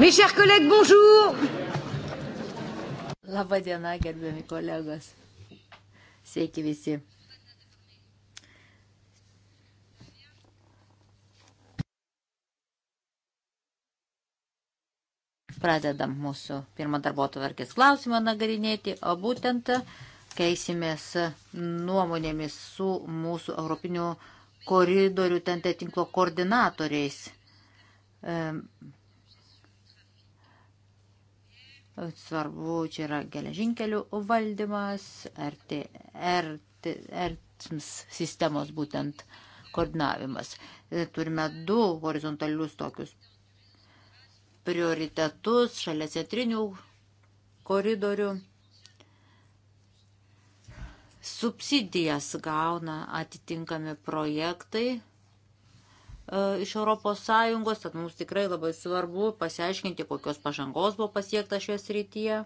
Mes chers collègues, bonjour. Labadiena, gerbiami kolegos. Sveiki visi. Pradedam mūsų pirmą darbo tvarkės klausimą nagarinėti, o būtent keisimės nuomonėmis su mūsų europinių koridorių tente tinklo koordinatoriais Svarbu, čia yra geležinkelių valdymas, RT, RT, RT sistemos būtent koordinavimas. E, turime du horizontalius tokius prioritetus šalia centrinių koridorių. Subsidijas gauna atitinkami projektai E, iš ES, tad mums tikrai labai svarbu pasiaiškinti, kokios pažangos buvo pasiekta šioje srityje.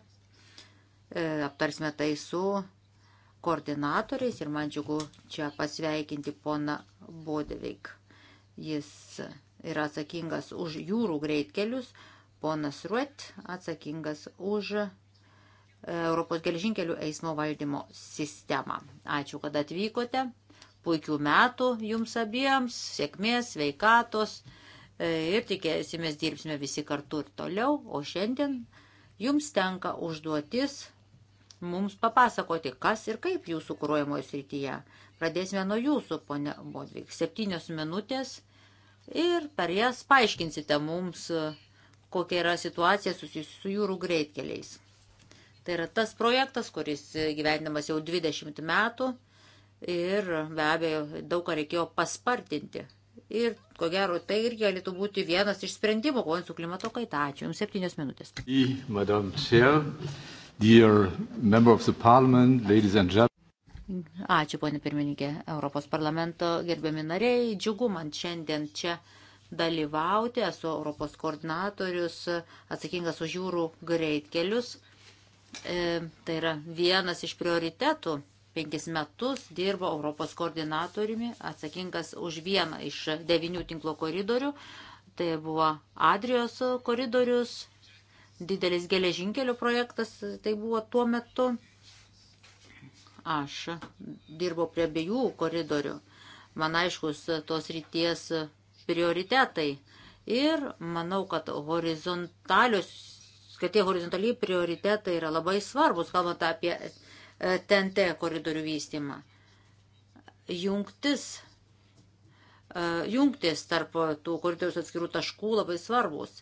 E, aptarsime tai su koordinatoriais ir man džiugu čia pasveikinti poną Bodeveik. Jis yra atsakingas už jūrų greitkelius, ponas Ruet atsakingas už e, Europos gelžinkelių eismo valdymo sistemą. Ačiū, kad atvykote puikių metų jums abiems, sėkmės, sveikatos e, ir tikėsimės dirbsime visi kartu ir toliau. O šiandien jums tenka užduotis mums papasakoti, kas ir kaip jūsų kūruojamoje srityje. Pradėsime nuo jūsų, ponia Bodvik, septynios minutės ir per jas paaiškinsite mums, e, kokia yra situacija susijusi su jūrų greitkeliais. Tai yra tas projektas, kuris e, gyvenimas jau 20 metų ir be abejo daug ką reikėjo paspartinti. Ir ko gero tai ir galėtų būti vienas iš sprendimų, kovojant su klimato kaita. Ačiū Jums septynios minutės. Ačiū, ponė pirmininkė, Europos parlamento gerbiami nariai. Džiugu man šiandien čia dalyvauti. Esu Europos koordinatorius, atsakingas už jūrų greitkelius. E, tai yra vienas iš prioritetų penkis metus dirbo Europos koordinatoriumi, atsakingas už vieną iš devinių tinklo koridorių. Tai buvo Adrijos koridorius, didelis geležinkelio projektas, tai buvo tuo metu. Aš dirbau prie abiejų koridorių. Man aiškus tos ryties prioritetai. Ir manau, kad horizontalius kad tie horizontaliai prioritetai yra labai svarbus, kalbant apie TNT koridorių vystymą. Jungtis, e, jungtis tarp tų koridorius atskirų taškų labai svarbus.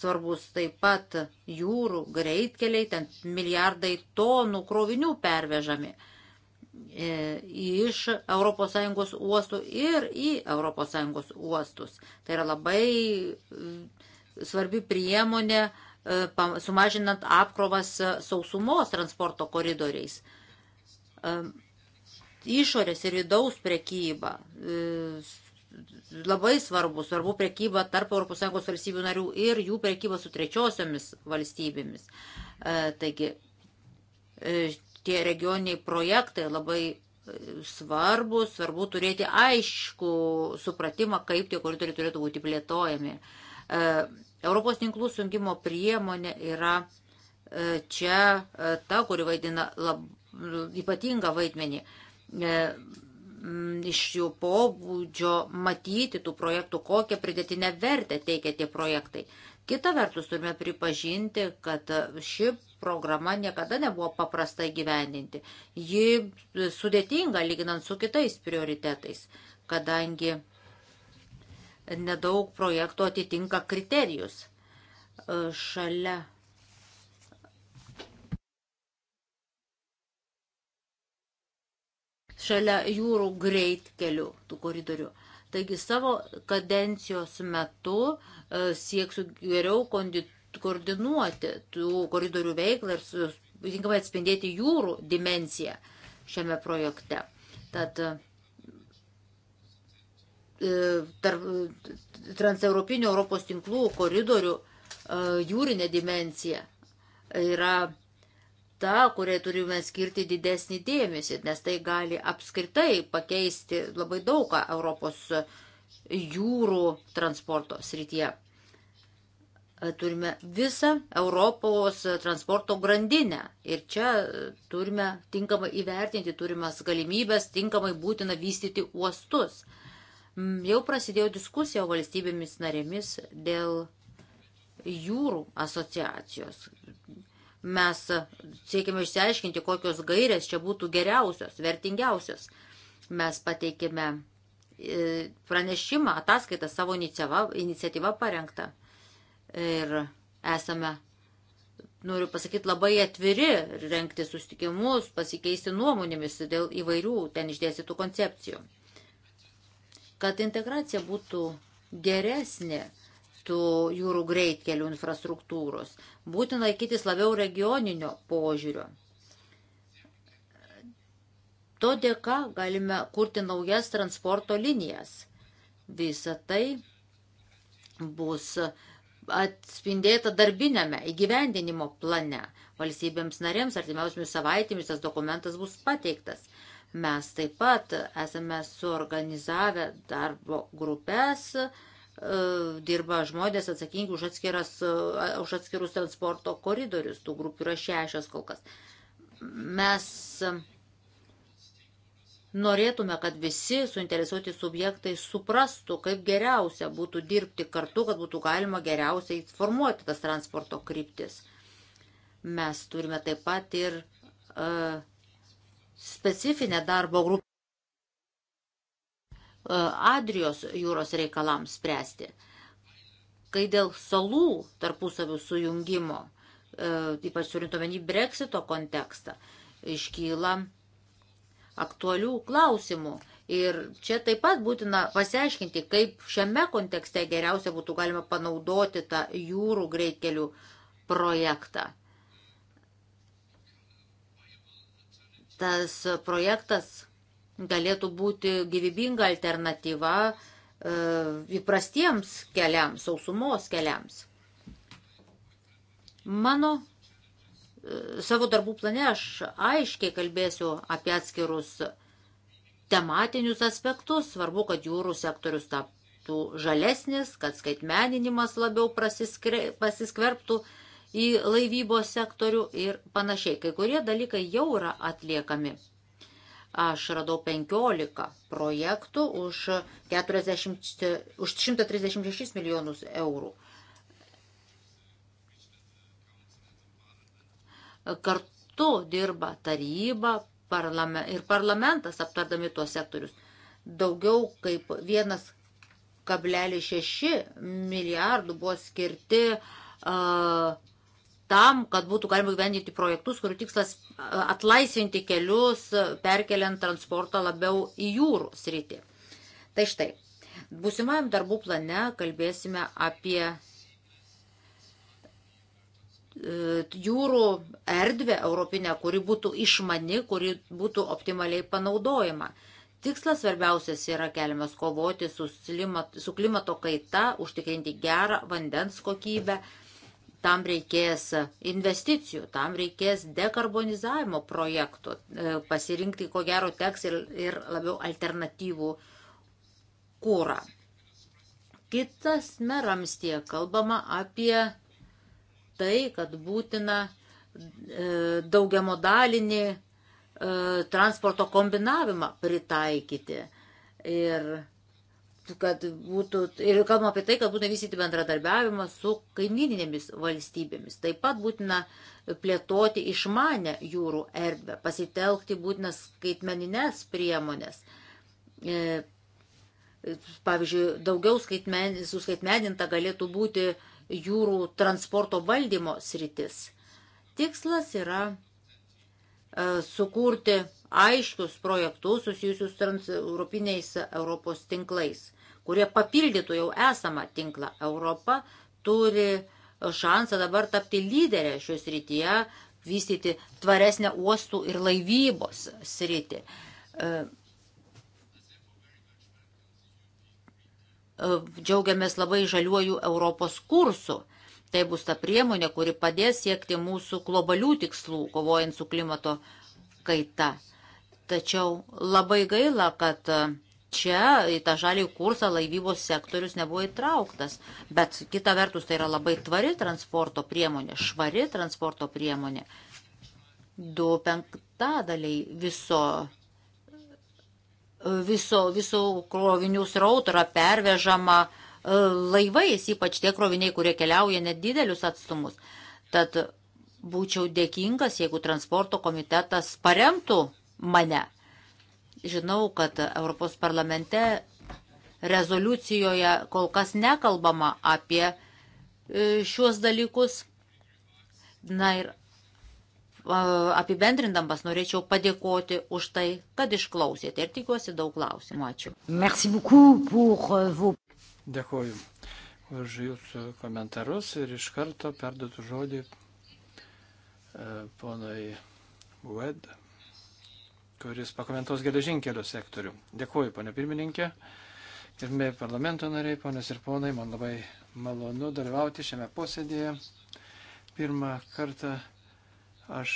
Svarbus taip pat jūrų greitkeliai, ten milijardai tonų krovinių pervežami e, iš ES uostų ir į ES uostus. Tai yra labai e, svarbi priemonė sumažinant apkrovas sausumos transporto koridoriais. Išorės ir vidaus prekyba e, labai svarbu, svarbu prekyba tarp ES valstybių narių ir jų prekyba su trečiosiomis valstybėmis. E, taigi e, tie regioniniai projektai labai svarbu, svarbu turėti aišku supratimą, kaip tie koridoriai turėtų būti plėtojami. Europos tinklų sungimo priemonė yra čia ta, kuri vaidina labai ypatingą vaidmenį. E, iš jų pobūdžio matyti tų projektų, kokią pridėtinę vertę teikia tie projektai. Kita vertus turime pripažinti, kad ši programa niekada nebuvo paprasta gyveninti. Ji sudėtinga lyginant su kitais prioritetais, kadangi nedaug projektų atitinka kriterijus. E, šalia šalia jūrų greitkelių tų koridorių. Taigi savo kadencijos metu e, sieksiu geriau koordinuoti tų koridorių veiklą ir tinkamai atspindėti jūrų dimenciją šiame projekte. Tad e, tarp transeuropinių Europos tinklų koridorių e, jūrinė dimencija yra ta, kuriai turime skirti didesnį dėmesį, nes tai gali apskritai pakeisti labai daugą Europos jūrų transporto srityje. Turime visą Europos transporto grandinę ir čia turime tinkamai įvertinti turimas galimybės, tinkamai būtina vystyti uostus. Jau prasidėjo diskusija valstybėmis narėmis dėl jūrų asociacijos. Mes siekime išsiaiškinti, kokios gairės čia būtų geriausios, vertingiausios. Mes pateikėme e, pranešimą, ataskaitą savo iniciatyvą parengtą. Ir esame, noriu pasakyti, labai atviri renkti sustikimus, pasikeisti nuomonėmis dėl įvairių ten išdėstytų koncepcijų. Kad integracija būtų geresnė, miestų jūrų greitkelių infrastruktūros. Būtina laikytis labiau regioninio požiūrio. To dėka galime kurti naujas transporto linijas. Visa tai bus atspindėta darbinėme įgyvendinimo plane. Valstybėms narėms artimiausiamis savaitėmis tas dokumentas bus pateiktas. Mes taip pat esame suorganizavę darbo grupės, uh, dirba žmonės atsakingi už, atskiras, už atskirus transporto koridorius, tų grupių yra šešios kol kas. Mes norėtume, kad visi suinteresuoti subjektai suprastų, kaip geriausia būtų dirbti kartu, kad būtų galima geriausiai formuoti tas transporto kryptis. Mes turime taip pat ir uh, specifinę darbo grupę. E, Adrijos jūros reikalams spręsti. Kai dėl salų tarpusavių sujungimo, e, ypač turintuomenį breksito kontekstą, iškyla aktualių klausimų. Ir čia taip pat būtina pasiaiškinti, kaip šiame kontekste geriausia būtų galima panaudoti tą jūrų greitkelių projektą. Tas projektas galėtų būti gyvybinga alternatyva e, įprastiems keliams, sausumos keliams. Mano e, savo darbų plane aš aiškiai kalbėsiu apie atskirus tematinius aspektus. Svarbu, kad jūrų sektorius taptų žalesnis, kad skaitmeninimas labiau pasiskverbtų į laivybos sektorių ir panašiai. Kai kurie dalykai jau yra atliekami. Aš radau 15 projektų už, 40, už 136 milijonus eurų. Kartu dirba taryba parlame, ir parlamentas aptardami tuos sektorius. Daugiau kaip 1,6 milijardų buvo skirti uh, tam, kad būtų galima gyvendinti projektus, kurių tikslas e, atlaisvinti kelius, e, perkeliant transportą labiau į jūrų sritį. Tai štai, būsimajam darbų plane kalbėsime apie e, jūrų erdvę europinę, kuri būtų išmani, kuri būtų optimaliai panaudojama. Tikslas svarbiausias yra keliamas kovoti su klimato kaita, užtikrinti gerą vandens kokybę, mm Tam reikės investicijų, tam reikės dekarbonizavimo projektų. E, pasirinkti, ko gero, teks ir, ir labiau alternatyvų kūrą. Kitas merams tie kalbama apie tai, kad būtina e, daugiamodalinį e, transporto kombinavimą pritaikyti. Ir kad būtų, ir kalbama apie tai, kad būtina vystyti bendradarbiavimą su kaimininėmis valstybėmis. Taip pat būtina plėtoti išmanę jūrų erdvę, pasitelkti būtinas skaitmeninės priemonės. E, pavyzdžiui, daugiau skaitmen, suskaitmeninta galėtų būti jūrų transporto valdymo sritis. Tikslas yra e, sukurti aiškius projektus susijusius transeuropiniais Europos tinklais kurie papildytų jau esamą tinklą. Europa turi šansą dabar tapti lyderę šios rytyje, vystyti tvaresnę uostų ir laivybos sritį. E, e, džiaugiamės labai žaliuoju Europos kursu. Tai bus ta priemonė, kuri padės siekti mūsų globalių tikslų, kovojant su klimato kaita. Tačiau labai gaila, kad uh, čia į tą žalį kursą laivybos sektorius nebuvo įtrauktas. Bet kita vertus tai yra labai tvari transporto priemonė, švari transporto priemonė. Du penktadaliai viso, viso, viso krovinių srautų yra pervežama e, laivais, ypač tie kroviniai, kurie keliauja nedidelius atstumus. Tad būčiau dėkingas, jeigu transporto komitetas paremtų mane Žinau, kad Europos parlamente rezoliucijoje kol kas nekalbama apie e, šiuos dalykus. Na ir e, apibendrindamas norėčiau padėkoti už tai, kad išklausėte ir tikiuosi daug klausimų. Ačiū. Merci beaucoup pour euh, vos. Dėkuoju už jūsų komentarus ir iš karto perduotų žodį e, ponai Ued kuris pakomentuos geležinkelio sektorių. Dėkuoju, ponė pirmininkė. Gerbėjai parlamento nariai, ponės ir ponai, man labai malonu dalyvauti šiame posėdėje. Pirmą kartą aš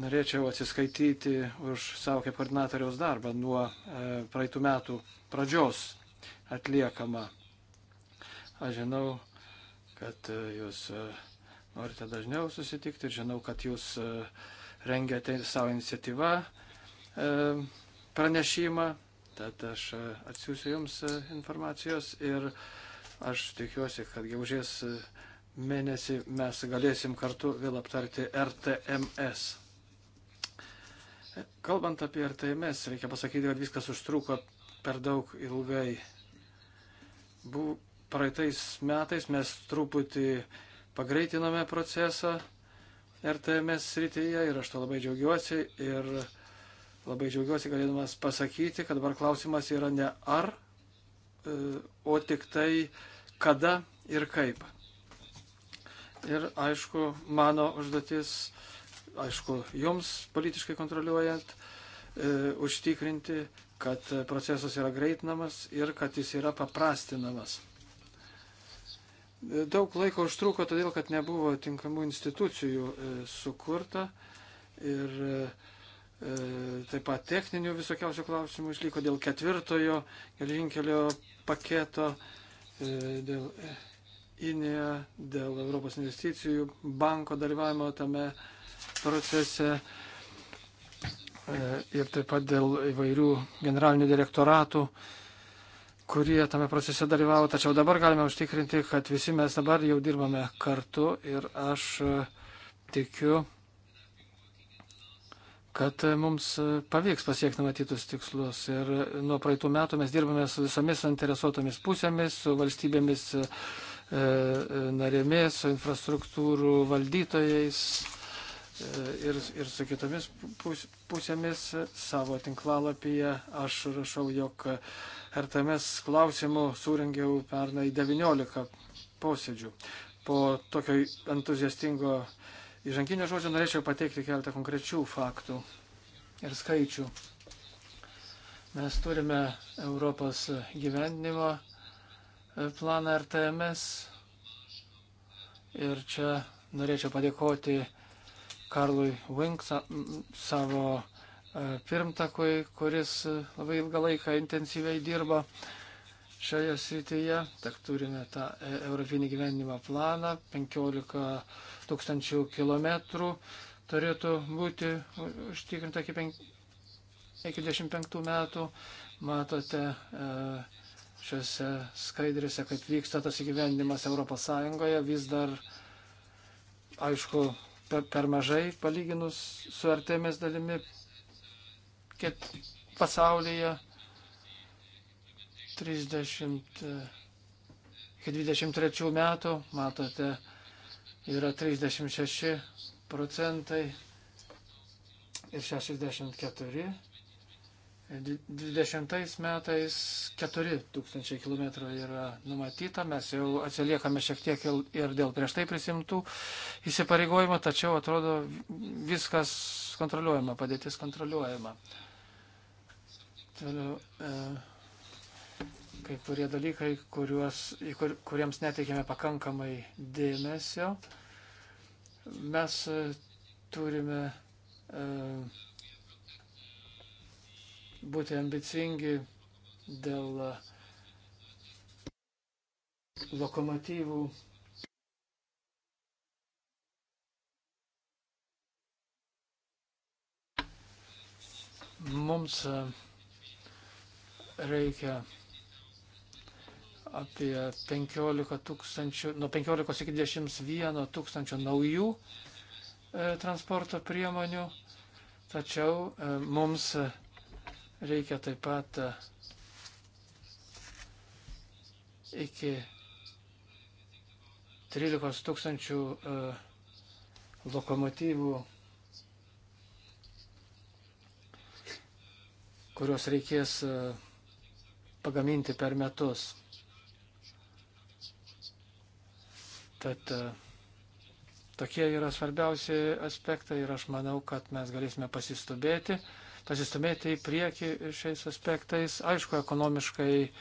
norėčiau atsiskaityti už savo kaip koordinatoriaus darbą nuo e, praeitų metų pradžios atliekamą. Aš žinau, kad e, jūs e, norite dažniau susitikti ir žinau, kad jūs uh, rengiate tai savo iniciatyvą e, pranešimą, tad aš e, atsiųsiu Jums e, informacijos ir aš tikiuosi, kad gegužės mėnesį mes galėsim kartu vėl aptarti RTMS. Kalbant apie RTMS, reikia pasakyti, kad viskas užtruko per daug ilgai. Bu, praeitais metais mes truputį pagreitinome procesą, RTMS srityje ir aš to labai džiaugiuosi ir labai džiaugiuosi galėdamas pasakyti, kad dabar klausimas yra ne ar, e, o tik tai kada ir kaip. Ir aišku, mano užduotis, aišku, jums politiškai kontroliuojant, e, užtikrinti, kad procesas yra greitinamas ir kad jis yra paprastinamas. Daug laiko užtruko, todėl kad nebuvo tinkamų institucijų e, sukurta ir e, e, taip pat techninių visokiausių klausimų išliko dėl ketvirtojo geležinkelio paketo, dėl INIA, dėl Europos investicijų banko dalyvavimo tame procese ir taip pat dėl įvairių generalinių direktoratų kurie tame procese dalyvavo, tačiau dabar galime užtikrinti, kad visi mes dabar jau dirbame kartu ir aš e, tikiu, kad mums e, pavyks pasiekti matytus tikslus. Ir e, nuo praeitų metų mes dirbame su visomis interesuotomis pusėmis, su valstybėmis narėmis, su infrastruktūrų valdytojais ir, ir su kitomis pus, pusėmis savo tinklalapyje. Aš rašau, jog RTMS klausimų surengiau pernai 19 posėdžių. Po tokio entuziastingo įžanginio žodžio norėčiau pateikti keletą konkrečių faktų ir skaičių. Mes turime Europos gyvendinimo e, planą RTMS ir čia norėčiau padėkoti Karlui Wink savo e, pirmtakui, kuris labai ilgą laiką intensyviai dirbo šioje srityje. Tak turime tą e, europinį gyvenimo planą, 15 tūkstančių kilometrų turėtų būti užtikrinta iki, penk... iki 25 metų. Matote e, šiuose skaidrėse, kaip vyksta tas įgyvendimas ES, vis dar, aišku, per mažai palyginus su artėmės dalimi kit pasaulyje. 30 iki 23 metų, matote, yra 36 procentai ir 64 20 metais 4 tūkstančiai kilometrų yra numatyta, mes jau atsiliekame šiek tiek ir dėl prieš tai prisimtų įsipareigojimų, tačiau atrodo viskas kontroliuojama, padėtis kontroliuojama. Toliau, e, kai kurie dalykai, kuriuos, kur, kuriems neteikėme pakankamai dėmesio, mes e, turime e, būti ambicingi dėl lokomotyvų. Mums e, reikia apie 15 tūkstančių, nuo 15 iki 21 tūkstančių naujų e, transporto priemonių, tačiau e, mums e, Reikia taip pat e, iki 13 tūkstančių e, lokomotyvų, kurios reikės e, pagaminti per metus. Tad tokie yra svarbiausi aspektai ir aš manau, kad mes galėsime pasistubėti pasistumėti į priekį šiais aspektais. Aišku, ekonomiškai,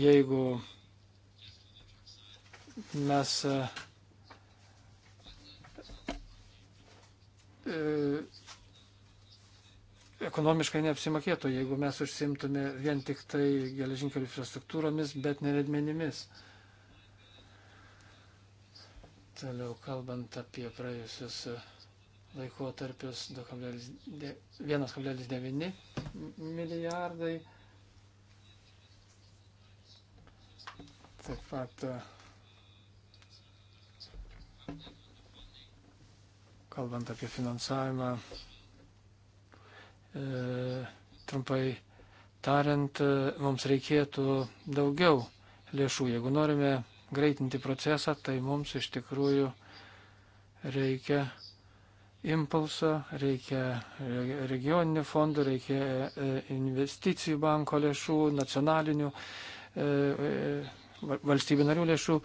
jeigu mes e, e, ekonomiškai neapsimokėtų, jeigu mes užsimtume vien tik tai geležinkelių infrastruktūromis, bet neredmenimis. Toliau kalbant apie praėjusius e, laikotarpius 1,9 milijardai. Taip pat e, kalbant apie finansavimą, e, trumpai tariant, e, mums reikėtų daugiau lėšų. Jeigu norime greitinti procesą, tai mums iš tikrųjų reikia impulso, reikia regioninių fondų, reikia e, investicijų banko lėšų, nacionalinių e, e, valstybių narių lėšų.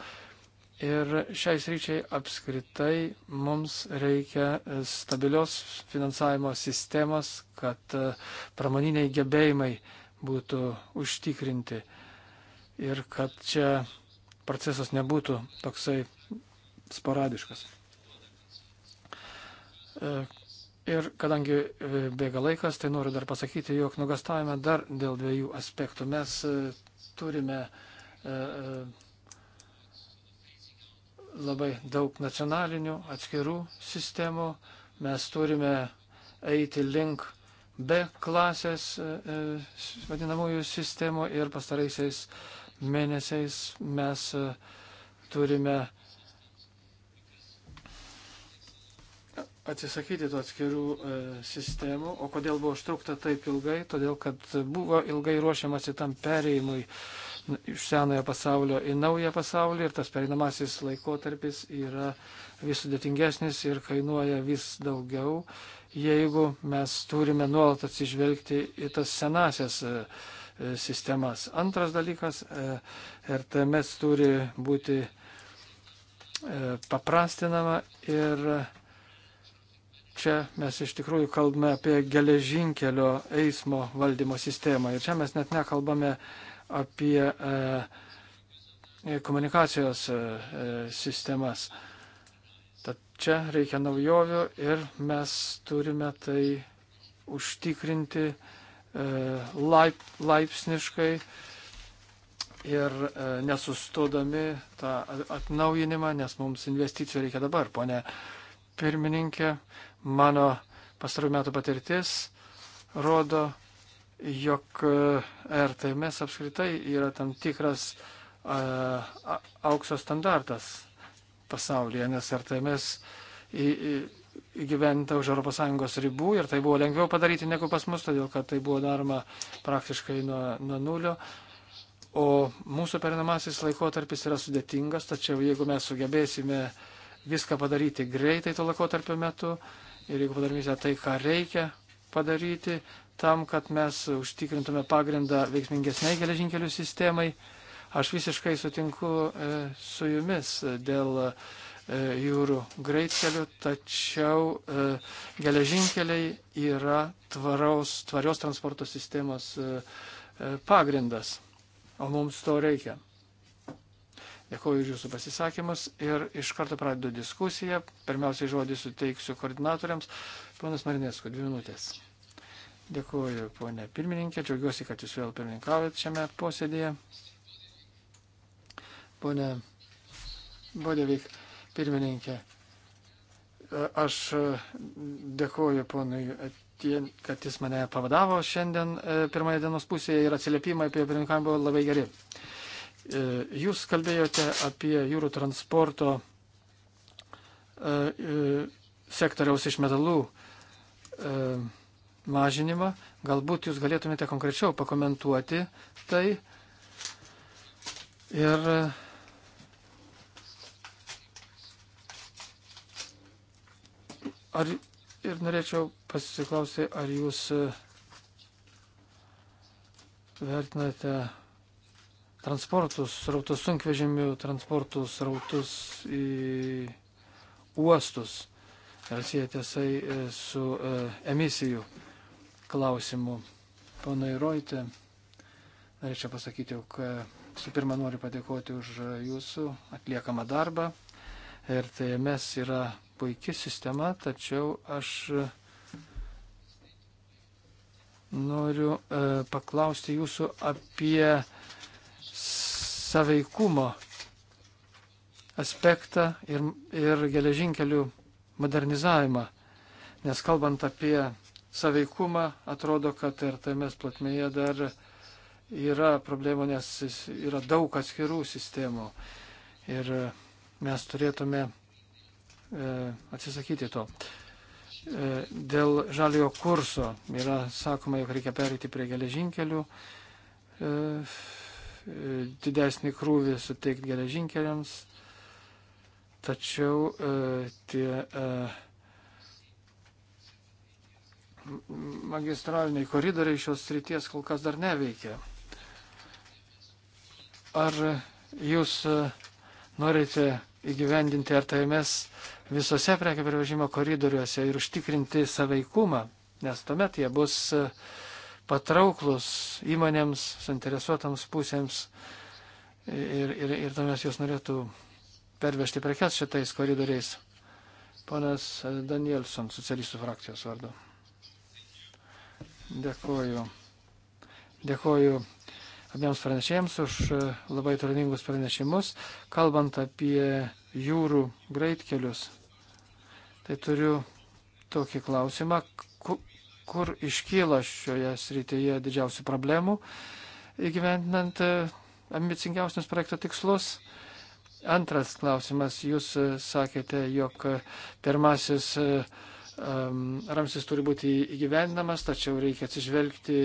Ir šiais ryčiai apskritai mums reikia stabilios finansavimo sistemos, kad pramoniniai gebėjimai būtų užtikrinti ir kad čia procesas nebūtų toksai sporadiškas. E, ir kadangi e, bėga laikas, tai noriu dar pasakyti, jog nugastavime dar dėl dviejų aspektų. Mes e, turime labai daug nacionalinių atskirų sistemų. Mes turime eiti link B klasės vadinamųjų sistemų ir pastaraisiais mėnesiais mes turime uh, atsisakyti tų atskirų e, sistemų. O kodėl buvo užtrukta taip ilgai? Todėl, kad buvo ilgai ruošiamasi tam pereimui iš senojo pasaulio į naują pasaulį ir tas pereinamasis laikotarpis yra vis sudėtingesnis ir kainuoja vis daugiau, jeigu mes turime nuolat atsižvelgti į tas senasias e, e, sistemas. Antras dalykas, e, RTMS turi būti e, paprastinama ir e, Čia mes iš tikrųjų kalbame apie geležinkelio eismo valdymo sistemą. Ir čia mes net nekalbame apie e, komunikacijos e, sistemas. Tad čia reikia naujovių ir mes turime tai užtikrinti e, laip, laipsniškai ir e, nesustodami tą atnaujinimą, nes mums investicijų reikia dabar, ponė pirmininkė. Mano pastarųjų metų patirtis rodo, jog e, RTMS apskritai yra tam tikras uh, aukso standartas pasaulyje, nes RTMS į, į, įgyventa už ES ribų ir tai buvo lengviau padaryti negu pas mus, todėl kad tai buvo daroma praktiškai nuo, nuo nulio. O mūsų perinamasis laikotarpis yra sudėtingas, tačiau jeigu mes sugebėsime viską padaryti greitai to laikotarpio metu, uh, ir jeigu padarysime tai, ką reikia padaryti, tam, kad mes užtikrintume pagrindą veiksmingesnei geležinkelių sistemai, aš visiškai sutinku e, su jumis dėl e, jūrų greitkelių, tačiau e, geležinkeliai yra tvaraus, tvarios transporto sistemos pagrindas, o mums to reikia. Dėkuoju už Jūsų pasisakymus ir iš karto pradedu diskusiją. Pirmiausiai žodį suteiksiu koordinatoriams. Ponas Marinesko, dvi minutės. Dėkuoju, ponė pirmininkė. Džiaugiuosi, kad Jūs vėl pirmininkavot šiame posėdėje. Pone Bodevik, pirmininkė. Aš dėkuoju ponui Atien, kad jis mane pavadavo šiandien e, pirmąją dienos pusėje ir atsiliepimai apie pirmininkavimą buvo labai geri. E, jūs kalbėjote apie jūrų transporto e, e, sektoriaus iš metalų mažinimą. Galbūt jūs galėtumėte konkrečiau pakomentuoti tai. Ir Ar ir norėčiau pasiklausyti, ar jūs vertinate transportus, srautus sunkvežimių, transportus, srautus į uostus ir siejate tai e, su e, emisijų klausimu. Pana Įroitė, norėčiau pasakyti, kad e, visų pirma noriu padėkoti už jūsų atliekamą darbą. Ir tai mes yra puikia sistema, tačiau aš noriu e, paklausti jūsų apie saveikumo aspektą ir, ir geležinkelių modernizavimą. Nes kalbant apie saveikumą, atrodo, kad ir TMS platmėje dar yra problemų, nes yra daug atskirų sistemų. Ir mes turėtume e, atsisakyti to. E, dėl žaliojo kurso yra sakoma, jog reikia perėti prie geležinkelių. E, didesnį krūvį suteikti geležinkeliams, tačiau e, tie e, magistraliniai koridoriai šios ryties kol kas dar neveikia. Ar jūs e, norite įgyvendinti RTMS visose prekių pervežimo koridoriuose ir užtikrinti saveikumą, nes tuomet jie bus uh, patrauklus įmonėms, suinteresuotams pusėms ir, ir, ir tuomet jos norėtų pervežti prekes šitais koridoriais. Ponas Danielson, socialistų frakcijos vardu. Dėkoju. Dėkoju abiems pranešėjams už labai turiningus pranešimus. Kalbant apie jūrų greitkelius, tai turiu tokį klausimą, kur iškyla šioje srityje didžiausių problemų įgyventinant e, ambicingiausius projekto tikslus. Antras klausimas, jūs e, sakėte, jog pirmasis e, ramsis turi būti įgyvendinamas, tačiau reikia atsižvelgti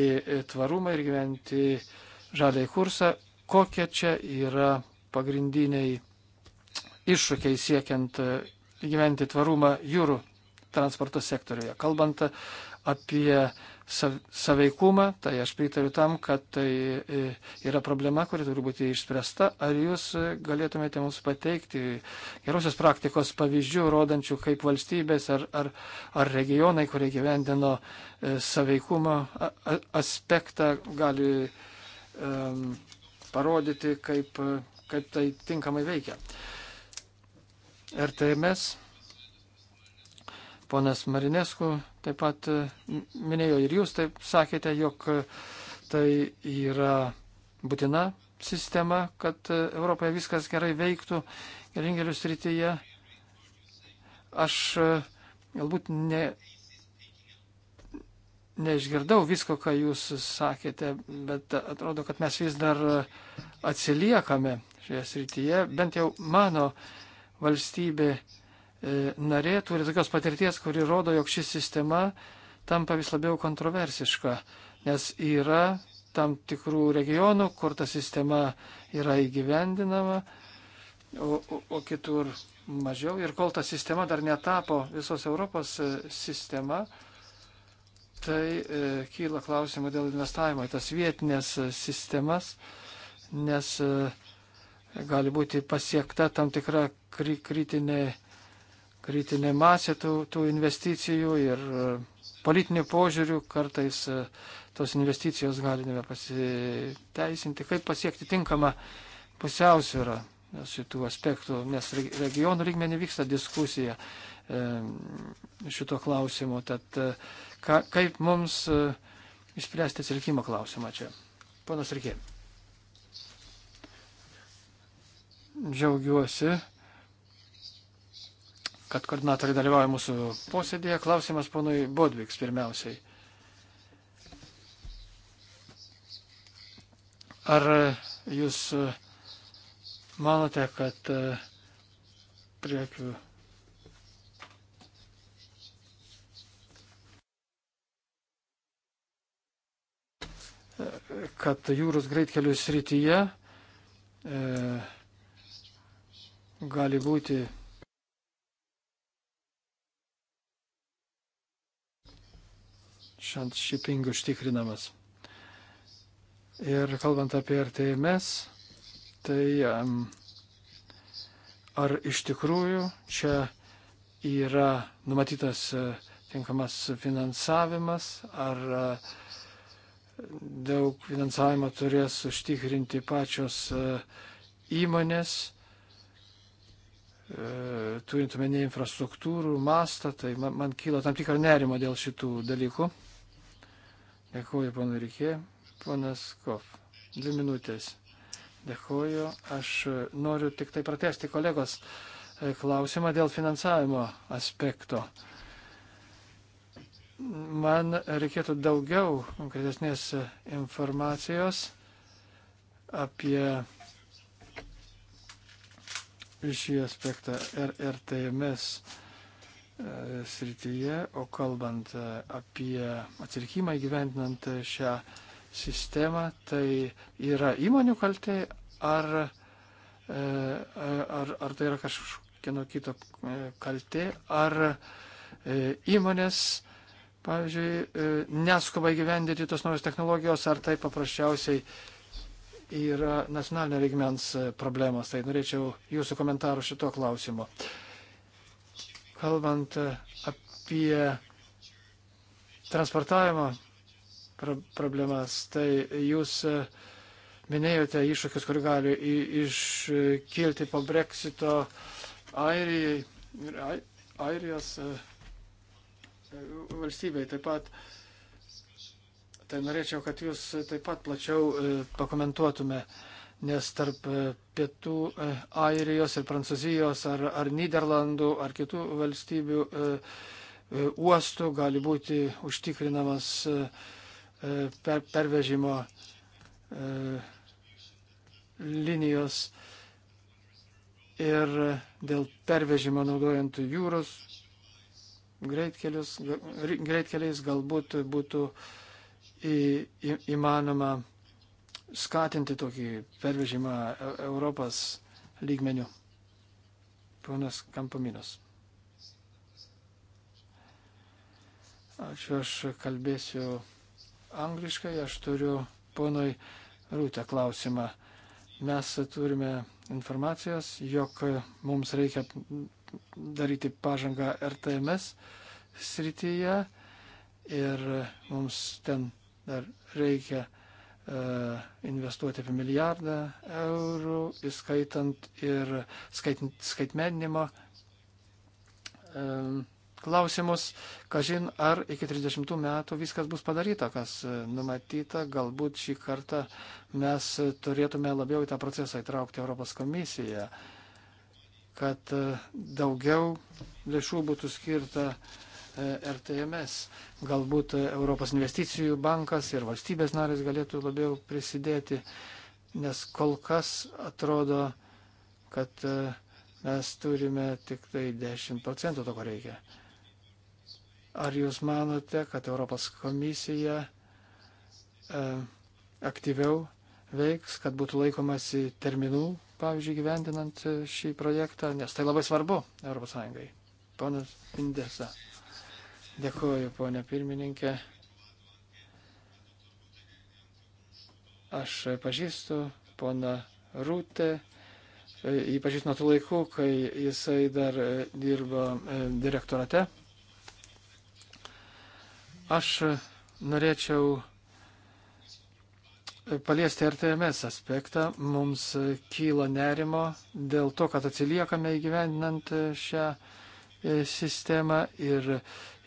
į tvarumą ir gyventi žaliai kursą. Kokie čia yra pagrindiniai iššūkiai siekiant įgyventi tvarumą jūrų transporto sektoriuje. Kalbant apie saveikumą, tai aš pritariu tam, kad tai e, yra problema, kuri turi būti išspręsta. Ar jūs galėtumėte mums pateikti gerosios praktikos pavyzdžių, rodančių, kaip valstybės ar, ar, ar regionai, kurie gyvendino e, saveikumo aspektą, gali um, parodyti, kaip, kaip tai tinkamai veikia. RTMS Ponas Marinesku taip pat e, minėjo ir jūs taip sakėte, jog e, tai yra būtina sistema, kad e, Europoje viskas gerai veiktų geležinkelių srityje. Aš galbūt ne, neišgirdau visko, ką jūs sakėte, bet atrodo, kad mes vis dar atsiliekame šioje srityje. Bent jau mano valstybė E, narė turi tokios patirties, kuri rodo, jog ši sistema tampa vis labiau kontroversiška, nes yra tam tikrų regionų, kur ta sistema yra įgyvendinama, o, o, o kitur mažiau. Ir kol ta sistema dar netapo visos Europos e, sistema, tai e, kyla klausimų dėl investavimo į tas vietinės e, sistemas, nes e, gali būti pasiekta tam tikra kri kritinė kritinė masė tų, tų investicijų ir e, politinių požiūrių kartais e, tos investicijos gali nebepasiteisinti. Kaip pasiekti tinkamą pusiausvyrą šitų aspektų, nes regionų lygmenį vyksta diskusija e, šito klausimu. Tad ka, kaip mums išspręsti atsilikimo klausimą čia? Ponas Rikė. Džiaugiuosi kad koordinatoriai dalyvauja mūsų posėdėje. Klausimas ponui Bodviks pirmiausiai. Ar jūs manote, kad e, priekių kad jūros greitkelių srityje e, gali būti šanšiping užtikrinamas. Ir kalbant apie RTMS, tai ar iš tikrųjų čia yra numatytas e, tinkamas finansavimas, ar e, daug finansavimo turės užtikrinti pačios e, įmonės, turint omenyje infrastruktūrų mastą, tai man, man kyla tam tikra nerimo dėl šitų dalykų. Dėkuoju, pana Rikė. Ponas Kof, dvi minutės. Dėkuoju. Aš noriu tik tai pratesti kolegos e, klausimą dėl finansavimo aspekto. Man reikėtų daugiau konkretesnės informacijos apie šį aspektą RRTMS. Ir, ir E, srityje, o kalbant e, apie atsirkimą įgyvendinant šią sistemą, tai yra įmonių kaltė ar, e, ar, ar tai yra kažkieno kito kaltė, ar įmonės, pavyzdžiui, neskuba įgyvendinti tos naujos technologijos, ar tai paprasčiausiai yra nacionalinio lygmens problemos. Tai norėčiau jūsų komentarų šito klausimo. Uh, kalbant e, apie transportavimo problemas, tai jūs e, minėjote iššūkius, kur gali iškilti po breksito Airijai ir Airijos e, valstybei. Taip pat, tai norėčiau, kad jūs taip pat plačiau pakomentuotume nes tarp e, pietų e, Airijos ir Prancūzijos ar, ar Niderlandų ar kitų valstybių e, uostų gali būti užtikrinamas per, pervežimo linijos ir dėl pervežimo naudojant jūros greitkelius, greitkeliais galbūt būtų į, į, įmanoma skatinti tokį pervežimą e- Europos lygmenių. Ponas Kampaminas. Ačiū, aš kalbėsiu angliškai, aš turiu ponui Rūtę klausimą. Mes turime informacijos, jog mums reikia daryti pažangą RTMS srityje ir mums ten dar reikia E, investuoti apie milijardą eurų, įskaitant ir skaitant, skaitmeninimo e, klausimus, kažin ar iki 30 metų viskas bus padaryta, kas e, numatyta, galbūt šį kartą mes turėtume labiau į tą procesą įtraukti Europos komisiją, kad daugiau lėšų būtų skirta uh, E, RTMS. Galbūt Europos investicijų bankas ir valstybės narės galėtų labiau prisidėti, nes kol kas atrodo, kad e, mes turime tik tai 10 procentų to, ko reikia. Ar jūs manote, kad Europos komisija e, aktyviau veiks, kad būtų laikomasi terminų, pavyzdžiui, gyvendinant e, šį projektą, nes tai labai svarbu ES. Ponas Indesa. Dėkuoju, ponė pirmininkė. Aš pažįstu poną Rūtę, jį pažįstu nuo tų laikų, kai jisai dar e, dirbo e, direktorate. Aš norėčiau paliesti RTMS aspektą. Mums kyla nerimo dėl to, kad atsiliekame įgyvendinant e, šią sistemą ir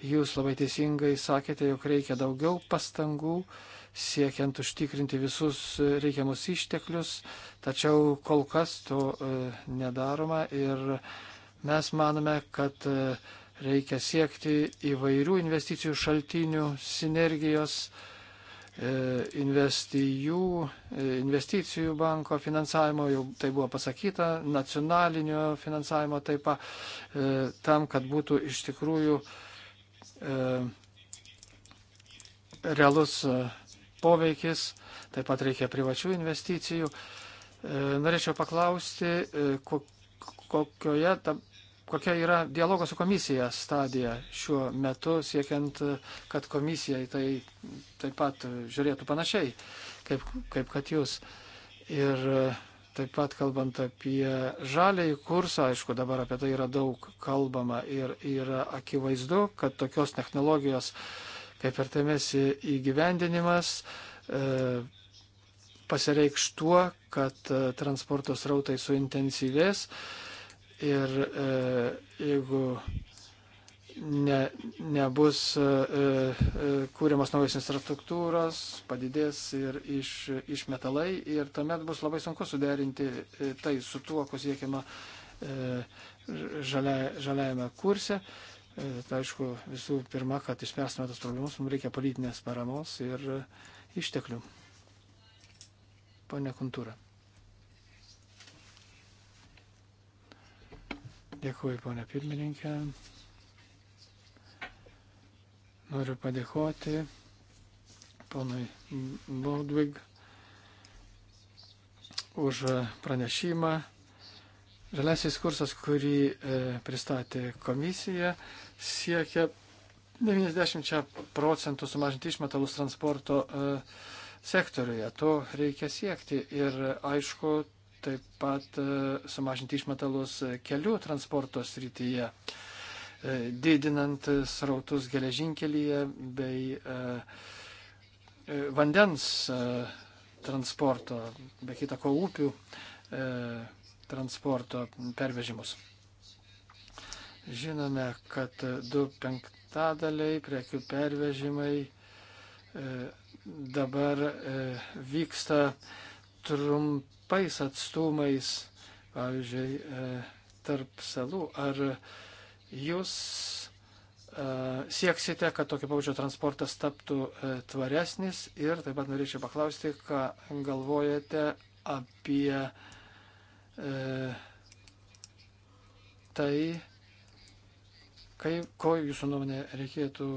Jūs labai teisingai sakėte, jog reikia daugiau pastangų siekiant užtikrinti visus reikiamus išteklius, tačiau kol kas to e, nedaroma ir mes manome, kad e, reikia siekti įvairių investicijų šaltinių, sinergijos, e, investijų, investicijų banko finansavimo, jau tai buvo pasakyta, nacionalinio finansavimo taip pat, tam, kad būtų iš tikrųjų E, realus e, poveikis, taip pat reikia privačių investicijų. E, norėčiau paklausti, kokioje, ta, kokia yra dialogo su komisija stadija šiuo metu, siekiant, kad komisija tai taip pat žiūrėtų panašiai, kaip, kaip kad jūs. Ir Taip pat kalbant apie žaliai kursą, aišku, dabar apie tai yra daug kalbama ir yra akivaizdu, kad tokios technologijos kaip ir temesi įgyvendinimas e, pasireikš tuo, kad e, transporto srautai suintensyvės ir e, jeigu ne, nebus e, e, kūriamos naujos infrastruktūros, padidės ir iš, iš metalai ir tuomet bus labai sunku suderinti e, tai su tuo, ko siekiama žalia, žaliajame kurse. Tai aišku, visų pirma, kad išspręstume tos problemus, mums reikia politinės paramos ir išteklių. Pane Kuntūra. Dėkuoju, ponė pirmininkė. Noriu padėkoti ponui Baldvig už pranešimą. Žaliasis kursas, kurį e, pristatė komisija, siekia 90 procentų sumažinti išmetalus transporto e, sektoriuje. To reikia siekti ir aišku, taip pat e, sumažinti išmetalus e, kelių transporto srityje. E, E, didinant srautus geležinkelyje bei e, e, vandens transporto, be kita ko upių transporto pervežimus. Žinome, kad du penktadaliai prekių pervežimai dabar vyksta trumpais atstumais, pavyzdžiui, tarp salų. Ar jūs e, sieksite, kad tokio pavyzdžio transportas taptų e, tvaresnis ir taip pat norėčiau paklausti, ką galvojate apie e, tai, kai, ko jūsų nuomonė reikėtų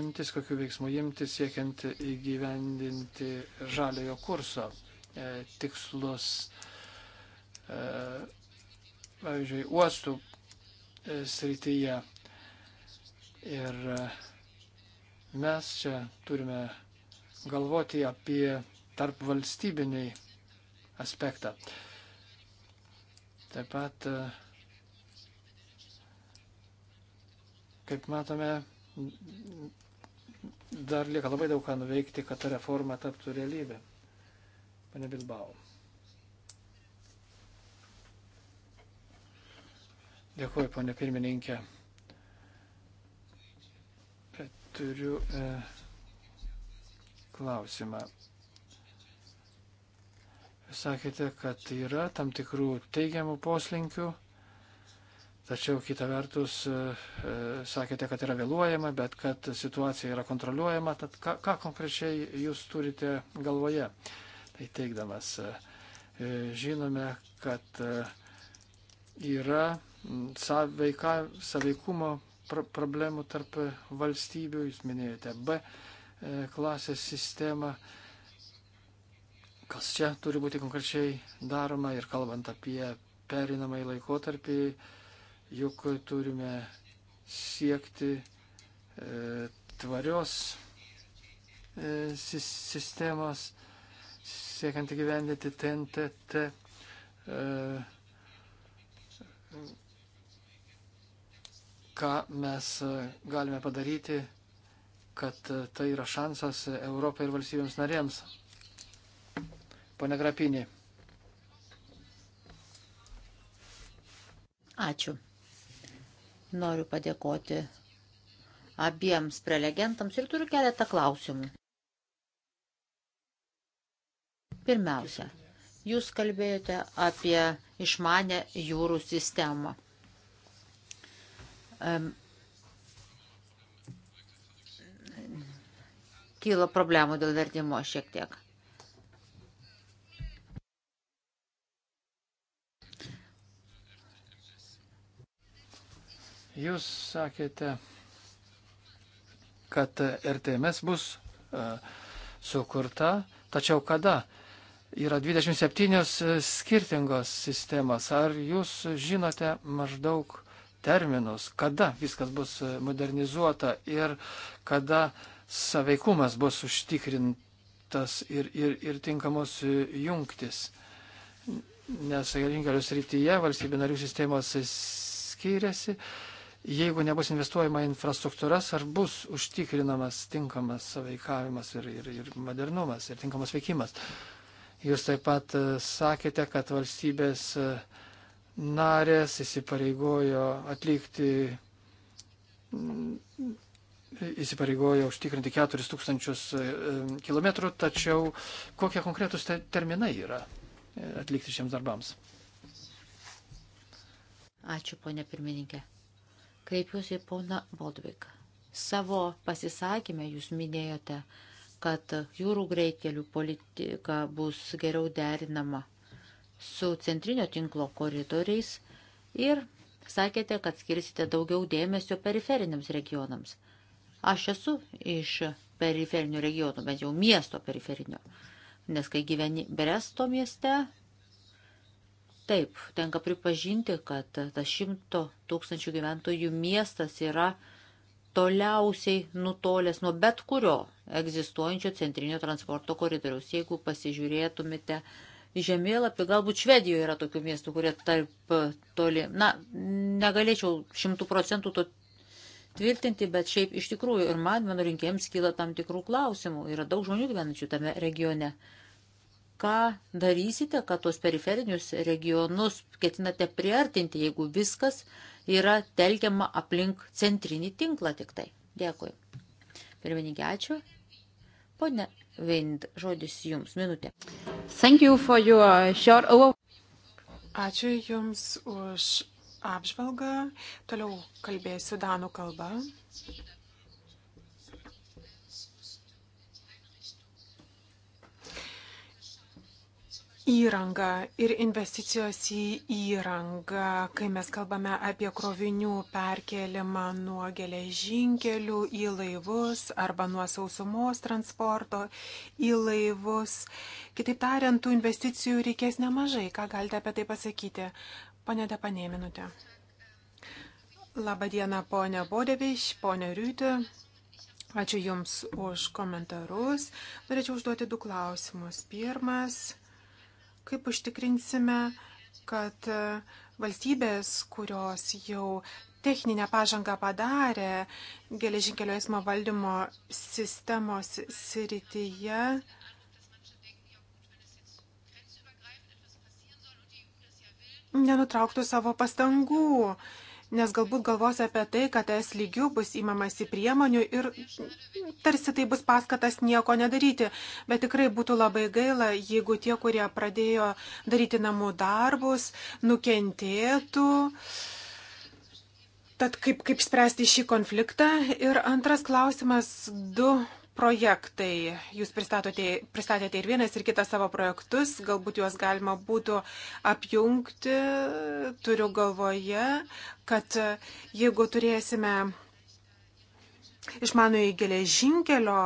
imtis, kokiu veiksmu imtis, siekiant įgyvendinti žaliojo kurso e, tikslus. E, pavyzdžiui, uostų srityje. Ir mes čia turime galvoti apie tarp valstybinį aspektą. Taip pat, kaip matome, dar lieka labai daug ką nuveikti, kad ta reforma taptų realybė. Pane Bilbao. Dėkuoju, ponė pirmininkė. Turiu e, klausimą. Sakėte, kad yra tam tikrų teigiamų poslinkių, tačiau kita vertus e, e, sakėte, kad yra vėluojama, bet kad situacija yra kontroliuojama. Tad ką, ką konkrečiai jūs turite galvoje? Tai teikdamas, e, e, žinome, kad e, yra saveika, saveikumo problemų tarp valstybių, jūs minėjote B e, klasės sistemą, kas čia turi būti konkrečiai daroma ir kalbant apie perinamąjį laikotarpį, juk turime siekti e, tvarios e, sistemos, siekiant įgyvendinti TNTT e, ką mes e, galime padaryti, kad e, tai yra šansas e, Europai ir valstybėms narėms. Pone Grapinė. Ačiū. Noriu padėkoti abiems prelegentams ir turiu keletą klausimų. Pirmiausia, jūs kalbėjote apie išmanę jūrų sistemą. Kyla problemų dėl vertimo šiek tiek. Jūs sakėte, kad RTMS bus e, sukurta, tačiau kada? Yra 27 e, skirtingos sistemos. Ar jūs žinote maždaug, terminus, kada viskas bus e, modernizuota ir kada saveikumas bus užtikrintas ir, ir, ir tinkamos e, jungtis. Nes galinkelius rytyje valstybių narių sistemos skiriasi. Jeigu nebus investuojama infrastruktūras, ar bus užtikrinamas tinkamas saveikavimas ir, ir, ir modernumas ir tinkamas veikimas. Jūs taip pat e, sakėte, kad valstybės uh, narės įsipareigojo atlikti, įsipareigojo užtikrinti 4000 e, km, tačiau kokie konkretūs terminai yra e, atlikti šiems darbams? Ačiū, ponė pirmininkė. Kreipiuosi į poną Bodviką. Savo pasisakymę jūs minėjote, kad jūrų greitkelių politika bus geriau derinama su centrinio tinklo koridoriais ir sakėte, kad skirsite daugiau dėmesio periferiniams regionams. Aš esu iš periferinių regionų, bent jau miesto periferinio, nes kai gyveni Bresto mieste, taip, tenka pripažinti, kad tas šimto tūkstančių gyventojų miestas yra toliausiai nutolęs nuo bet kurio egzistuojančio centrinio transporto koridoriaus. Jeigu pasižiūrėtumėte žemėlapį, galbūt Švedijoje yra tokių miestų, kurie tarp toli. Na, negalėčiau šimtų procentų to tvirtinti, bet šiaip iš tikrųjų ir man, mano rinkėjams, kyla tam tikrų klausimų. Yra daug žmonių gyvenančių tame regione. Ką darysite, kad tuos periferinius regionus ketinate priartinti, jeigu viskas yra telkiama aplink centrinį tinklą tik tai? Dėkui. Pirmininkė, ačiū. Pone Vind, žodis jums, minutė. Thank you for your short Ačiū Jums už apžvalgą. Toliau kalbėsiu Danų kalbą. įranga ir investicijos į įrangą, kai mes kalbame apie krovinių perkelimą nuo geležinkelių į laivus arba nuo sausumos transporto į laivus. Kitaip tariant, tų investicijų reikės nemažai. Ką galite apie tai pasakyti? Pane Depanė, minutė. Labadiena, ponė Bodeviš, ponė Rytė. Ačiū Jums už komentarus. Norėčiau užduoti du klausimus. Pirmas Kaip užtikrinsime, kad e, valstybės, kurios jau techninę pažangą padarė geležinkelio eismo valdymo sistemos srityje, nenutrauktų savo pastangų nes galbūt galvos apie tai, kad es lygių bus įmamasi priemonių ir tarsi tai bus paskatas nieko nedaryti. Bet tikrai būtų labai gaila, jeigu tie, kurie pradėjo daryti namų darbus, nukentėtų. Tad kaip, kaip spręsti šį konfliktą? Ir antras klausimas, du projektai. Jūs pristatėte ir vienas, ir kitas savo projektus, galbūt juos galima būtų apjungti, turiu galvoje, kad jeigu turėsime išmanų į geležinkelio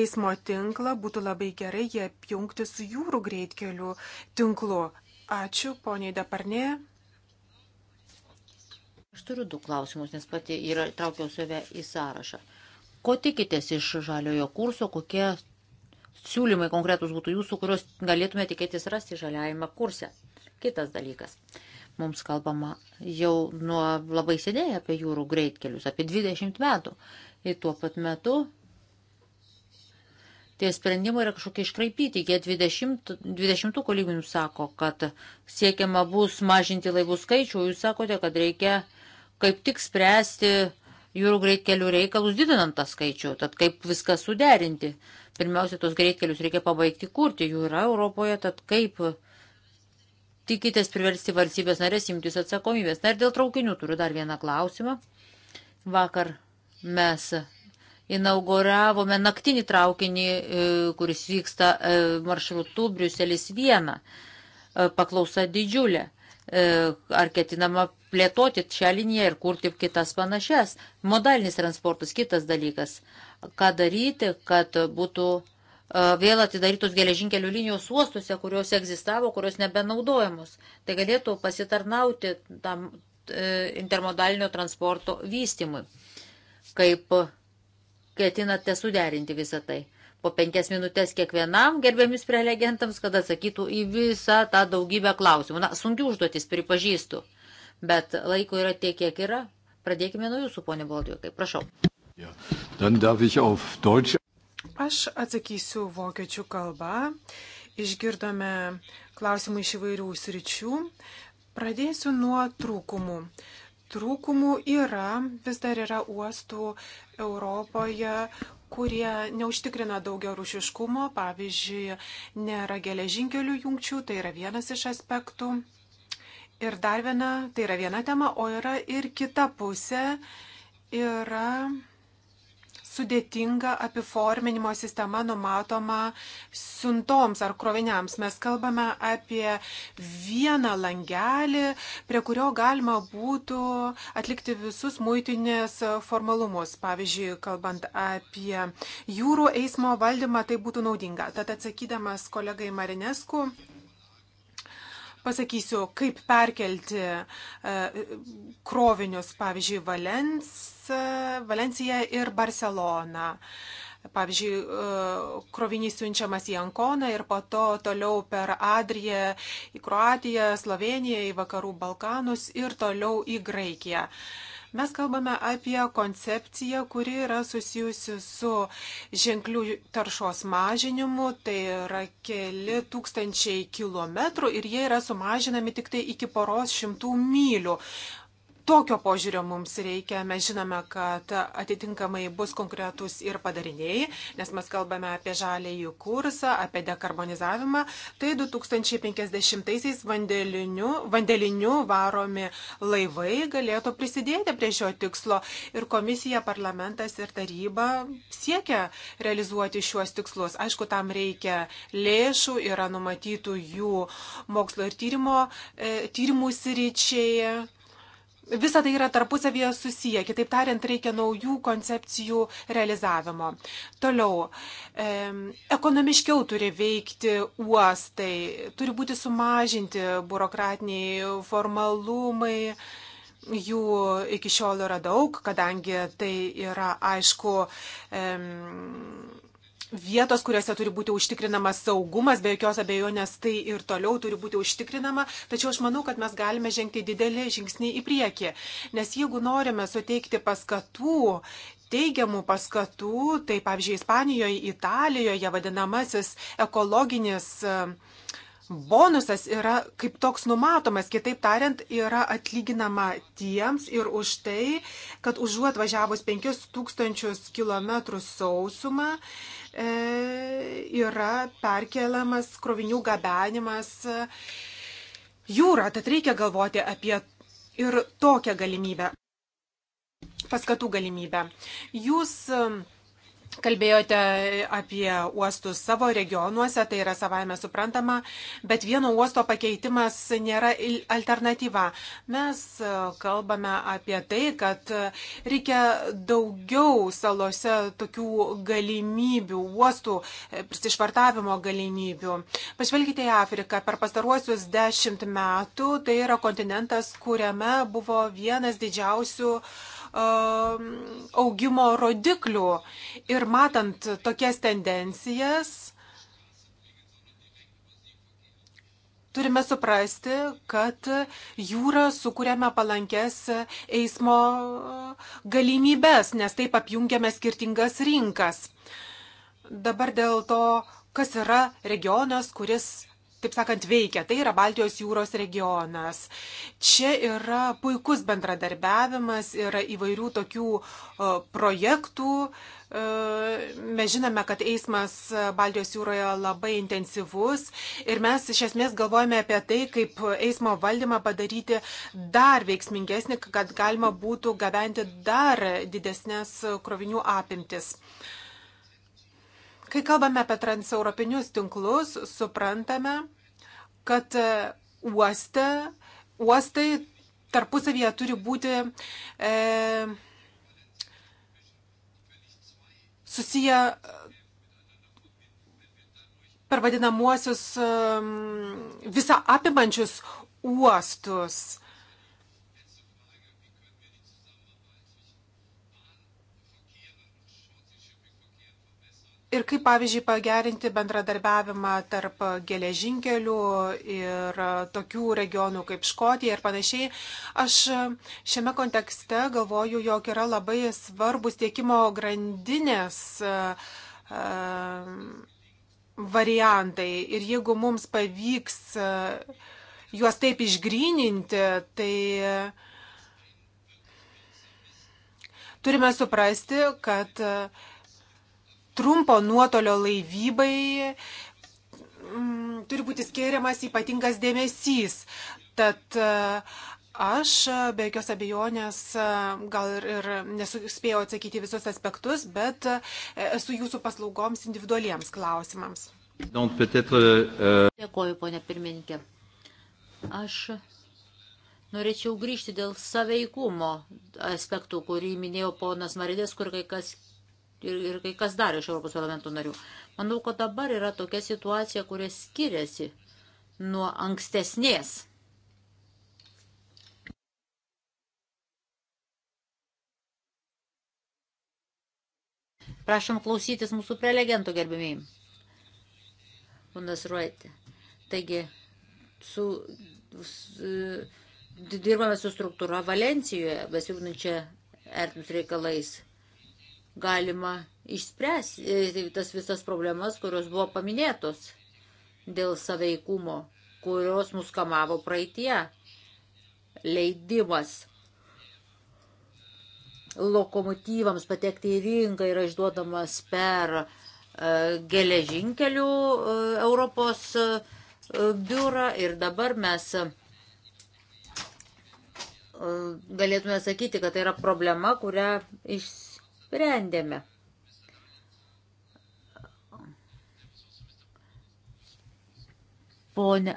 eismo tinklą, būtų labai gerai jie apjungti su jūrų greitkelių tinklu. Ačiū, poniai Daparnė. Aš turiu du klausimus, nes pati yra traukiau save į sąrašą. Ko tikitės iš žaliojo kurso, kokie siūlymai konkretus būtų jūsų, kuriuos galėtume tikėtis rasti žaliajame kurse? Kitas dalykas. Mums kalbama jau nuo labai seniai apie jūrų greitkelius, apie 20 metų. Ir tuo pat metu tie sprendimai yra kažkokie iškraipyti. G20 20 lygmenių sako, kad siekiama bus mažinti laivų skaičių, jūs sakote, kad reikia kaip tik spręsti jūrų greitkelių reikalus, didinant tą skaičių. Tad kaip viską suderinti? Pirmiausia, tos greitkelius reikia pabaigti kurti, jų yra Europoje, tad kaip tikitės priversti valstybės narės imtis atsakomybės. Na ir dėl traukinių turiu dar vieną klausimą. Vakar mes inauguravome naktinį traukinį, e, kuris vyksta e, maršrutu Briuselis 1. E, paklausa didžiulė. E, ar ketinama plėtoti šią liniją ir kurti kitas panašias. Modalinis transportas kitas dalykas. Ką daryti, kad būtų e, vėl atidarytos geležinkelių linijos uostuose, kurios egzistavo, kurios nebenaudojamos. Tai galėtų pasitarnauti tam e, intermodalinio transporto vystimui. Kaip ketinate suderinti visą tai? po penkias minutės kiekvienam gerbiamis prelegentams, kad atsakytų į visą tą daugybę klausimų. Na, sunkių užduotis pripažįstu, bet laiko yra tiek, kiek yra. Pradėkime nuo jūsų, ponė Baldiukai, prašau. Ja, Aš atsakysiu vokiečių kalbą. Išgirdome klausimų iš įvairių sričių. Pradėsiu nuo trūkumų trūkumų yra, vis dar yra uostų Europoje, kurie neužtikrina daugia rušiškumo, pavyzdžiui, nėra geležinkelių jungčių, tai yra vienas iš aspektų. Ir dar viena, tai yra viena tema, o yra ir kita pusė, yra sudėtinga apiforminimo sistema numatoma siuntoms ar kroviniams. Mes kalbame apie vieną langelį, prie kurio galima būtų atlikti visus muitinės formalumus. Pavyzdžiui, kalbant apie jūrų eismo valdymą, tai būtų naudinga. Tad atsakydamas kolegai Marinesku, Pasakysiu, kaip perkelti e, krovinius, pavyzdžiui, Valens, e, Valencija ir Barcelona. Pavyzdžiui, e, krovinys siunčiamas į Ankoną ir po to toliau per Adriją į Kroatiją, Sloveniją, į Vakarų Balkanus ir toliau į Graikiją. Uh, Mes kalbame apie koncepciją, kuri yra susijusi su ženklių taršos mažinimu, tai yra keli tūkstančiai kilometrų ir jie yra sumažinami tik tai iki poros šimtų mylių tokio požiūrio mums reikia. Mes žinome, kad atitinkamai bus konkretus ir padariniai, nes mes kalbame apie žalėjų kursą, apie dekarbonizavimą. Tai 2050-aisiais vandeliniu, vandeliniu varomi laivai galėtų prisidėti prie šio tikslo ir komisija, parlamentas ir taryba siekia realizuoti šiuos tikslus. Aišku, tam reikia lėšų, yra numatytų jų mokslo ir tyrimo, e, tyrimų sričiai Visa tai yra tarpusavėje susiję, kitaip tariant, reikia naujų koncepcijų realizavimo. Toliau, e, ekonomiškiau turi veikti uostai, turi būti sumažinti biurokratiniai formalumai. Jų iki šiol yra daug, kadangi tai yra, aišku, e, vietos, kuriuose turi būti užtikrinamas saugumas, be jokios abejonės tai ir toliau turi būti užtikrinama, tačiau aš manau, kad mes galime žengti didelį žingsnį į priekį, nes jeigu norime suteikti paskatų, teigiamų paskatų, tai pavyzdžiui, Ispanijoje, Italijoje vadinamasis ekologinis e, Bonusas yra kaip toks numatomas, kitaip tariant, yra atlyginama tiems ir už tai, kad užuot važiavus 5000 km sausumą, E, yra perkeliamas krovinių gabenimas e, jūra, tad reikia galvoti apie ir tokią galimybę, paskatų galimybę. Jūs e, Kalbėjote apie uostus savo regionuose, tai yra savaime suprantama, bet vieno uosto pakeitimas nėra alternatyva. Mes e, kalbame apie tai, kad reikia daugiau salose tokių galimybių, uostų e, prisišvartavimo galimybių. Pažvelkite į Afriką. Per pastaruosius dešimt metų tai yra kontinentas, kuriame buvo vienas didžiausių uh, Um, augimo rodiklių. Ir matant tokias tendencijas, turime suprasti, kad jūrą sukūrėme palankes eismo galimybės, nes taip apjungiame skirtingas rinkas. Dabar dėl to, kas yra regionas, kuris taip sakant, veikia. Tai yra Baltijos jūros regionas. Čia yra puikus bendradarbiavimas, yra įvairių tokių e, projektų. E, mes žinome, kad eismas Baltijos jūroje labai intensyvus ir mes iš esmės galvojame apie tai, kaip eismo valdymą padaryti dar veiksmingesnį, kad galima būtų gabenti dar didesnės krovinių apimtis. Kai kalbame apie transeuropinius tinklus, suprantame, kad e, uoste, uostai tarpusavyje turi būti e, susiję per vadinamuosius e, visą apimančius uostus. Ir kaip, pavyzdžiui, pagerinti bendradarbiavimą tarp geležinkelių ir tokių regionų kaip Škotija ir panašiai. Aš šiame kontekste galvoju, jog yra labai svarbus tiekimo grandinės ehm, variantai. Ir jeigu mums pavyks e, juos taip išgryninti, tai turime suprasti, kad trumpo nuotolio laivybai mm, turi būti skiriamas ypatingas dėmesys. Tad e, aš be jokios abejonės e, gal ir, ir nesuspėjau atsakyti visus aspektus, bet e, esu jūsų paslaugoms individualiems klausimams. Euh, Dėkuoju, ponė pirmininkė. Aš norėčiau grįžti dėl saveikumo aspektų, kurį minėjo ponas Maridės, kur kai kas ir, ir kai kas dar iš Europos parlamento narių. Manau, kad dabar yra tokia situacija, kuria skiriasi nuo ankstesnės. Prašom klausytis mūsų prelegentų gerbimiai. Ponas Ruoitė. Taigi, su, su, dirbame su struktūra Valencijoje, besirūpinančia ertmius reikalais galima išspręsti e, tas visas problemas, kurios buvo paminėtos dėl saveikumo, kurios mus kamavo praeitie. Leidimas lokomotyvams patekti į rinką yra išduodamas per uh, geležinkelių uh, Europos uh, biurą ir dabar mes galėtume sakyti, kad tai yra problema, kurią iš sprendėme. Pone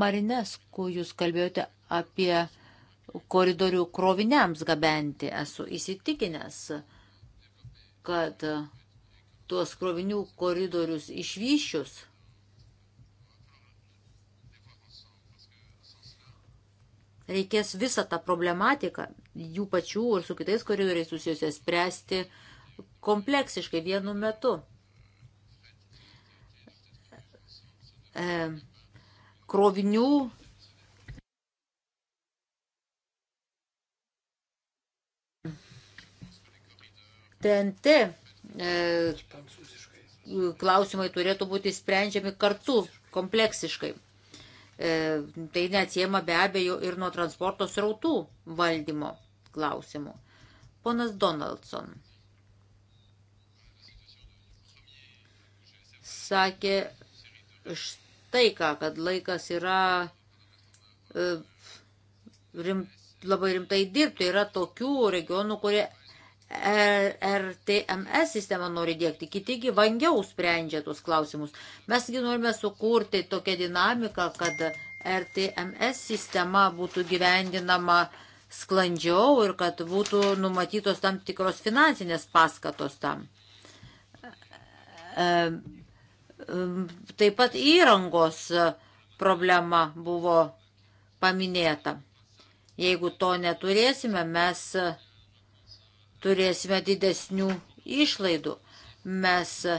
Marinesku, jūs kalbėjote apie koridorių kroviniams gabenti. Esu įsitikinęs, kad tuos krovinių koridorius išvyšius reikės visą tą problematiką jų pačių ir su kitais koridoriais susijusia spręsti kompleksiškai vienu metu. E, krovinių TNT e, klausimai turėtų būti sprendžiami kartu kompleksiškai. E, tai neatsiema be abejo ir nuo transporto srautų valdymo klausimų. Ponas Donaldson sakė štai ką, kad laikas yra e, rim, labai rimtai dirbti. Yra tokių regionų, kurie RTMS sistemą nori dėkti, kitigi vangiau sprendžia tuos klausimus. Mesgi norime sukurti tokią dinamiką, kad RTMS sistema būtų gyvendinama sklandžiau ir kad būtų numatytos tam tikros finansinės paskatos tam. Taip pat įrangos problema buvo paminėta. Jeigu to neturėsime, mes turėsime didesnių išlaidų. Mes e,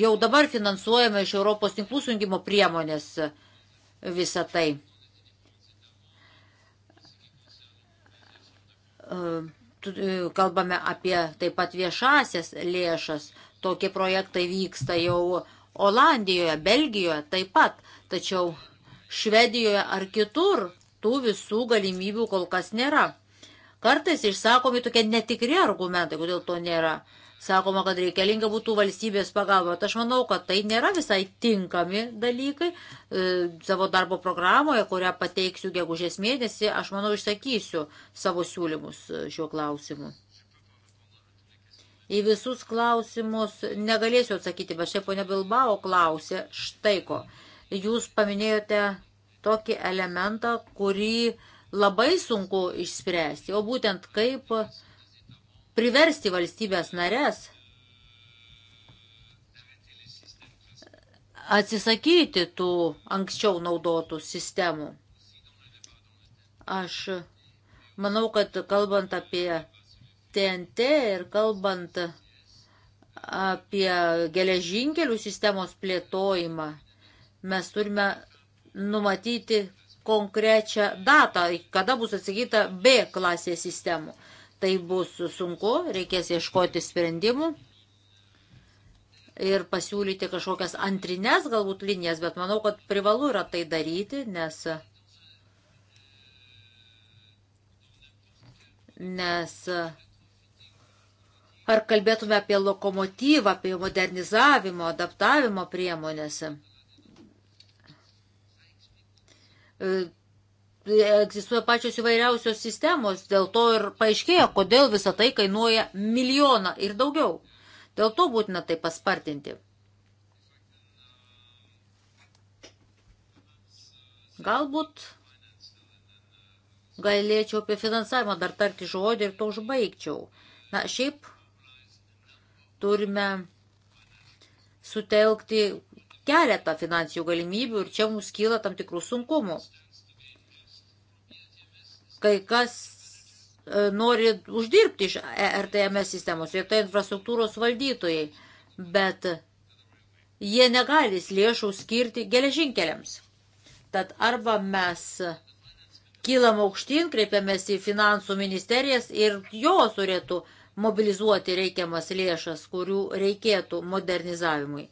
jau dabar finansuojame iš Europos tinklų sujungimo priemonės e, visą tai. E, kalbame apie taip pat viešasias lėšas. Tokie projektai vyksta jau Olandijoje, Belgijoje taip pat, tačiau Švedijoje ar kitur tų visų galimybių kol kas nėra. Kartais išsakomi tokie netikri argumentai, kodėl to nėra. Sakoma, kad reikalinga būtų valstybės pagalba, bet aš manau, kad tai nėra visai tinkami dalykai. E, savo darbo programoje, kurią pateiksiu gegužės mėnesį, aš manau, išsakysiu savo siūlymus e, šiuo klausimu. Į visus klausimus negalėsiu atsakyti, bet šiaip ponia Bilbao klausė štai ko. Jūs paminėjote tokį elementą, kurį labai sunku išspręsti, o būtent kaip priversti valstybės narės atsisakyti tų anksčiau naudotų sistemų. Aš manau, kad kalbant apie TNT ir kalbant apie geležinkelių sistemos plėtojimą, mes turime numatyti konkrečią datą, kada bus atsakyta B klasės sistemų. Tai bus sunku, reikės ieškoti sprendimų ir pasiūlyti kažkokias antrines galbūt linijas, bet manau, kad privalu yra tai daryti, nes, nes ar kalbėtume apie lokomotyvą, apie modernizavimo, adaptavimo priemonės. E, egzistuoja pačios įvairiausios sistemos, dėl to ir paaiškėjo, kodėl visa tai kainuoja milijoną ir daugiau. Dėl to būtina tai paspartinti. Galbūt galėčiau apie finansavimą dar tarti žodį ir to užbaigčiau. Na, šiaip turime sutelkti keletą finansinių galimybių ir čia mums kyla tam tikrų sunkumų. Kai kas e, nori uždirbti iš e RTMS sistemos ir tai infrastruktūros valdytojai, bet jie negali lėšų skirti geležinkeliams. Tad arba mes kylam aukštyn, kreipiamės į finansų ministerijas ir jos turėtų mobilizuoti reikiamas lėšas, kurių reikėtų modernizavimui.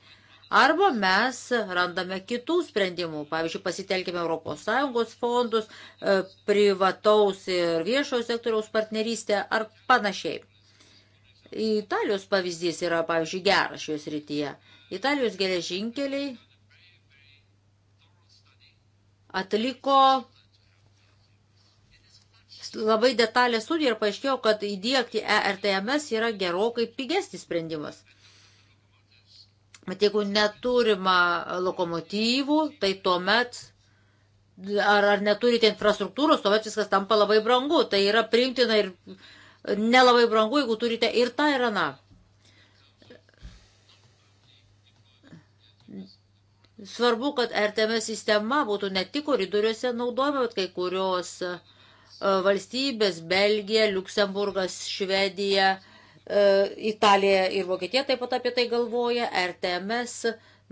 Arba mes randame kitų sprendimų, pavyzdžiui, pasitelkime ES fondus, e, privataus ir viešojo sektoriaus partnerystę ar panašiai. Italijos pavyzdys yra, pavyzdžiui, geras šioje srityje. Italijos geležinkeliai atliko labai detalę studiją ir paaiškėjo, kad įdėkti ERTMS yra gerokai pigesnis sprendimas. Bet jeigu neturima lokomotyvų, tai tuomet ar, ar neturite infrastruktūros, tuomet viskas tampa labai brangu. Tai yra priimtina ir nelabai brangu, jeigu turite ir tą, ir aną. Svarbu, kad RTM sistema būtų ne tik koridoriuose naudojama, bet kai kurios e, valstybės, Belgija, Luksemburgas, Švedija, E, Italija ir Vokietija taip pat apie tai galvoja, RTMS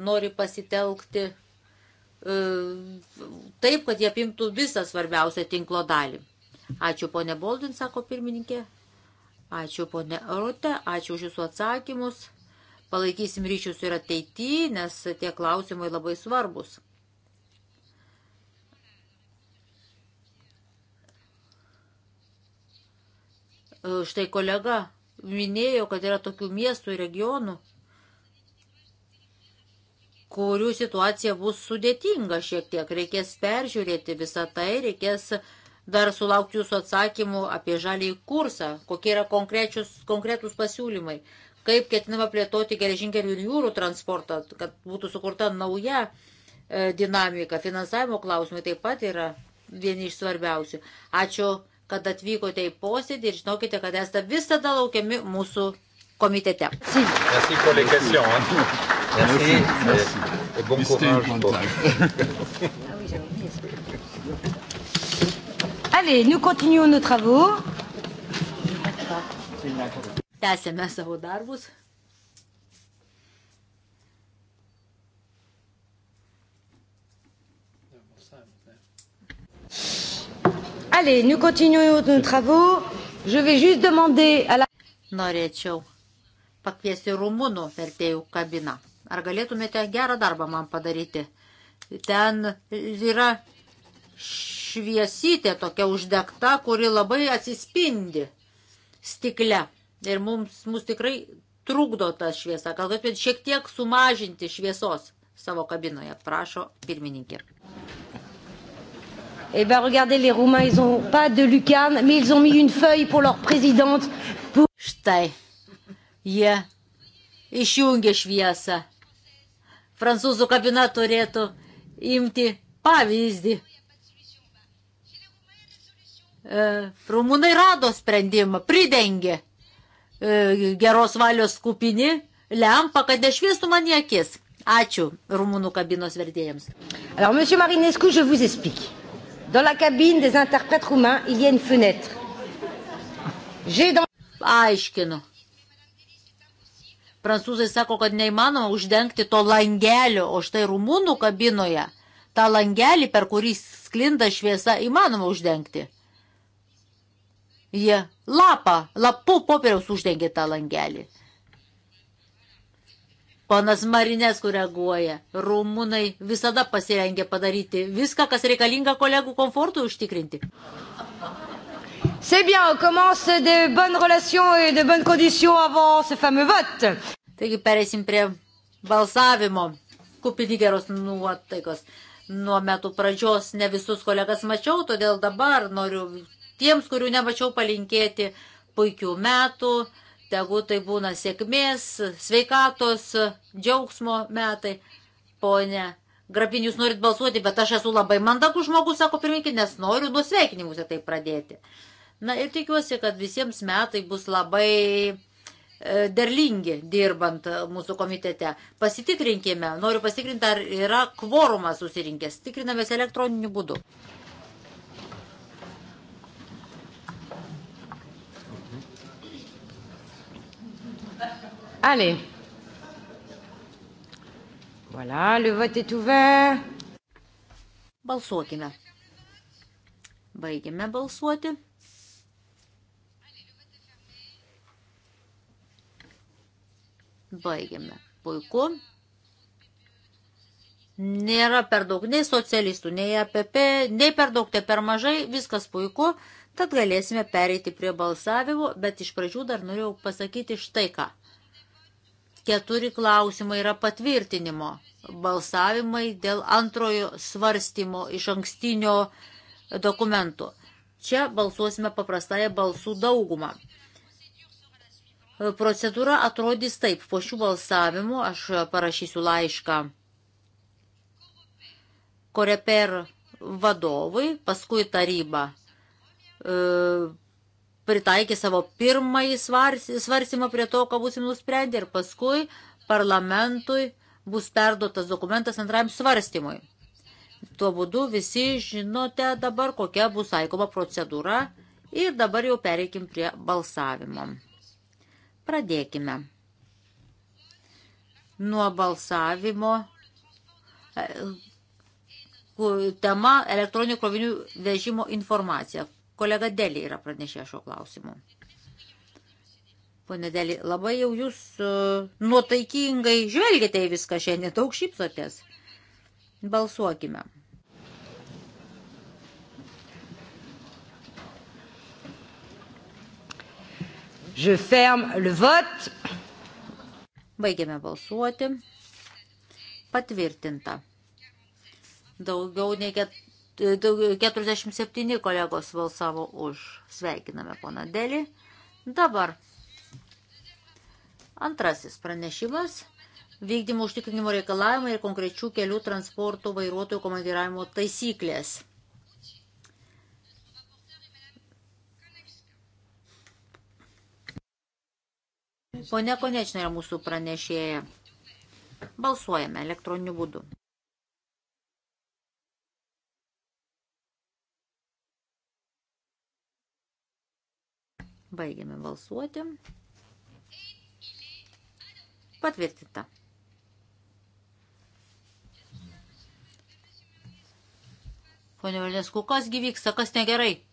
nori pasitelkti e, taip, kad jie apimtų visą svarbiausią tinklo dalį. Ačiū ponė Boldin, sako pirmininkė. Ačiū ponė Rote, ačiū už jūsų atsakymus. Palaikysim ryšius ir ateityje, nes tie klausimai labai svarbus. E, štai kolega minėjau, kad yra tokių miestų ir regionų, kurių situacija bus sudėtinga šiek tiek. Reikės peržiūrėti visą tai, reikės dar sulaukti jūsų atsakymų apie žalį kursą, kokie yra konkretūs pasiūlymai, kaip ketinama plėtoti geležinkelių ir jūrų transportą, kad būtų sukurta nauja e, dinamika. Finansavimo klausimai taip pat yra vieni iš svarbiausių. Ačiū kad atvykote į posėdį ir žinokite, kad esate visada laukiami mūsų komitete. Merci pour les questions. Hein. Merci. Merci. Et bon courage. Pour... ah oui, j'ai oublié. Allez, nous continuons nos travaux. Tęsėme savo darbus. Yeah, Allez, nous continuons nos travaux. Je vais juste demander à la... Norėčiau pakviesti rumunų vertėjų kabiną. Ar galėtumėte gerą darbą man padaryti? Ten yra šviesytė tokia uždegta, kuri labai atsispindi stikle. Ir mums, mums tikrai trukdo tą šviesą. Gal galėtumėte šiek tiek sumažinti šviesos savo kabinoje, prašo pirmininkė. Eh bien, regardez, les Roumains, ils n'ont pas de lucarne, mais ils ont mis une feuille pour leur présidente. Pour... Štai, jie yeah. išjungia šviesą. Prancūzų kabina turėtų imti pavyzdį. E, Rumunai rado sprendimą, pridengė e, geros valios kupini lempą, kad nešviestų man į akis. Ačiū rumunų kabinos verdėjams. Alors, monsieur Marinescu, je vous explique. Dans la cabine des interprètes roumains, il y a une fenêtre. J'ai dans... Aiškinu. Prancūzai sako, kad neįmanoma uždengti to langelio, o štai rumūnų kabinoje tą langelį, per kurį sklinda šviesa, įmanoma uždengti. Jie lapą, lapu popieriaus uždengė tą langelį. Panas Marinės, kur reaguoja. Rumunai visada pasirengia padaryti viską, kas reikalinga kolegų komfortui užtikrinti. C'est bien, on commence de bonnes relations et de bonnes conditions avant ce fameux vote. Taigi pereisim prie balsavimo. Kupini geros nuotaikos. Nuo metų pradžios ne visus kolegas mačiau, todėl dabar noriu tiems, kurių nemačiau, palinkėti puikių metų Tegu tai būna sėkmės, sveikatos, džiaugsmo metai. Pone Grabin, jūs norit balsuoti, bet aš esu labai mandagus žmogus, sako pirmininkė, nes noriu nuo sveikinimus tai pradėti. Na ir tikiuosi, kad visiems metai bus labai e, derlingi dirbant mūsų komitete. Pasitikrinkime, noriu pasitikrinti, ar yra kvorumas susirinkęs. Tikrinamės elektroniniu būdu. Allez. Voilà, le vote est ouvert. Balsuokime. Baigėme balsuoti. Baigėme. Puiku. Nėra per daug nei socialistų, nei APP, nei per daug, tai per mažai, viskas puiku. Tad galėsime pereiti prie balsavimo, bet iš pradžių dar norėjau pasakyti štai ką. Keturi klausimai yra patvirtinimo balsavimai dėl antrojo svarstymo iš ankstinio dokumentų. Čia balsuosime paprastąją balsų daugumą. Procedūra atrodys taip. Po šių balsavimų aš parašysiu laišką koreper vadovui, paskui taryba e, pritaikė savo pirmąjį svarstymą prie to, ką būsim nusprendę ir paskui parlamentui bus perduotas dokumentas antrajam svarstymui. Tuo būdu visi žinote dabar, kokia bus taikoma procedūra ir dabar jau pereikim prie balsavimo. Pradėkime. Nuo balsavimo e, tema elektroninių krovinių vežimo informacija. Kolega Deli yra pranešė šio klausimu. Pone Deli, labai jau jūs e, nuotaikingai žvelgiate į viską šiandien, daug šypsotės. Balsuokime. Je ferme le vote. Baigiame balsuoti. Patvirtinta. Daugiau nei 47 kolegos balsavo už. Sveikiname poną Delį. Dabar antrasis pranešimas – vykdymo užtikrinimo reikalavimai ir konkrečių kelių transporto vairuotojų komandiravimo taisyklės. Pone Konečnė yra mūsų pranešėja. Balsuojame elektroniniu būdu. Baigiame balsuoti. Patvirtinta. Pone Valnesku, kas gyvyksta, kas negerai?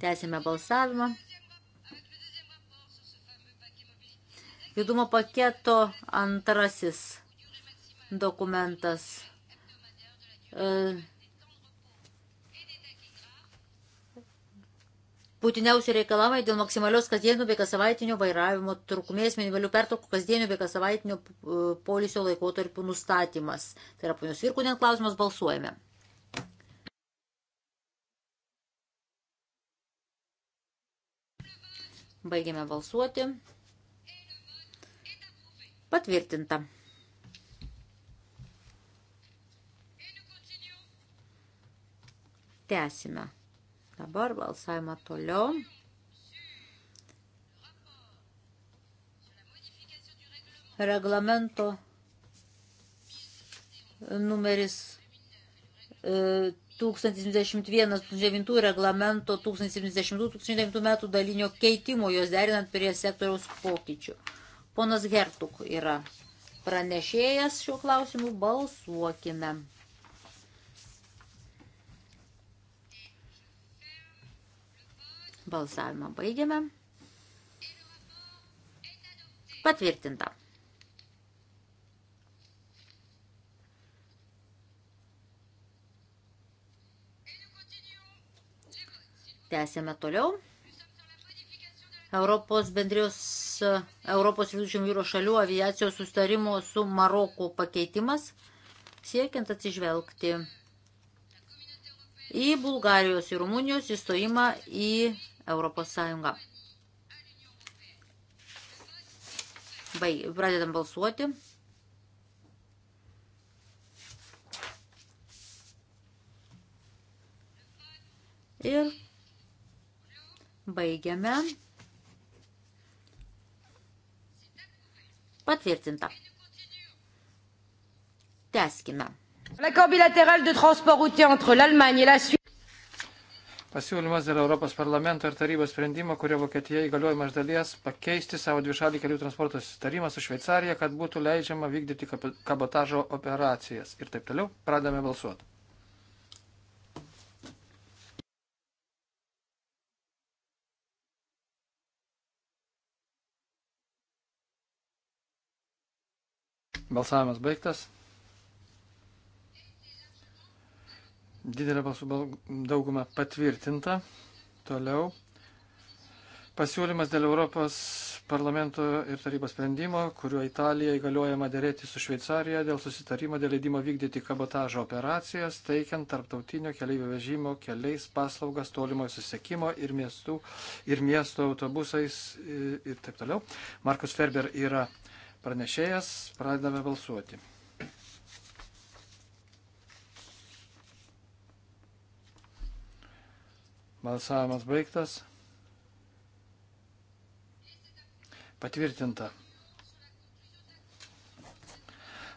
Tęsime balsavimą. Judumo paketo antrasis dokumentas. E, būtiniausi reikalavimai dėl maksimalios kasdienio bei kasavaitinio vairavimo trukmės, minimalių pertraukų kasdienio bei kasavaitinio e, polisio laikotarpių nustatymas. Tai yra ponios Virkūnien klausimas, balsuojame. Baigėme balsuoti. Patvirtinta. Tęsime. Dabar balsavimą toliau. Reglamento numeris 1021-2009 e, reglamento 1070-2009 metų dalinio keitimo jos derinant prie sektoriaus pokyčių. Ponas Gertuk yra pranešėjas šiuo klausimu. Balsuokime. Balsavimą baigiame. Patvirtinta. Tęsėme toliau. Europos bendrijos e, Europos viduržėm jūros šalių aviacijos sustarimo su Maroku pakeitimas, siekiant atsižvelgti į Bulgarijos ir Rumunijos įstojimą į Europos Sąjungą. Baig, pradedam balsuoti. Ir baigiame. Patvirtinta. Teskime. Pasiūlymas dėl Europos parlamento ir tarybos sprendimo, kurio Vokietija įgaliojama iš dalies pakeisti savo dvišalį kelių transporto susitarimą su Šveicarija, kad būtų leidžiama vykdyti kabotažo operacijas. Ir taip toliau, pradame balsuoti. Balsavimas baigtas. Didelė balsų dauguma patvirtinta. Toliau. Pasiūlymas dėl Europos parlamento ir tarybos sprendimo, kuriuo Italija įgaliojama dėrėti su Šveicarija dėl susitarimo dėl leidimo vykdyti kabotažo operacijas, teikiant tarptautinio keliaivių vežimo keliais paslaugas tolimojo susiekimo ir, miestų, ir miesto autobusais ir taip toliau. Markus Ferber yra pranešėjas, pradedame balsuoti. Balsavimas baigtas. Patvirtinta.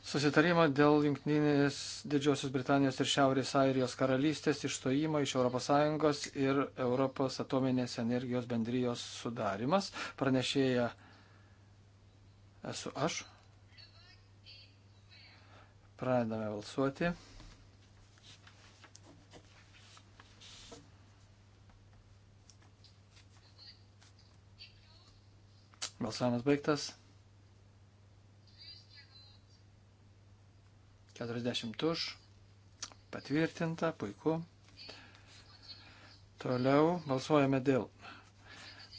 Susitarimą dėl Junktinės Didžiosios Britanijos ir Šiaurės Airijos karalystės išstojimo iš ES ir Europos atominės energijos bendrijos sudarimas. Pranešėja esu aš. Pradedame balsuoti. Balsavimas baigtas. 40 už. Patvirtinta, puiku. Toliau balsuojame dėl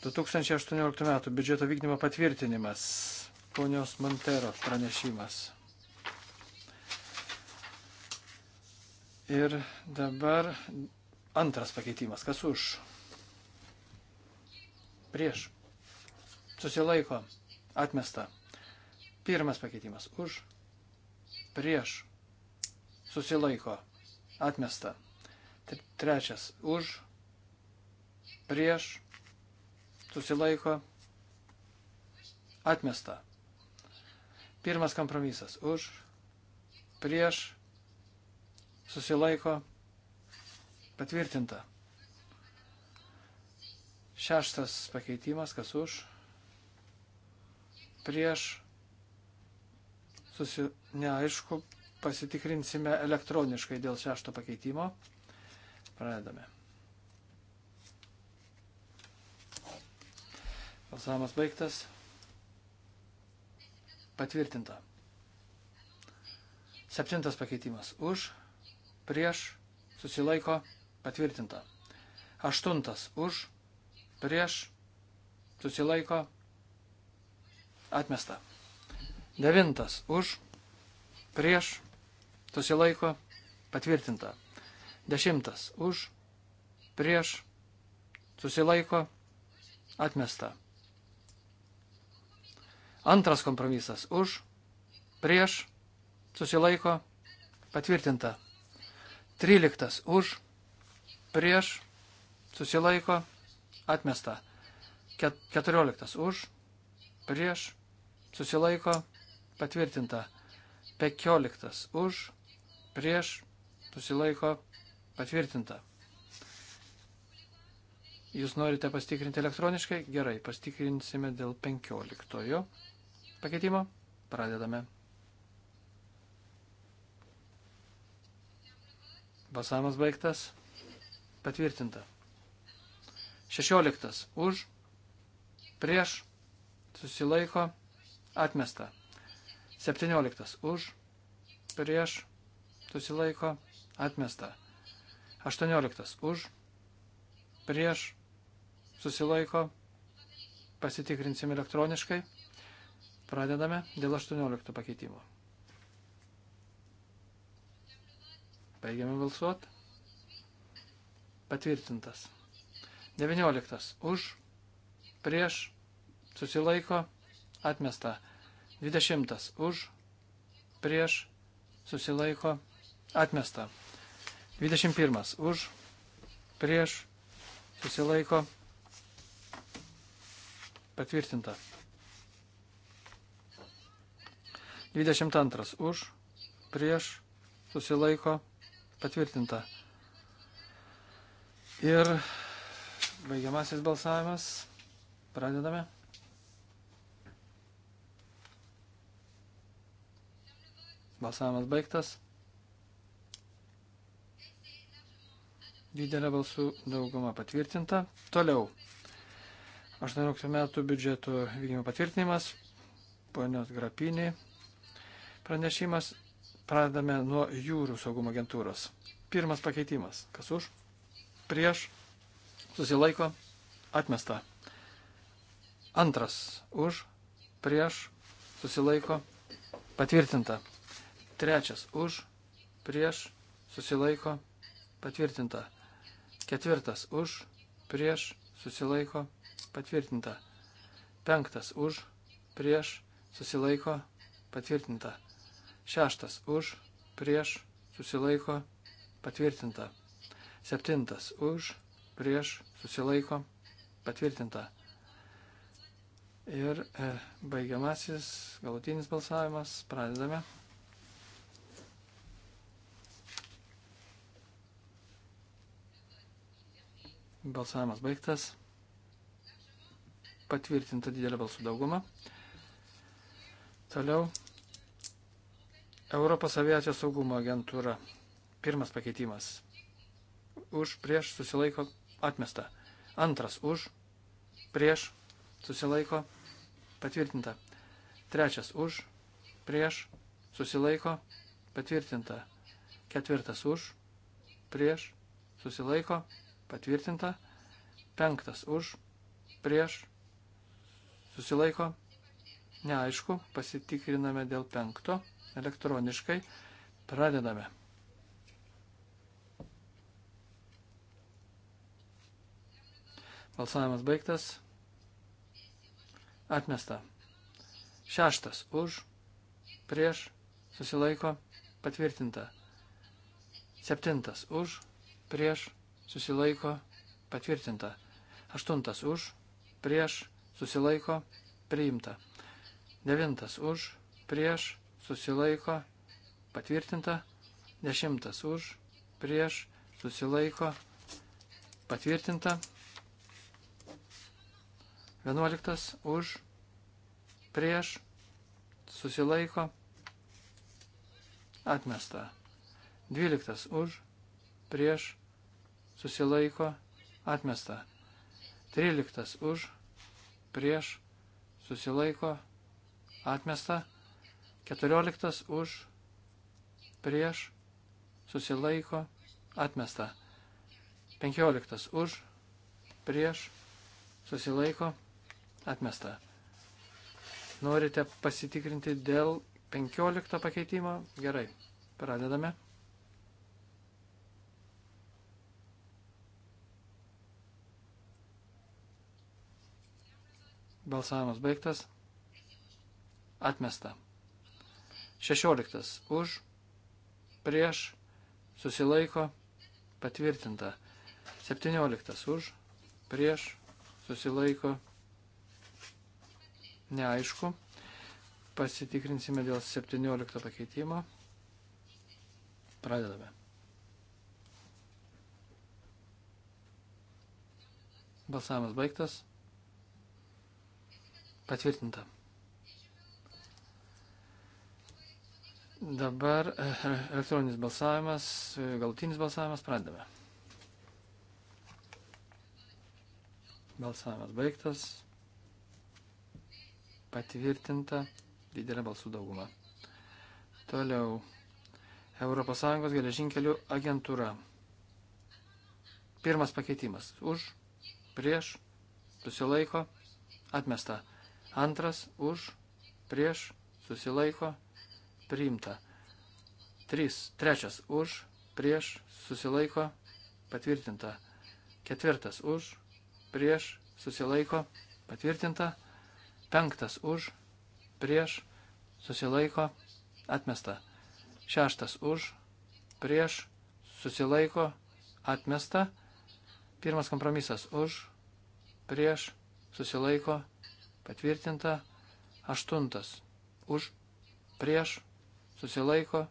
2018 m. biudžeto vykdymo patvirtinimas ponios Montero pranešimas. Ir dabar antras pakeitimas. Kas už? Prieš. Susilaiko. Atmesta. Pirmas pakeitimas. Už. Prieš. Susilaiko. Atmesta. Trečias. Už. Prieš. Susilaiko. Atmesta. Pirmas kompromisas. Už, prieš, susilaiko, patvirtinta. Šeštas pakeitimas, kas už, prieš, susi... neaišku, pasitikrinsime elektroniškai dėl šešto pakeitimo. Pradedame. Balsavimas baigtas. Patvirtinta. Septintas pakeitimas. Už, prieš, susilaiko, patvirtinta. Aštuntas. Už, prieš, susilaiko, atmesta. Devintas. Už, prieš, susilaiko, patvirtinta. Dešimtas. Už, prieš, susilaiko, atmesta. Antras kompromisas už, prieš, susilaiko, patvirtinta. Tryliktas už, prieš, susilaiko, atmesta. Keturioliktas už, prieš, susilaiko, patvirtinta. Penkioliktas už, prieš, susilaiko, patvirtinta. Jūs norite pastikrinti elektroniškai? Gerai, pastikrinsime dėl 15 pakeitimo. Pradedame. Basavimas baigtas. Patvirtinta. 16. Už. Prieš. Susilaiko. Atmesta. 17. Už. Prieš. Susilaiko. Atmesta. 18. Už. Prieš. Susilaiko. Pasitikrinsim elektroniškai. Pradedame dėl 18 pakeitimo. Baigiame balsuot. Patvirtintas. 19. Už, prieš, susilaiko, atmesta. 20. Už, prieš, susilaiko, atmesta. 21. Už, prieš, susilaiko, patvirtinta. 22 už, prieš, susilaiko, patvirtinta. Ir baigiamasis balsavimas. Pradedame. Balsavimas baigtas. Didelė balsų dauguma patvirtinta. Toliau. 18 metų biudžeto vykdymo patvirtinimas. Ponios Grapiniai pranešimas. Pradedame nuo jūrų saugumo agentūros. Pirmas pakeitimas. Kas už? Prieš. Susilaiko. Atmesta. Antras. Už. Prieš. Susilaiko. Patvirtinta. Trečias. Už. Prieš. Susilaiko. Patvirtinta. Ketvirtas. Už. Prieš. Susilaiko. Patvirtinta. Penktas. Už. Prieš. Susilaiko. Patvirtinta. Šeštas už, prieš, susilaiko, patvirtinta. Septintas už, prieš, susilaiko, patvirtinta. Ir e, baigiamasis galutinis balsavimas. Pradedame. Balsavimas baigtas. Patvirtinta didelė balsų dauguma. Toliau Europos aviacijos saugumo agentūra. Pirmas pakeitimas. Už prieš susilaiko atmesta. Antras už prieš susilaiko patvirtinta. Trečias už prieš susilaiko patvirtinta. Ketvirtas už prieš susilaiko patvirtinta. Penktas už prieš susilaiko. Neaišku, pasitikriname dėl penkto elektroniškai. Pradedame. Balsavimas baigtas. Atmesta. Šeštas. Už. Prieš. Susilaiko. Patvirtinta. Septintas. Už. Prieš. Susilaiko. Patvirtinta. Aštuntas. Už. Prieš. Susilaiko. Priimta. Devintas. Už. Prieš susilaiko, patvirtinta. Dešimtas už, prieš, susilaiko, patvirtinta. Vienuoliktas už, prieš, susilaiko, atmesta. Dvyliktas už, prieš, susilaiko, atmesta. Tryliktas už, prieš, susilaiko, atmesta. 14 už, prieš, susilaiko, atmesta. 15 už, prieš, susilaiko, atmesta. Norite pasitikrinti dėl 15 pakeitimo? Gerai, pradedame. Balsavimas baigtas. Atmesta. 16 už, prieš, susilaiko, patvirtinta. 17 už, prieš, susilaiko, neaišku. Pasitikrinsime dėl 17 pakeitimo. Pradedame. Balsavimas baigtas. Patvirtinta. Dabar eh, elektroninis balsavimas, galtinis balsavimas, pradedame. Balsavimas baigtas. Patvirtinta didelė balsų dauguma. Toliau. ES geležinkelių agentūra. Pirmas pakeitimas. Už, prieš, susilaiko, atmesta. Antras, už, prieš, susilaiko, atmesta priimta. 3. Trečias už, prieš, susilaiko, patvirtinta. Ketvirtas už, prieš, susilaiko, patvirtinta. Penktas už, prieš, susilaiko, atmesta. Šeštas už, prieš, susilaiko, atmesta. Pirmas kompromisas už, prieš, susilaiko, patvirtinta. Aštuntas už, prieš, susilaiko,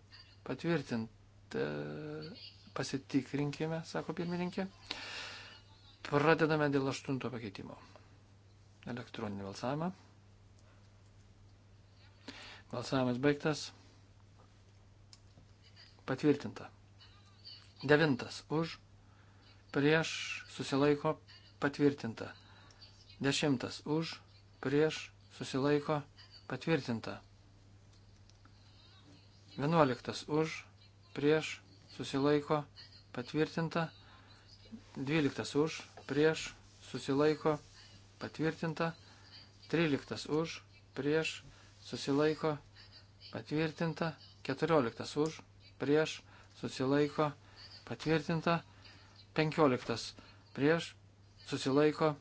patvirtinta, pasitikrinkime, sako pirmininkė. Pradedame dėl aštunto pakeitimo. Elektroninį balsavimą. Balsavimas baigtas. Patvirtinta. Devintas už, prieš, susilaiko, patvirtinta. Dešimtas už, prieš, susilaiko, patvirtinta. 11 už, prieš, susilaiko, patvirtinta. 12 už, prieš, susilaiko, patvirtinta. 13 už, prieš, susilaiko, patvirtinta. 14 už, prieš, susilaiko, patvirtinta. 15 prieš, susilaiko,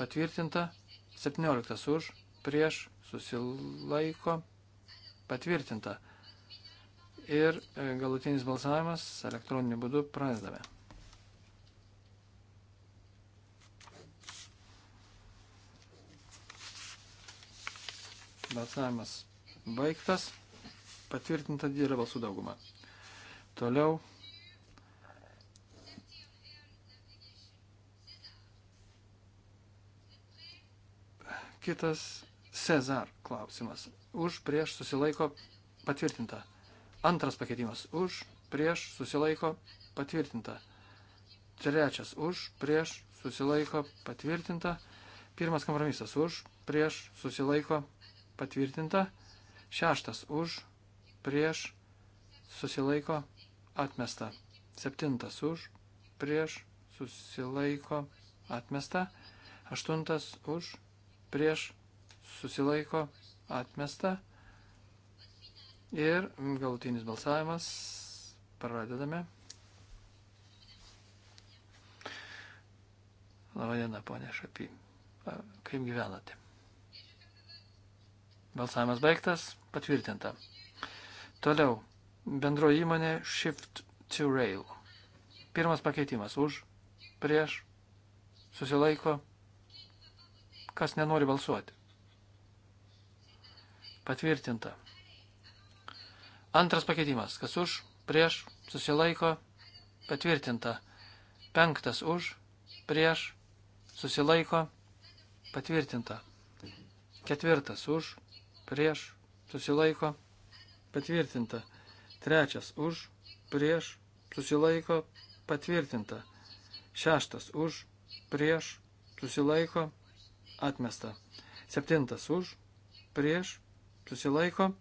patvirtinta. 17 už, prieš, susilaiko, patvirtinta ir e, galutinis balsavimas elektroniniu būdu prasidavė. Balsavimas baigtas, patvirtinta didelė balsų dauguma. Toliau. Kitas Cezar klausimas. Už prieš susilaiko patvirtinta. Antras pakeitimas už, prieš, susilaiko, patvirtinta. Trečias už, prieš, susilaiko, patvirtinta. Pirmas kompromisas už, prieš, susilaiko, patvirtinta. Šeštas už, prieš, susilaiko, atmesta. Septintas už, prieš, susilaiko, atmesta. Aštuntas už, prieš, susilaiko, atmesta. Ir galutinis balsavimas. Pradedame. Labadiena, ponė Šapy. Kaip gyvenate? Balsavimas baigtas, patvirtinta. Toliau. Bendroji įmonė Shift to Rail. Pirmas pakeitimas. Už, prieš, susilaiko, kas nenori balsuoti. Patvirtinta. Antras pakeitimas. Kas už, prieš, susilaiko, patvirtinta. Penktas už, prieš, susilaiko, patvirtinta. Ketvirtas už, prieš, susilaiko, patvirtinta. Trečias už, prieš, susilaiko, patvirtinta. Šeštas už, prieš, susilaiko, atmesta. Septintas už, prieš, susilaiko,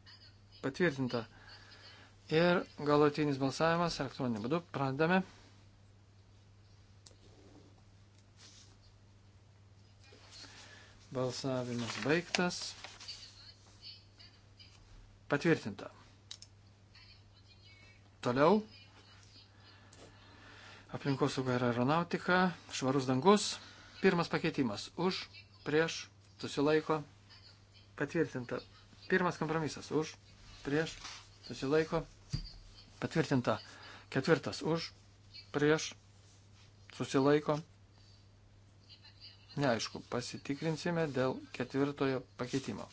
patvirtinta. Ir galutinis balsavimas elektroniniu būdu. Pradame. Balsavimas baigtas. Patvirtinta. Toliau. Aplinkosauga ir aeronautika. Švarus dangus. Pirmas pakeitimas. Už, prieš, susilaiko. Patvirtinta. Pirmas kompromisas. Už, prieš, susilaiko. Patvirtinta. Ketvirtas už, prieš, susilaiko. Neaišku, pasitikrinsime dėl ketvirtojo pakeitimo.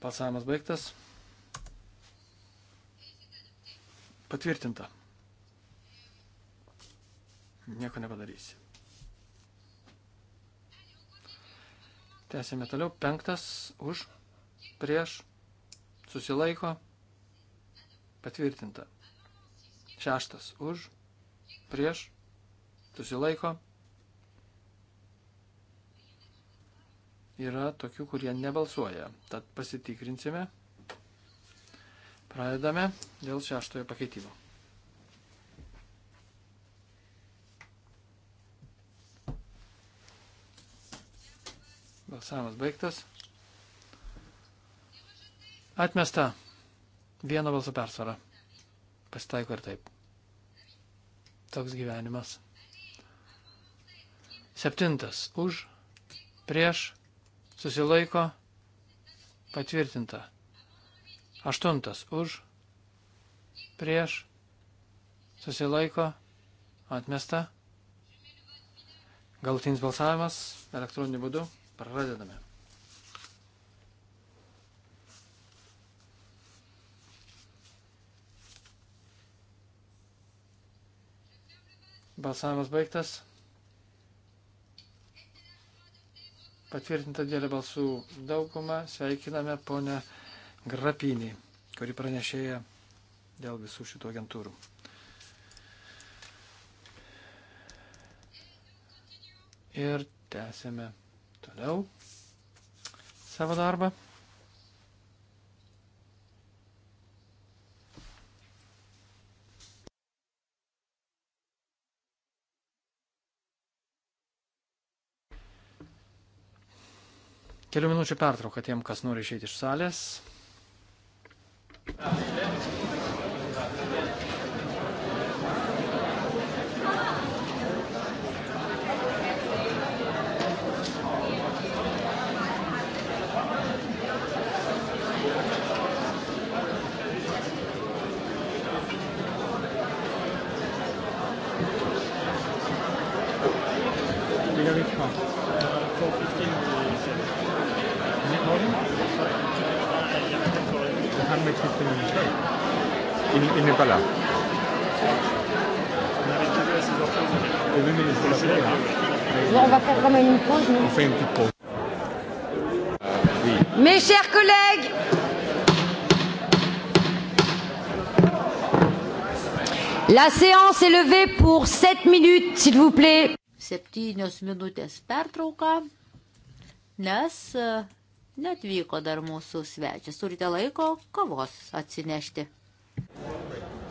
Balsavimas baigtas. Patvirtinta. Nieko nepadarysi. Tęsėme toliau. Penktas už, prieš, susilaiko, patvirtinta. Šeštas už, prieš, susilaiko. Yra tokių, kurie nebalsuoja. Tad pasitikrinsime. Pradedame dėl šeštojo pakeitimo. Balsavimas baigtas. Atmesta. Vieno balso persvara. Pasitaiko ir taip. Toks gyvenimas. Septintas. Už, prieš, susilaiko, patvirtinta. Aštuntas. Už, prieš, susilaiko, atmesta. Galutinis balsavimas elektroniniu būdu. Pradedame. Balsavimas baigtas. Patvirtinta dėlė balsų daugumą. Sveikiname ponę Grapinį, kuri pranešėja dėl visų šitų agentūrų. Ir tęsėme toliau savo darbą. Kelių minučių pertrauka tiem, kas nori išeiti iš salės. Amen. existe au Nicolas. Il, il n'est pas là. On avait prévu à 16h15. Oui, mais il faut l'appeler. Bon, on va faire quand même une pause. Mais... On fait une petite pause. Euh, oui. Mes chers collègues, La séance est levée pour 7 minutes, s'il vous plaît. 7 minutės pertrauka, nes netvyko dar mūsų svečias. Turite laiko kavos atsinešti. Thank you.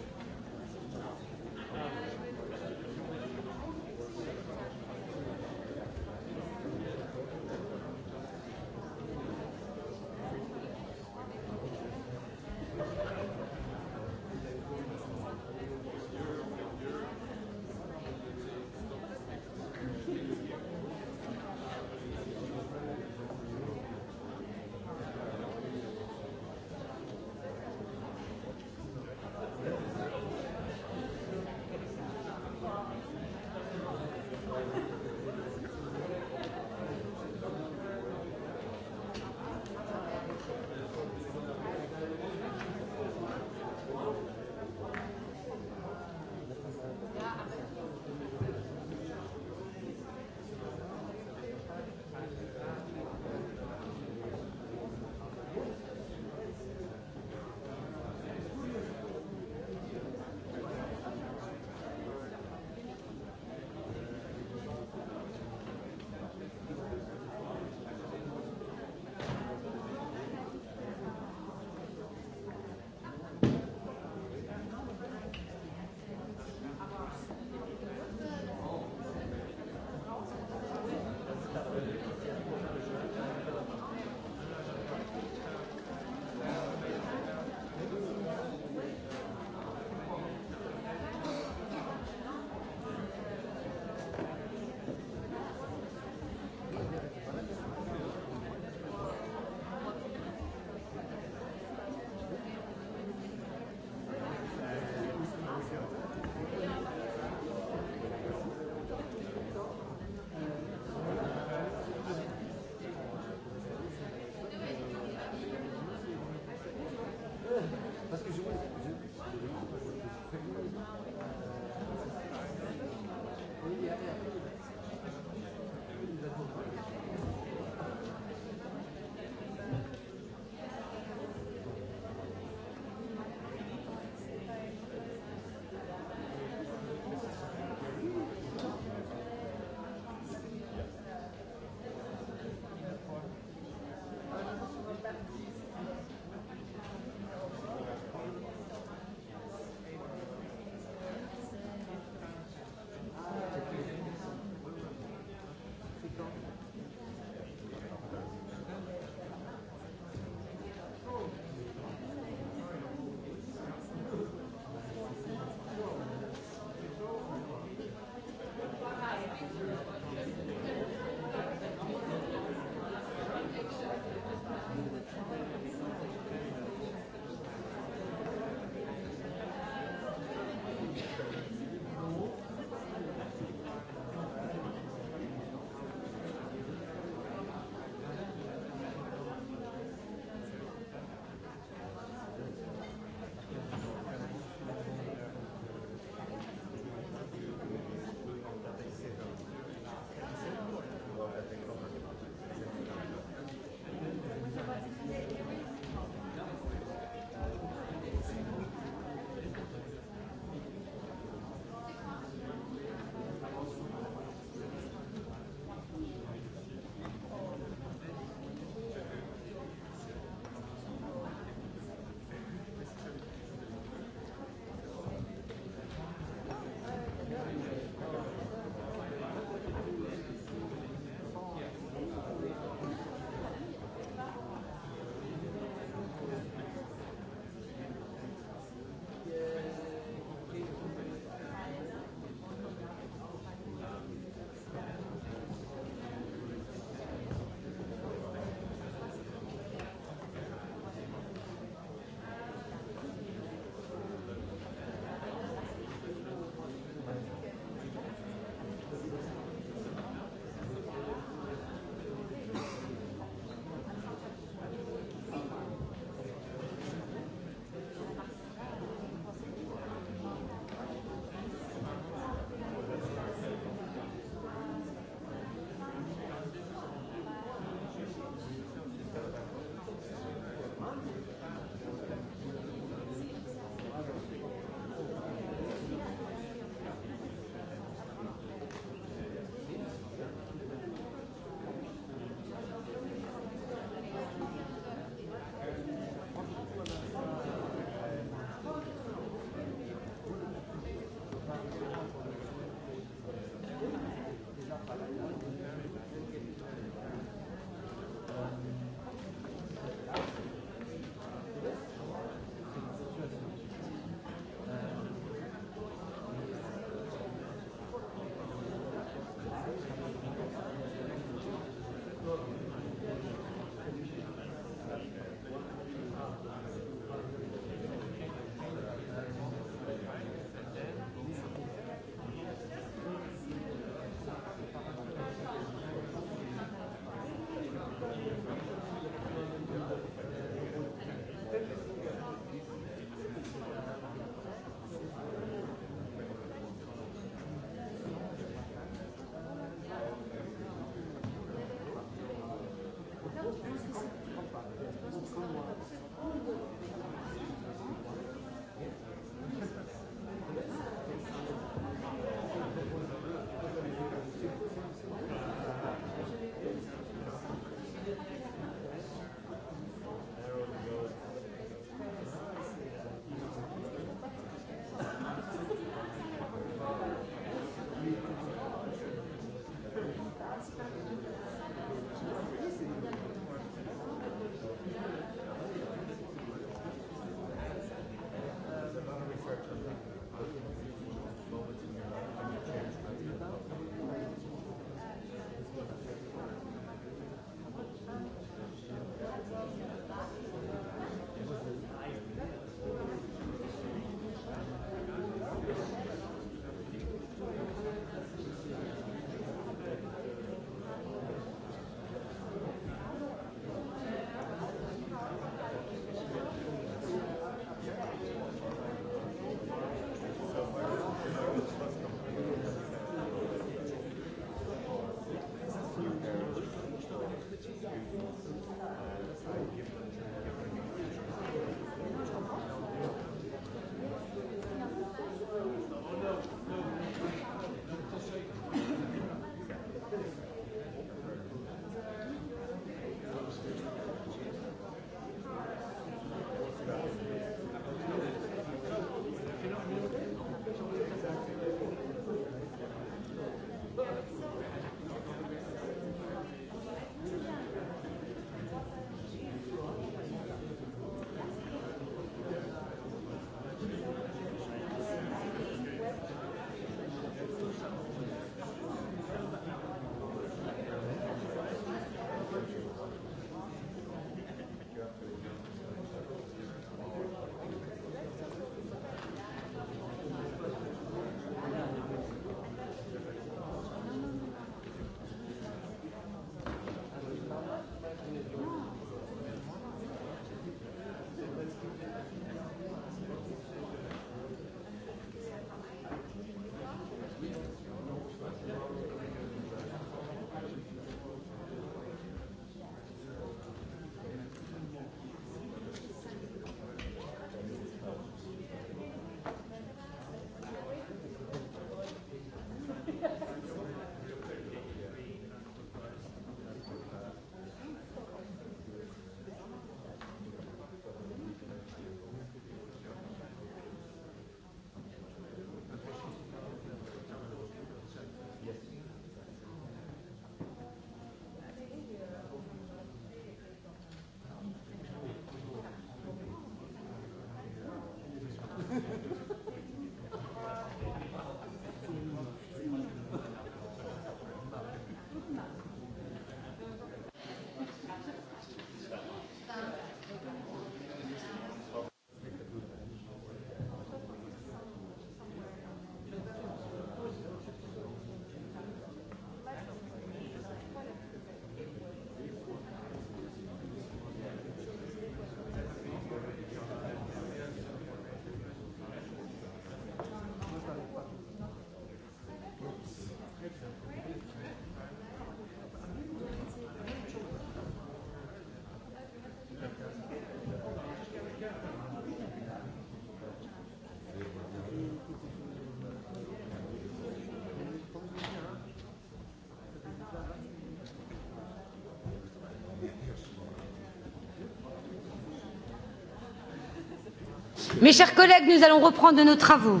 Mes chers collègues, nous allons reprendre nos travaux.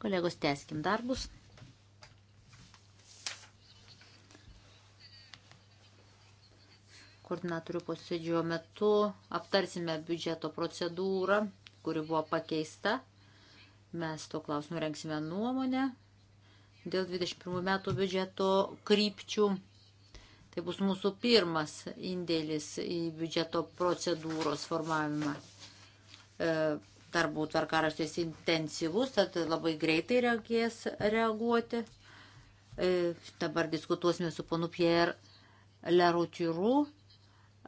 Kolegos, tęskim darbus. Koordinatorių posėdžio metu aptarsime biudžeto procedūrą, kuri buvo pakeista. Mes to klausimu renksime nuomonę dėl 21 metų biudžeto krypčių. Tai bus mūsų pirmas indėlis į biudžeto procedūros formavimą. E, darbų tvarkaraštis intensyvus, tad labai greitai reikės reaguoti. E, dabar diskutuosime su ponu Pierre Leroutiru.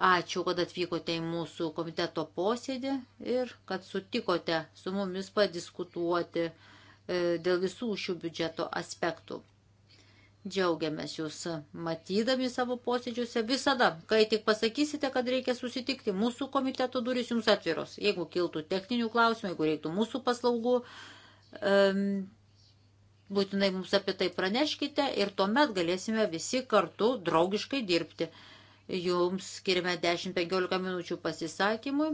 Ačiū, kad atvykote į mūsų komiteto posėdį ir kad sutikote su mumis padiskutuoti e, dėl visų šių biudžeto aspektų. Džiaugiamės jūs e, matydami savo posėdžiuose visada, kai tik pasakysite, kad reikia susitikti, mūsų komiteto durys jums atviros. Jeigu kiltų techninių klausimų, jeigu reiktų mūsų paslaugų, um, būtinai mums apie tai praneškite ir tuomet galėsime visi kartu draugiškai dirbti. Jums skirime 10-15 minučių pasisakymui.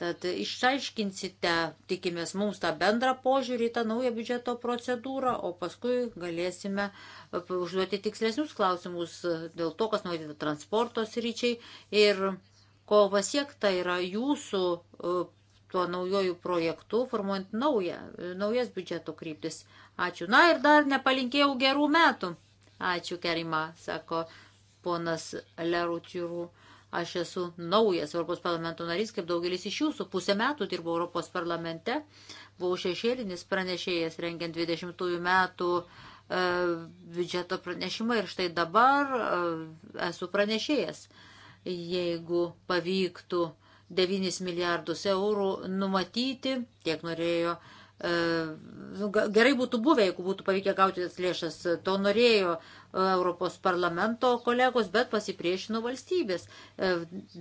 Tad išaiškinsite, tikimės mums tą bendrą požiūrį į tą naują biudžeto procedūrą, o paskui galėsime užduoti tikslesnius klausimus dėl to, kas numatyta transporto sryčiai ir ko pasiekta yra jūsų e, tuo naujojų projektu, formuojant naują, e, naujas biudžeto kryptis. Ačiū. Na ir dar nepalinkėjau gerų metų. Ačiū, Kerima, sako ponas Lerutiūrų. Aš esu naujas Europos parlamento narys, kaip daugelis iš jūsų. Pusę metų dirbau Europos parlamente, buvau šešėlinis pranešėjas rengiant 20 metų e, biudžeto pranešimą ir štai dabar e, esu pranešėjas. Jeigu pavyktų 9 milijardus eurų numatyti, tiek norėjo e, nu, Gerai būtų buvę, jeigu būtų pavykę gauti tas lėšas, to norėjo Europos parlamento kolegos, bet pasipriešino valstybės. E,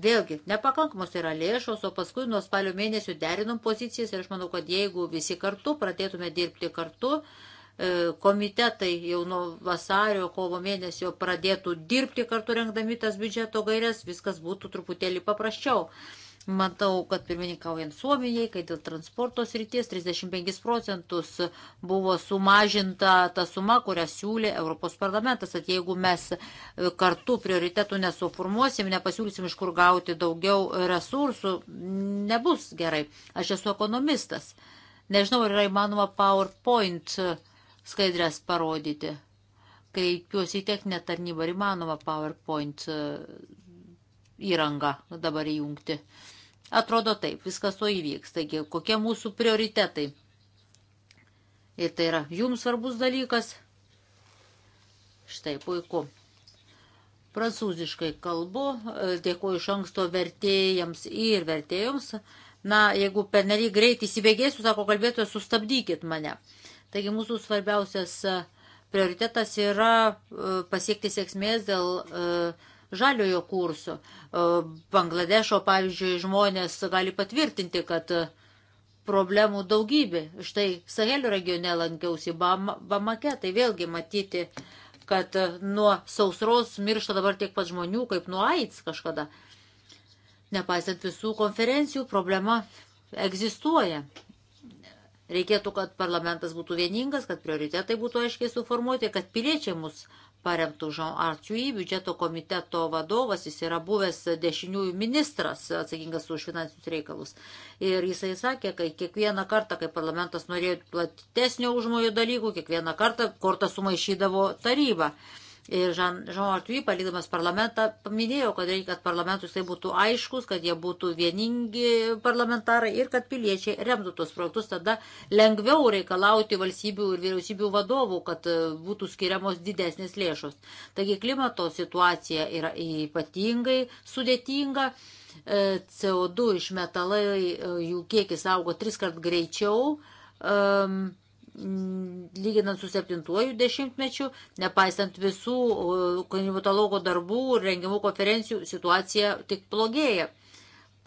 vėlgi, nepakankamos yra lėšos, o paskui nuo spalio mėnesių derinom pozicijas ir aš manau, kad jeigu visi kartu pradėtume dirbti kartu, e, komitetai jau nuo vasario, kovo mėnesio pradėtų dirbti kartu rengdami tas biudžeto gairias, viskas būtų truputėlį paprasčiau. Matau, kad pirmininkaujant Suomijai, kai dėl transporto srities 35 procentus buvo sumažinta ta suma, kurią siūlė Europos parlamentas. Tad jeigu mes kartu prioritetų nesuformuosim, nepasiūlysim iš kur gauti daugiau resursų, nebus gerai. Aš esu ekonomistas. Nežinau, ar yra įmanoma PowerPoint skaidrės parodyti. Kreipiuosi į techninę tarnybą, ar įmanoma PowerPoint e, įrangą dabar įjungti. Uh, Atrodo taip, viskas to įvyks. Taigi, kokie mūsų prioritetai? Ir tai yra jums svarbus dalykas. Štai, puiku. Prancūziškai kalbu, e, dėkuoju iš anksto vertėjams ir vertėjams. Na, jeigu pernelyg greit įsibėgėsiu, sako kalbėtojas, sustabdykit mane. Taigi mūsų svarbiausias e, prioritetas yra e, pasiekti sėkmės dėl uh, žaliojo kurso. E, Bangladešo, pavyzdžiui, žmonės gali patvirtinti, kad e, problemų daugybė. Štai Sahelio regione lankiausi Bamake, tai vėlgi matyti, kad e, nuo sausros miršta dabar tiek pat žmonių, kaip nuo AIDS kažkada. Nepaisant visų konferencijų, problema egzistuoja. Reikėtų, kad parlamentas būtų vieningas, kad prioritetai būtų aiškiai suformuoti, kad piliečiai mus uh, paremtų Jean Artui, biudžeto komiteto vadovas, jis yra buvęs dešiniųjų ministras atsakingas už finansinius reikalus. Ir jisai sakė, kad kiekvieną kartą, kai parlamentas norėjo platesnio užmojo dalykų, kiekvieną kartą kortą sumaišydavo taryba. Uh, Ir Žan-Artui, palikdamas parlamentą, paminėjo, kad reikia, kad parlamentus tai būtų aiškus, kad jie būtų vieningi parlamentarai ir kad piliečiai remtų tos projektus. Tada lengviau reikalauti valstybių ir vyriausybių vadovų, kad e, būtų skiriamos didesnės lėšos. Taigi klimato situacija yra ypatingai sudėtinga. E, CO2 išmetalai, e, jų kiekis augo tris kart greičiau. Um, Mm, lyginant su septintuoju dešimtmečiu, nepaisant visų uh, klimatologo darbų ir rengiamų konferencijų, situacija tik blogėja.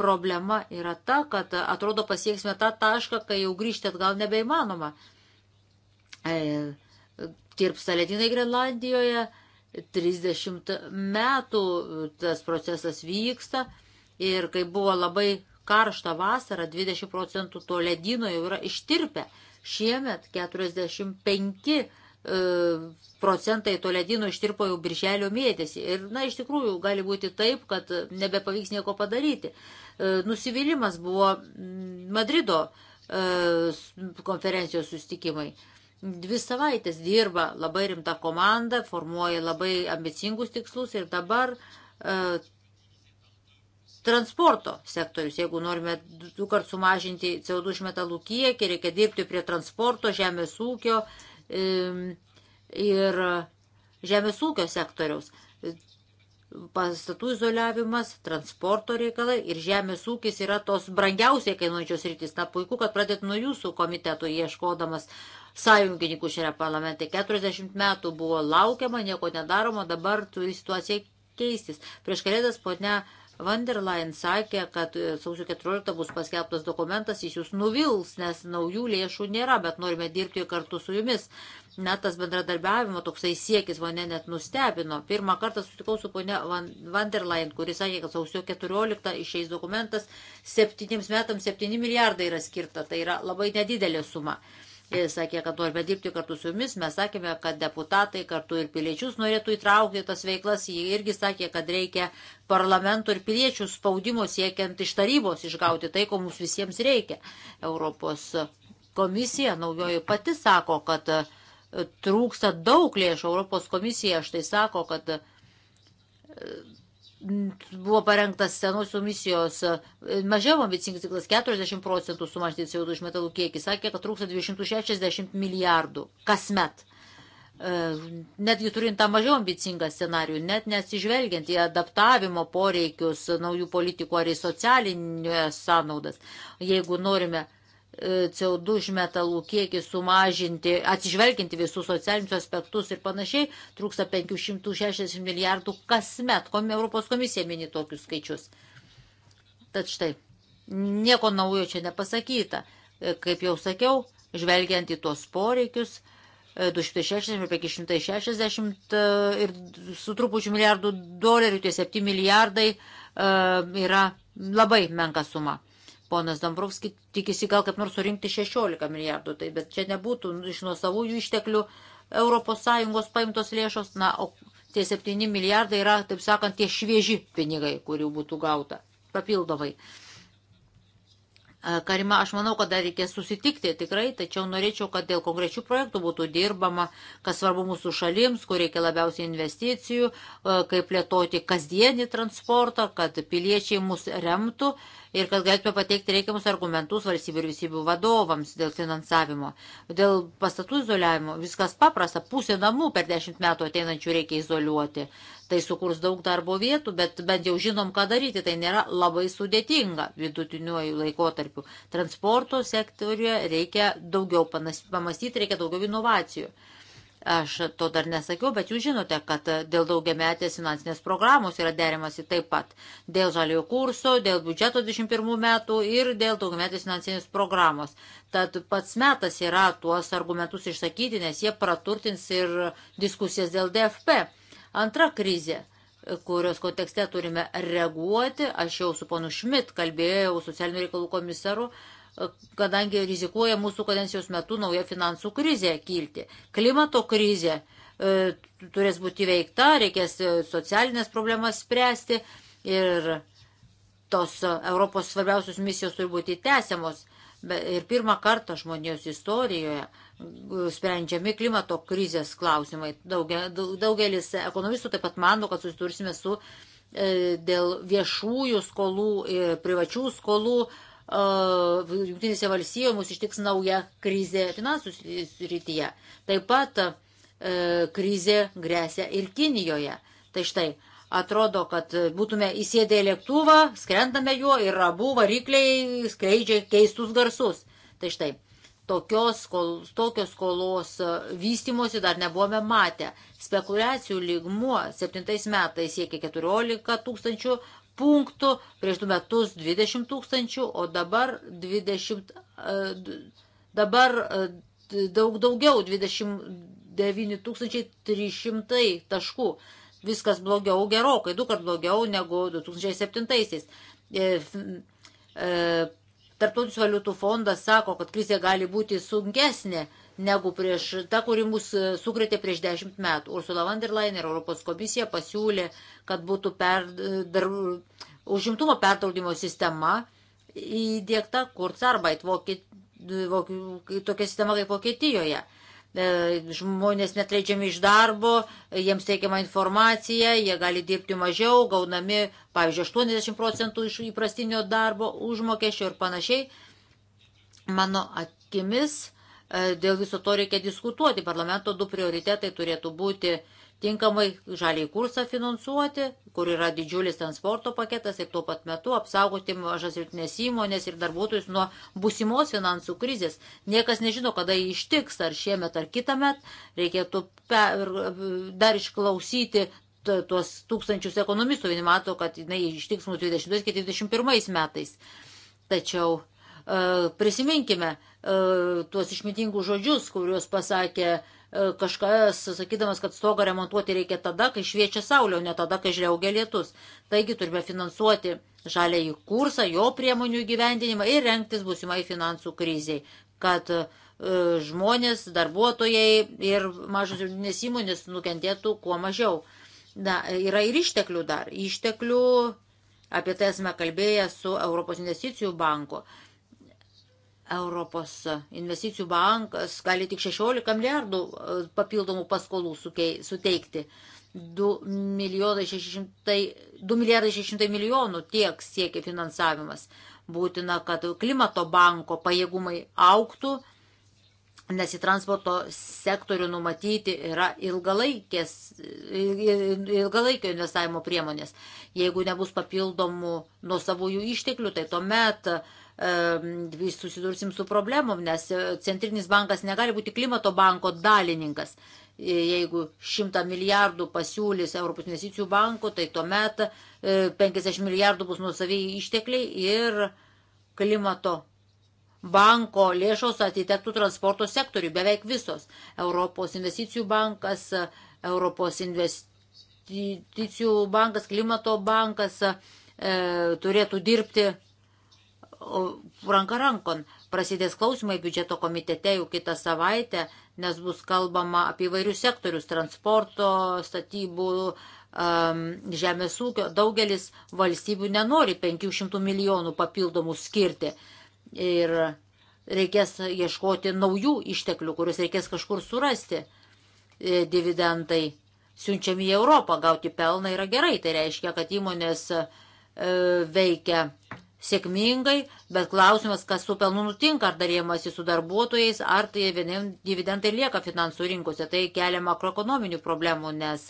Problema yra ta, kad atrodo pasieksime tą tašką, kai jau grįžti atgal nebeįmanoma. E, tirpsta ledynai Grenlandijoje, 30 metų tas procesas vyksta ir kai buvo labai karštą vasarą, 20 procentų to ledino jau yra ištirpę. Šiemet 45 e, procentai to ledino ištirpo jau birželio mėnesį. Ir, na, iš tikrųjų, gali būti taip, kad nebepavyks nieko padaryti. E, nusivylimas buvo mm, Madrido e, konferencijos sustikimai. Dvi savaitės dirba labai rimta komanda, formuoja labai ambicingus tikslus ir dabar transporto sektorius. Jeigu norime du kart sumažinti CO2 išmetalų kiekį, reikia dirbti prie transporto, žemės ūkio ir žemės ūkio sektoriaus. Pastatų izoliavimas, transporto reikalai ir žemės ūkis yra tos brangiausiai kainuojančios rytis. Na puiku, kad pradėt nuo jūsų komitetų ieškodamas sąjungininkų šiame parlamente. 40 metų buvo laukiama, nieko nedaroma, dabar turi situacija keistis. Prieš kalėdas ponia Van der Leyen sakė, kad e, sausio 14 bus paskelbtas dokumentas, jis jūs nuvils, nes naujų lėšų nėra, bet norime dirbti kartu su jumis. Net tas bendradarbiavimo toksai siekis mane net nustebino. Pirmą kartą sutikau su ponia Van, Van der Leyen, kuris sakė, kad sausio 14 išeis dokumentas, septyniems metams 7 milijardai yra skirta, tai yra labai nedidelė suma. Uh, Jis sakė, kad norime dirbti kartu su jumis, mes sakėme, kad deputatai kartu ir piliečius norėtų įtraukti tas veiklas, jie irgi sakė, kad reikia parlamento ir piliečių spaudimo siekiant iš tarybos išgauti tai, ko mums visiems reikia. Europos komisija naujoji pati sako, kad e, trūksta daug lėšų, Europos komisija štai sako, kad e, buvo parengtas senosios misijos e, mažiau ambicingas tiklas 40 procentų sumažinti CO2 išmetalų kiekį. Sakė, kad trūksta 260 milijardų kasmet. E, netgi turint tą mažiau ambicingą scenarių, net nesižvelgiant į adaptavimo poreikius naujų politikų ar į socialinės sąnaudas, jeigu norime E, CO2 išmetalų kiekį sumažinti, atsižvelginti visus socialinius aspektus ir panašiai, trūksta 560 milijardų kasmet. Europos komisija mini tokius skaičius. Tad štai, nieko naujo čia nepasakyta. E, kaip jau sakiau, žvelgiant į tuos poreikius, 260 e, ir 560 ir su trupučiu milijardų dolerių tie 7 milijardai yra labai menka suma. Ponas Dombrovskis tikisi gal kaip nors surinkti 16 milijardų, tai bet čia nebūtų iš nuosavųjų išteklių ES paimtos lėšos, na, o tie 7 milijardai yra, taip sakant, tie švieži pinigai, kurių būtų gauta papildomai. Uh, Karima, aš manau, kad dar reikės susitikti tikrai, tačiau norėčiau, kad dėl konkrečių projektų būtų dirbama, kas svarbu mūsų šalims, kur reikia labiausiai investicijų, kaip plėtoti kasdienį transportą, kad piliečiai mus remtų ir kad galėtume pateikti reikiamus argumentus valstybių ir visybių vadovams dėl finansavimo. Dėl pastatų izoliavimo viskas paprasta, pusė namų per dešimt metų ateinančių reikia izoliuoti. Tai sukurs daug darbo vietų, bet bent jau žinom, ką daryti. Tai nėra labai sudėtinga vidutiniuoju laikotarpiu. Transporto sektoriuje reikia daugiau pamastyti, reikia daugiau inovacijų. Aš to dar nesakiau, bet jūs žinote, kad dėl daugiametės finansinės programos yra derimasi taip pat. Dėl žaliojo kurso, dėl biudžeto 21 metų ir dėl daugiametės finansinės programos. Tad pats metas yra tuos argumentus išsakyti, nes jie praturtins ir diskusijas dėl DFP. Antra krizė kurios kontekste turime reaguoti. Aš jau su ponu Šmit kalbėjau, socialinių reikalų komisaru, kadangi rizikuoja mūsų kadencijos metu nauja finansų krizė kilti. Klimato krizė e, turės būti veikta, reikės e, socialinės problemas spręsti ir tos e, Europos svarbiausios misijos turi būti tęsiamos. Ir pirmą kartą žmonijos istorijoje sprendžiami klimato krizės klausimai. Daugelis ekonomistų taip pat mano, kad susitursime su e, dėl viešųjų skolų ir e, privačių skolų. E, Junktinėse valstijoje mus ištiks nauja krizė finansų srityje. Taip pat krizė grėsia ir Kinijoje. Tai štai, atrodo, kad būtume įsėdę į lėktuvą, skrendame juo ir abu varikliai skleidžia keistus garsus. Tai štai, tokios, kol, tokios skolos e, vystimosi dar nebuvome matę. Spekulacijų lygmuo 7 metais siekia 14 tūkstančių punktų, prieš du metus 20 tūkstančių, o dabar 20, e, dabar e, daug daugiau, 29 300 taškų. Viskas blogiau gerokai, du kart blogiau negu 2007. -aisiais Tarptautinis valiutų fondas sako, kad krizė gali būti sunkesnė negu prieš tą, kuri mus e, sukretė prieš dešimt metų. Ursula von der Leyen ir Europos komisija pasiūlė, kad būtų per, e, dar, užimtumo pertraudimo sistema įdėkta Kurzarbeit, vokiet, vokiet, tokia sistema kaip Vokietijoje žmonės netleidžiami iš darbo, jiems teikiama informacija, jie gali dirbti mažiau, gaunami, pavyzdžiui, 80 procentų iš įprastinio darbo užmokesčio ir panašiai. Mano akimis, e, dėl viso to reikia diskutuoti. Parlamento du prioritetai turėtų būti uh, tinkamai žaliai kursą finansuoti, kur yra didžiulis transporto paketas ir tuo pat metu apsaugoti mažas rytinės įmonės ir darbuotojus nuo busimos finansų krizės. Niekas nežino, kada jį ištiks, ar šiemet, ar kitą met. Reikėtų dar išklausyti tuos tūkstančius ekonomistų, vieni mato, kad jinai ištiks mūsų 20-21 metais. Tačiau e, prisiminkime e, tuos išmintingus žodžius, kuriuos pasakė E, kažkas sakydamas, kad stogą remontuoti reikia tada, kai šviečia saulė, o ne tada, kai žliaugia lietus. Taigi turime finansuoti žalę į kursą, jo priemonių gyvendinimą ir renktis būsimai finansų kriziai, kad e, žmonės, darbuotojai ir mažos judinės įmonės nukentėtų kuo mažiau. Na, yra ir išteklių dar. Išteklių, apie tai esame kalbėję su Europos investicijų banku. Europos investicijų bankas gali tik 16 milijardų e, papildomų paskolų suteikti. 2 milijardai 600, 2 milijardai 600 milijonų tiek siekia finansavimas. Būtina, kad klimato banko pajėgumai auktų, nes į transporto sektorių numatyti yra ilgalaikės, ilgalaikio investavimo priemonės. Jeigu nebus papildomų nuosavųjų išteklių, tai tuomet uh, susidursim su problemom, nes e, centrinis bankas negali būti klimato banko dalininkas. E, jeigu 100 milijardų pasiūlys Europos investicijų banko, tai tuomet 50 e, milijardų bus nusaviai ištekliai ir klimato banko lėšos atitektų transporto sektoriui, beveik visos. Europos investicijų bankas, Europos investicijų bankas, klimato bankas e, turėtų dirbti ranka rankon. Prasidės klausimai biudžeto komitete jau kitą savaitę, nes bus kalbama apie vairius sektorius - transporto, statybų, žemės ūkio. Daugelis valstybių nenori 500 milijonų papildomų skirti. Ir reikės ieškoti naujų išteklių, kuriuos reikės kažkur surasti. E, dividendai siunčiami į Europą, gauti pelną yra gerai. Tai reiškia, kad įmonės e, veikia sėkmingai, bet klausimas, kas su pelnu nutinka, ar darėmasi su darbuotojais, ar tai dividendai lieka finansų rinkose. Tai kelia makroekonominių problemų, nes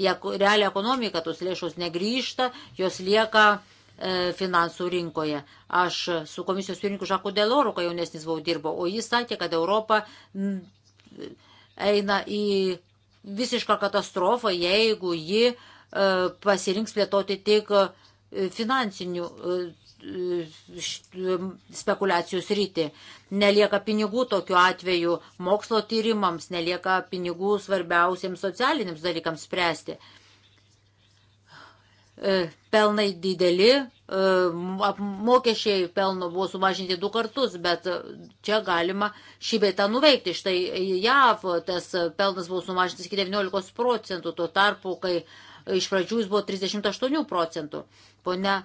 realią ekonomiką tos lėšos negryžta, jos lieka e, finansų rinkoje. Aš su komisijos pirmininku Žaku Deloru, kai jaunesnis buvau dirbo, o jis sakė, kad Europa eina į visišką katastrofą, jeigu ji e, pasirinks plėtoti tik e, finansinių spekulacijų sritį. Nelieka pinigų tokiu atveju mokslo tyrimams, nelieka pinigų svarbiausiems socialiniams dalykams spręsti. E, pelnai dideli, e, apmokesčiai pelno buvo sumažinti du kartus, bet e, čia galima šį beitą nuveikti. Štai JAV tas pelnas buvo sumažintas iki 19 procentų, tuo tarpu, kai iš pradžių jis buvo 38 procentų. Pone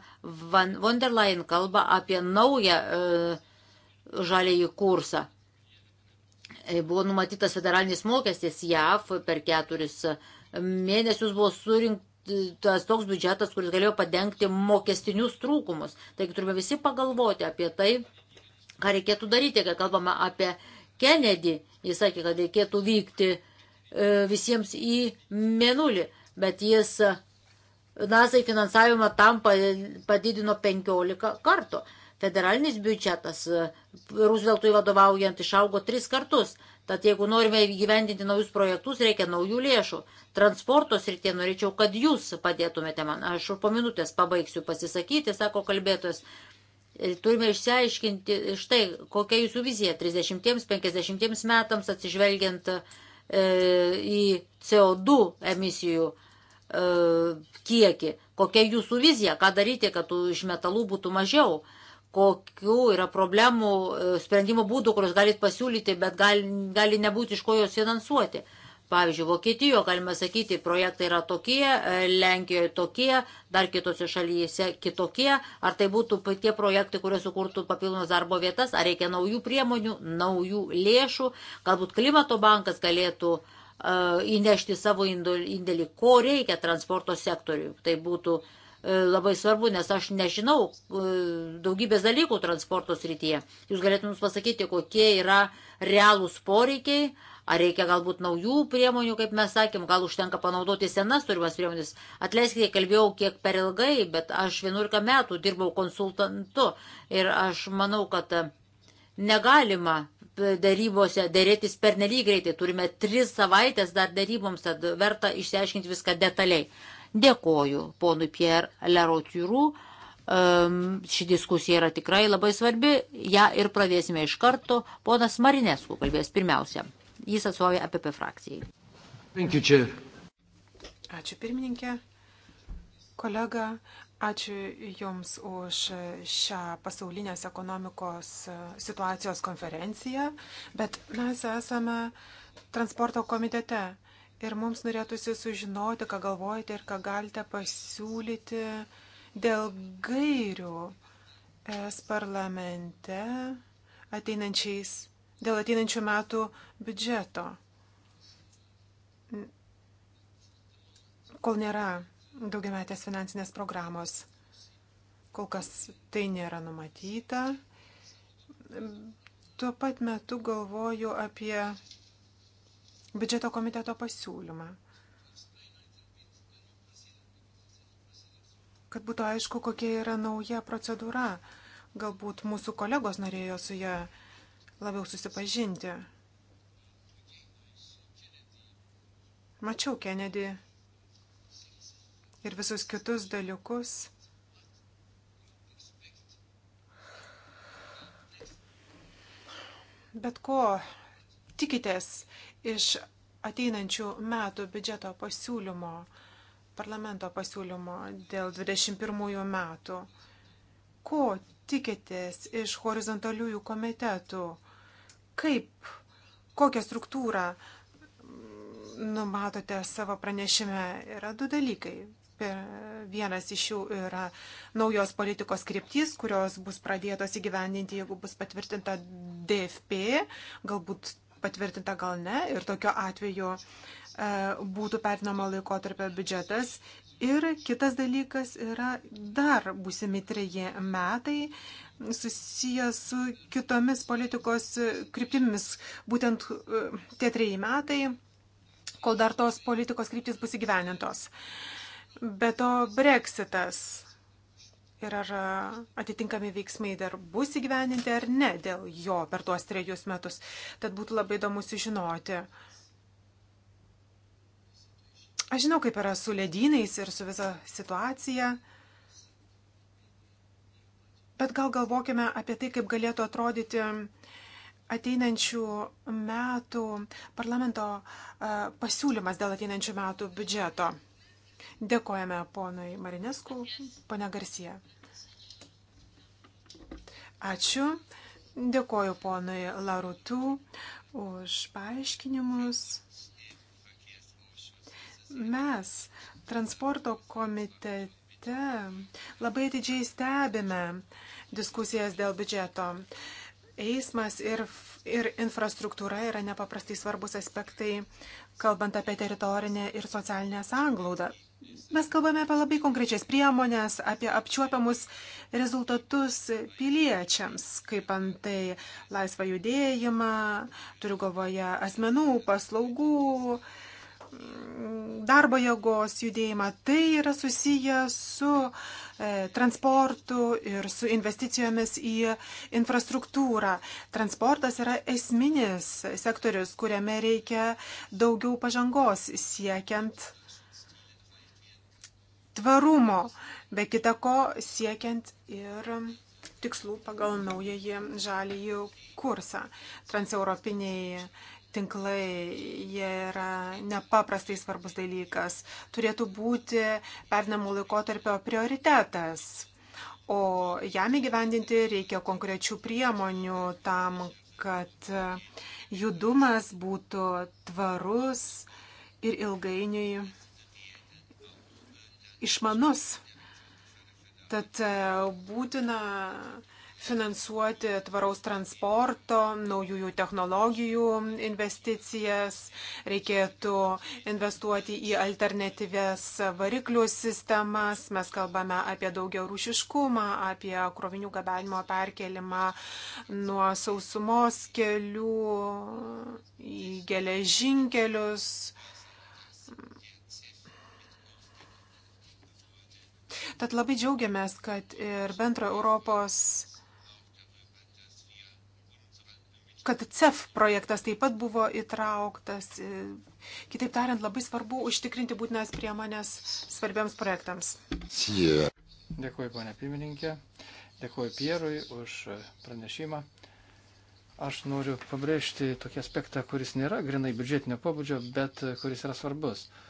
Van, von der Leyen kalba apie naują e, žalėjį kursą. E, buvo numatytas federalinis mokestis JAV per keturis mėnesius buvo surink, tas toks biudžetas, kuris galėjo padengti mokestinius trūkumus. Taigi turime visi pagalvoti apie tai, ką reikėtų daryti, kai kalbame apie Kennedy. Jis sakė, kad reikėtų vykti e, visiems į mėnulį, bet jis e, NASA finansavimą tam padidino 15 kartų. Federalinis biudžetas e, Rooseveltui vadovaujant išaugo 3 kartus. Tad jeigu norime įgyvendinti naujus projektus, reikia naujų lėšų. Transporto srityje norėčiau, kad jūs padėtumėte man. Aš po minutės pabaigsiu pasisakyti, sako kalbėtojas. E, turime išsiaiškinti štai, kokia jūsų vizija 30-50 metams atsižvelgiant e, į CO2 emisijų e, kiekį, kokia jūsų vizija, ką daryti, kad tų iš metalų būtų mažiau kokių yra problemų, e, sprendimo būdų, kuriuos galit pasiūlyti, bet gali, gali nebūti iš ko juos finansuoti. Pavyzdžiui, Vokietijoje galima sakyti, projektai yra tokie, e, Lenkijoje tokie, dar kitose šalyse kitokie. Ar tai būtų tie projektai, kurie sukurtų papildomas darbo vietas, ar reikia naujų priemonių, naujų lėšų. Galbūt klimato bankas galėtų uh, įnešti savo indėlį, ko reikia transporto sektoriui. Tai būtų uh, E, labai svarbu, nes aš nežinau e, daugybės dalykų transporto srityje. Jūs galėtumėt mums pasakyti, kokie yra realūs poreikiai, ar reikia galbūt naujų priemonių, kaip mes sakėm, gal užtenka panaudoti senas turimas priemonės. Atleiskite, kalbėjau kiek per ilgai, bet aš 11 metų dirbau konsultantu ir aš manau, kad negalima darybose dėrėtis per nelyg greitai. Turime tris savaitės dar daryboms, tad verta išsiaiškinti viską detaliai. Dėkoju ponui Pierre Lerotiurų. Um, ši diskusija yra tikrai labai svarbi. Ja ir pradėsime iš karto. Ponas Marinesku kalbės pirmiausia. Jis atstovauja APP frakcijai. You, Ačiū pirmininkė. Kolega, Ačiū Jums už šią pasaulinės ekonomikos e, situacijos konferenciją, bet mes esame transporto komitete. Ir mums norėtųsi sužinoti, ką galvojate ir ką galite pasiūlyti dėl gairių es parlamente ateinančiais, dėl ateinančių metų biudžeto. Kol nėra daugiametės finansinės programos, kol kas tai nėra numatyta. Tuo pat metu galvoju apie biudžeto komiteto pasiūlymą. Kad būtų aišku, kokia yra nauja procedūra. Galbūt mūsų kolegos norėjo su ją labiau susipažinti. Mačiau Kennedy ir visus kitus dalykus. Bet ko tikitės iš ateinančių metų biudžeto pasiūlymo, parlamento pasiūlymo dėl 21 metų? Ko tikitės iš horizontaliųjų komitetų? Kaip, kokią struktūrą mm, numatote savo pranešime? Yra du dalykai. Vienas iš jų yra naujos politikos kryptys, kurios bus pradėtos įgyvendinti, jeigu bus patvirtinta DFP. Galbūt patvirtinta, gal ne. Ir tokiu atveju e, būtų pertinama laikotarpio biudžetas. Ir kitas dalykas yra dar būsimi treji metai susijęs su kitomis politikos kryptimis. Būtent e, tie treji metai, kol dar tos politikos kryptis bus įgyvenintos. Be to, Brexitas ir ar atitinkami veiksmai dar bus įgyveninti ar ne dėl jo per tuos trejus metus. Tad būtų labai įdomu sužinoti. Aš žinau, kaip yra su ledynais ir su visa situacija, bet gal galvokime apie tai, kaip galėtų atrodyti ateinančių metų parlamento pasiūlymas dėl ateinančių metų biudžeto. Dėkojame ponui Marinesku, ponia Garcija. Ačiū. Dėkoju ponui Larutų už paaiškinimus. Mes transporto komitete labai atidžiai stebime diskusijas dėl biudžeto. Eismas ir, ir infrastruktūra yra nepaprastai svarbus aspektai, kalbant apie teritorinę ir socialinę sanglaudą. Mes kalbame apie labai konkrečias priemonės, apie apčiuopiamus rezultatus piliečiams, kaip antai laisvą judėjimą, turiu galvoje asmenų, paslaugų, mm, darbo jėgos judėjimą. Tai yra susiję su e, transportu ir su investicijomis į infrastruktūrą. Transportas yra esminis sektorius, kuriame reikia daugiau pažangos siekiant tvarumo, be kita ko siekiant ir tikslų pagal naująjį žalijų kursą. Transeuropiniai tinklai, jie yra nepaprastai svarbus dalykas, turėtų būti pernamų laikotarpio prioritetas. O jam įgyvendinti reikia konkrečių priemonių tam, kad judumas būtų tvarus ir ilgainiui išmanus. Tad e, būtina finansuoti tvaraus transporto, naujųjų technologijų investicijas, reikėtų investuoti į alternatyves variklių sistemas, mes kalbame apie daugia rūšiškumą, apie krovinių gabenimo perkelimą nuo sausumos kelių į geležinkelius. Tad labai džiaugiamės, kad ir bendro Europos kad CEF projektas taip pat buvo įtrauktas. Kitaip tariant, labai svarbu užtikrinti būtinas priemonės svarbiams projektams. Dėkuoju, ponia pirmininkė. Dėkuoju Pierui už pranešimą. Aš noriu pabrėžti tokį aspektą, kuris nėra grinai biudžetinio pobūdžio, bet kuris yra svarbus. Uh,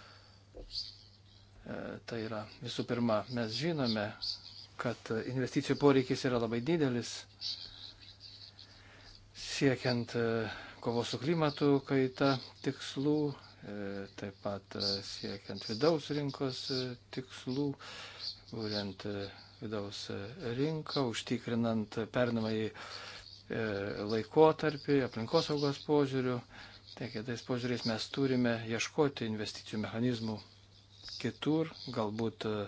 E, tai yra, visų pirma, mes žinome, kad investicijų poreikis yra labai didelis, siekiant e, kovos su klimatu kaita tikslų, e, taip pat siekiant vidaus rinkos tikslų, būrent vidaus rinką, užtikrinant pernamąjį laikotarpį, aplinkosaugos požiūrių. Tai kitais požiūriais mes turime ieškoti investicijų mechanizmų kitur, galbūt e,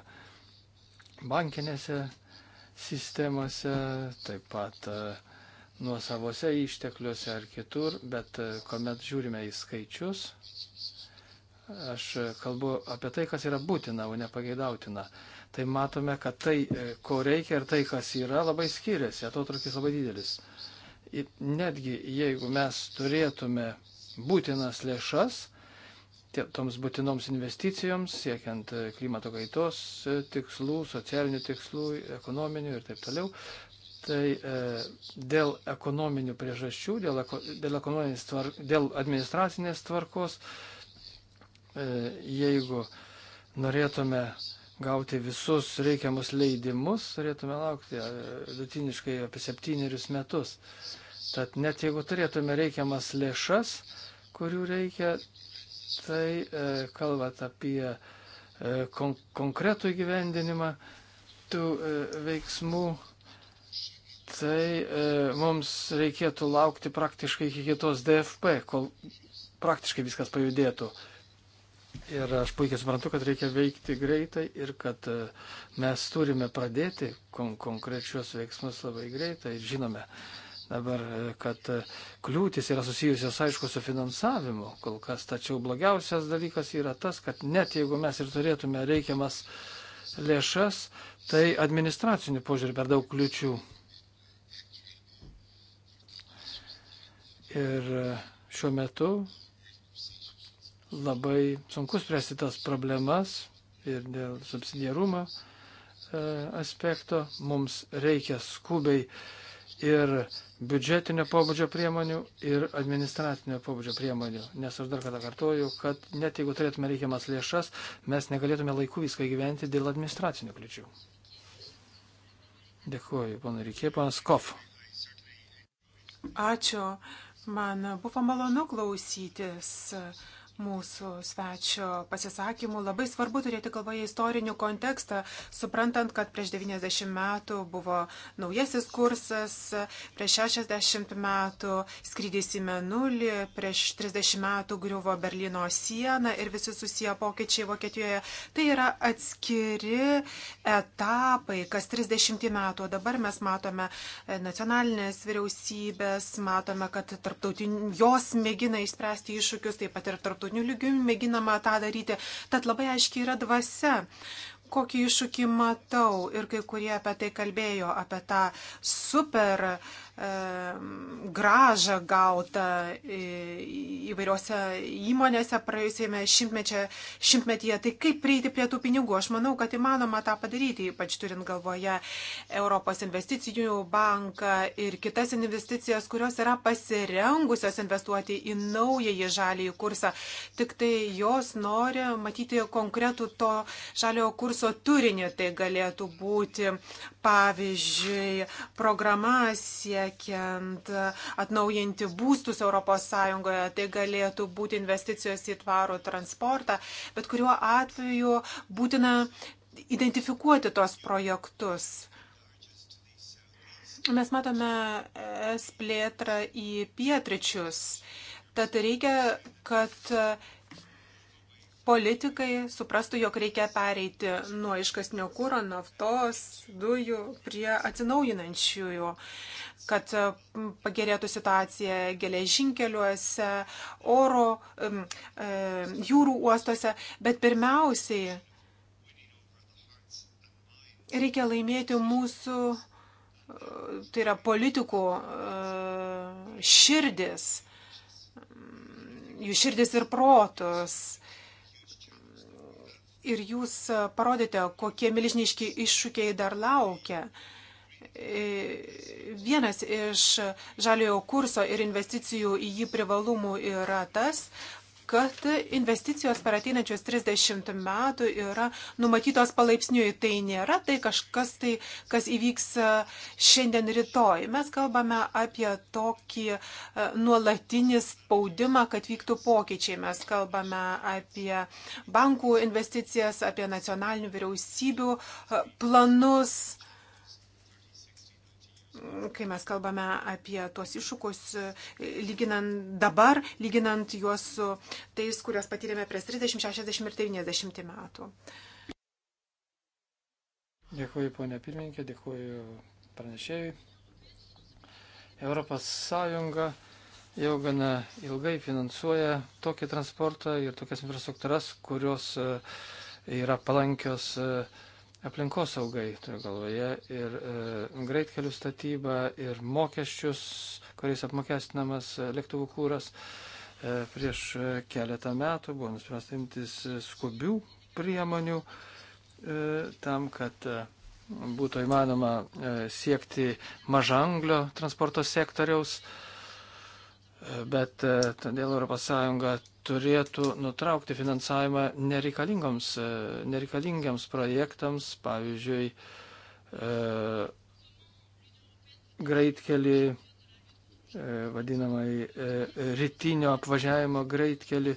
bankinėse sistemose, taip pat e, nuosavose ištekliuose ar kitur, bet e, kuomet žiūrime į skaičius, aš kalbu apie tai, kas yra būtina, o ne pageidautina. Tai matome, kad tai, ko reikia ir tai, kas yra, labai skiriasi, atotrukis labai didelis. Ir netgi jeigu mes turėtume būtinas lėšas, toms būtinoms investicijoms, siekiant e, klimato kaitos e, tikslų, socialinių tikslų, ekonominių ir taip toliau. Tai e, dėl ekonominių priežasčių, dėl, dėl, tvar, dėl administracinės tvarkos, e, jeigu norėtume gauti visus reikiamus leidimus, turėtume laukti e, vidutiniškai apie septynerius metus. Tad net jeigu turėtume reikiamas lėšas, kurių reikia, tai e, kalbat apie e, kon konkretų įgyvendinimą tų e, veiksmų, tai mums reikėtų laukti praktiškai iki kitos DFP, kol praktiškai viskas pajudėtų. Ir aš puikiai suprantu, kad reikia veikti greitai ir kad mes turime pradėti kon konkrečius veiksmus labai greitai. Žinome, uh, dabar, e, kad e, kliūtis yra susijusios, aišku, su finansavimu kol kas, tačiau blogiausias dalykas yra tas, kad net jeigu mes ir turėtume reikiamas lėšas, tai administracinių požiūrį per daug kliučių. Ir e, šiuo metu labai sunku spręsti tas problemas ir dėl subsidiarumo aspekto mums reikia skubiai uh, ir biudžetinio pobūdžio priemonių, ir administracinio pobūdžio priemonių. Nes aš dar kartą kartuoju, kad net jeigu turėtume reikiamas lėšas, mes negalėtume laiku viską gyventi dėl administracinių kliučių. Dėkuoju, pana Rikė, panas Kof. Ačiū. Man buvo malonu klausytis mūsų svečio pasisakymų. Labai svarbu turėti galvoje istorinių kontekstą, suprantant, kad prieš 90 metų buvo naujasis kursas, prieš 60 metų skrydys į Menulį, prieš 30 metų griuvo Berlyno siena ir visi susiję pokyčiai Vokietijoje. Tai yra atskiri etapai, kas 30 metų. O dabar mes matome nacionalinės vyriausybės, matome, kad jos mėgina išspręsti iššūkius, taip pat ir tarptautinės tarptautiniu lygiu mėginama tą daryti, tad labai aiškiai yra dvasia. Kokį iššūkį matau ir kai kurie apie tai kalbėjo, apie tą super uh, gražą gautą įvairiose įmonėse praėjusiame šimtmetyje. Tai kaip prieiti prie tų pinigų? Aš manau, kad įmanoma tą padaryti, ypač turint galvoje Europos investicijų banką ir kitas investicijas, kurios yra pasirengusios investuoti į naująjį žalį kursą. Tik tai jos nori matyti konkretų to žaliojo kurso turinį. Tai galėtų būti, pavyzdžiui, programacija siekiant atnaujinti būstus ES. Tai galėtų būti investicijos į tvarų transportą, bet kuriuo atveju būtina identifikuoti tos projektus. Mes matome es plėtrą į pietričius. Tad reikia, kad politikai suprastų, jog reikia pereiti nuo iškasnio kūro, naftos, dujų prie atsinaujinančiųjų, kad pagerėtų situacija geležinkeliuose, oro, e, jūrų uostuose, bet pirmiausiai reikia laimėti mūsų, e, tai yra politikų e, širdis, jų širdis ir protus ir jūs e, parodėte, kokie milžiniški iššūkiai dar laukia. E, vienas iš žaliojo kurso ir investicijų į jį privalumų yra tas, kad investicijos per ateinančius 30 metų yra numatytos palaipsniui. Tai nėra tai kažkas, tai, kas įvyks e, šiandien rytoj. Mes kalbame apie tokį e, nuolatinį spaudimą, kad vyktų pokyčiai. Mes kalbame apie bankų investicijas, apie nacionalinių vyriausybių e, planus kai mes kalbame apie tuos iššūkus, lyginant dabar, lyginant juos su tais, kuriuos patyrėme prieš 30, 60 ir 90 metų. Dėkuoju, ponė pirmininkė, dėkuoju pranešėjui. Europos Sąjunga jau gana ilgai finansuoja tokį transportą ir tokias infrastruktūras, kurios e, yra palankios uh, aplinkosaugai, turiu galvoje, ir e, greitkelių statybą, ir mokesčius, kuriais apmokestinamas lėktuvų kūras. E, prieš keletą metų buvo nuspręsta imtis skubių priemonių e, tam, kad e, būtų įmanoma e, siekti mažanglio transporto sektoriaus. E, bet e, todėl ES turėtų nutraukti finansavimą nereikalingoms, e, nereikalingiams projektams, pavyzdžiui, e, greitkelį, e, vadinamai e, rytinio apvažiavimo greitkelį,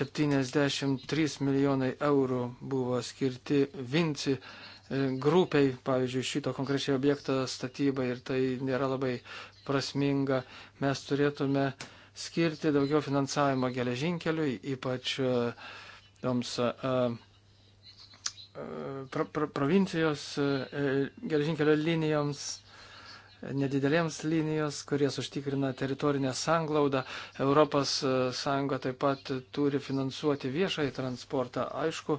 73 milijonai eurų buvo skirti Vinci e, grupiai, pavyzdžiui, šito konkrečiai objekto statybai ir tai nėra labai prasminga. Mes turėtume e, skirti daugiau finansavimo geležinkeliui, ypač e, toms e, e, provincijos geležinkelio linijoms nedidelėms linijos, kuries užtikrina teritorinę sanglaudą. Europos e, Sąjunga taip pat turi finansuoti viešąjį transportą. Aišku,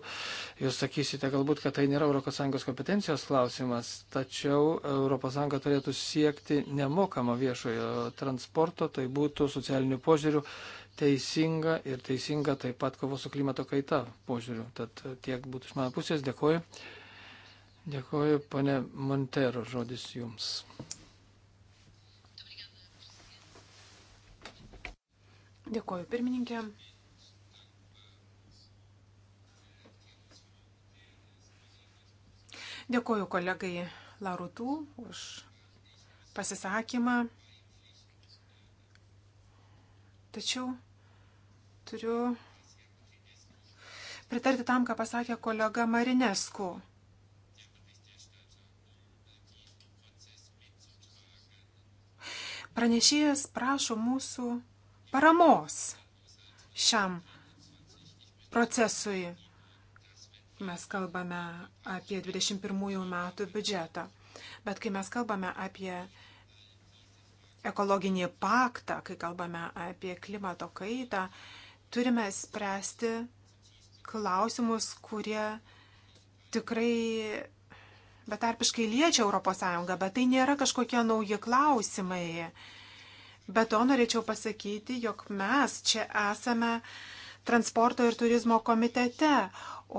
jūs sakysite galbūt, kad tai nėra Europos Sąjungos kompetencijos klausimas, tačiau Europos Sąjunga turėtų siekti nemokamo viešojo transporto, tai būtų socialinių požiūrių teisinga ir teisinga taip pat kovo su klimato kaita požiūriu. Tad tiek būtų iš mano pusės. Dėkuoju. Dėkuoju, pane Montero, žodis jums. Dėkuoju pirmininkė. Dėkuoju kolegai Larutų už pasisakymą. Tačiau turiu pritarti tam, ką pasakė kolega Marinesku. Pranešėjas prašo mūsų paramos šiam procesui. Mes kalbame apie 21 metų biudžetą. Bet kai mes kalbame apie ekologinį paktą, kai kalbame apie klimato kaitą, turime spręsti klausimus, kurie tikrai betarpiškai liečia ES, bet tai nėra kažkokie nauji klausimai. Be to norėčiau pasakyti, jog mes čia esame transporto ir turizmo komitete,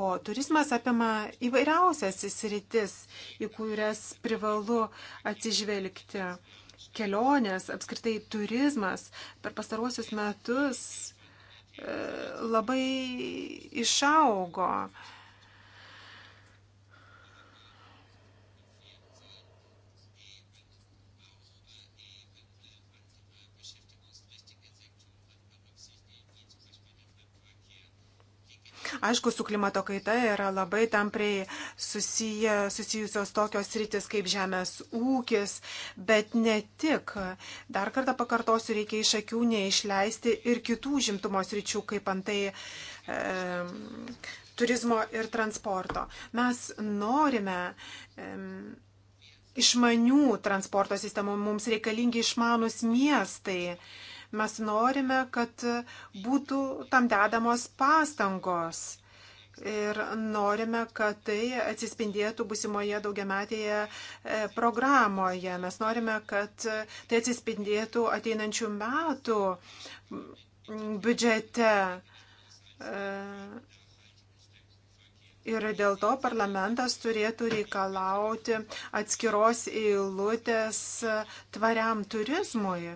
o turizmas apima įvairiausias įsiritis, į kurias privalu atsižvelgti. Kelionės, apskritai turizmas per pastaruosius metus e, labai išaugo. Aišku, su klimato kaita yra labai tampriai susiję, susijusios tokios rytis kaip žemės ūkis, bet ne tik. Dar kartą pakartosiu, reikia iš akių neišleisti ir kitų žimtumos ryčių, kaip antai. E, turizmo ir transporto. Mes norime um, e, išmanių transporto sistemų, mums reikalingi išmanus miestai. Uh, Mes norime, kad būtų tam dedamos pastangos. Ir norime, kad tai atsispindėtų busimoje daugiametėje e, programoje. Mes norime, kad tai atsispindėtų ateinančių metų biudžete. E, ir dėl to parlamentas turėtų reikalauti atskiros eilutės tvariam turizmui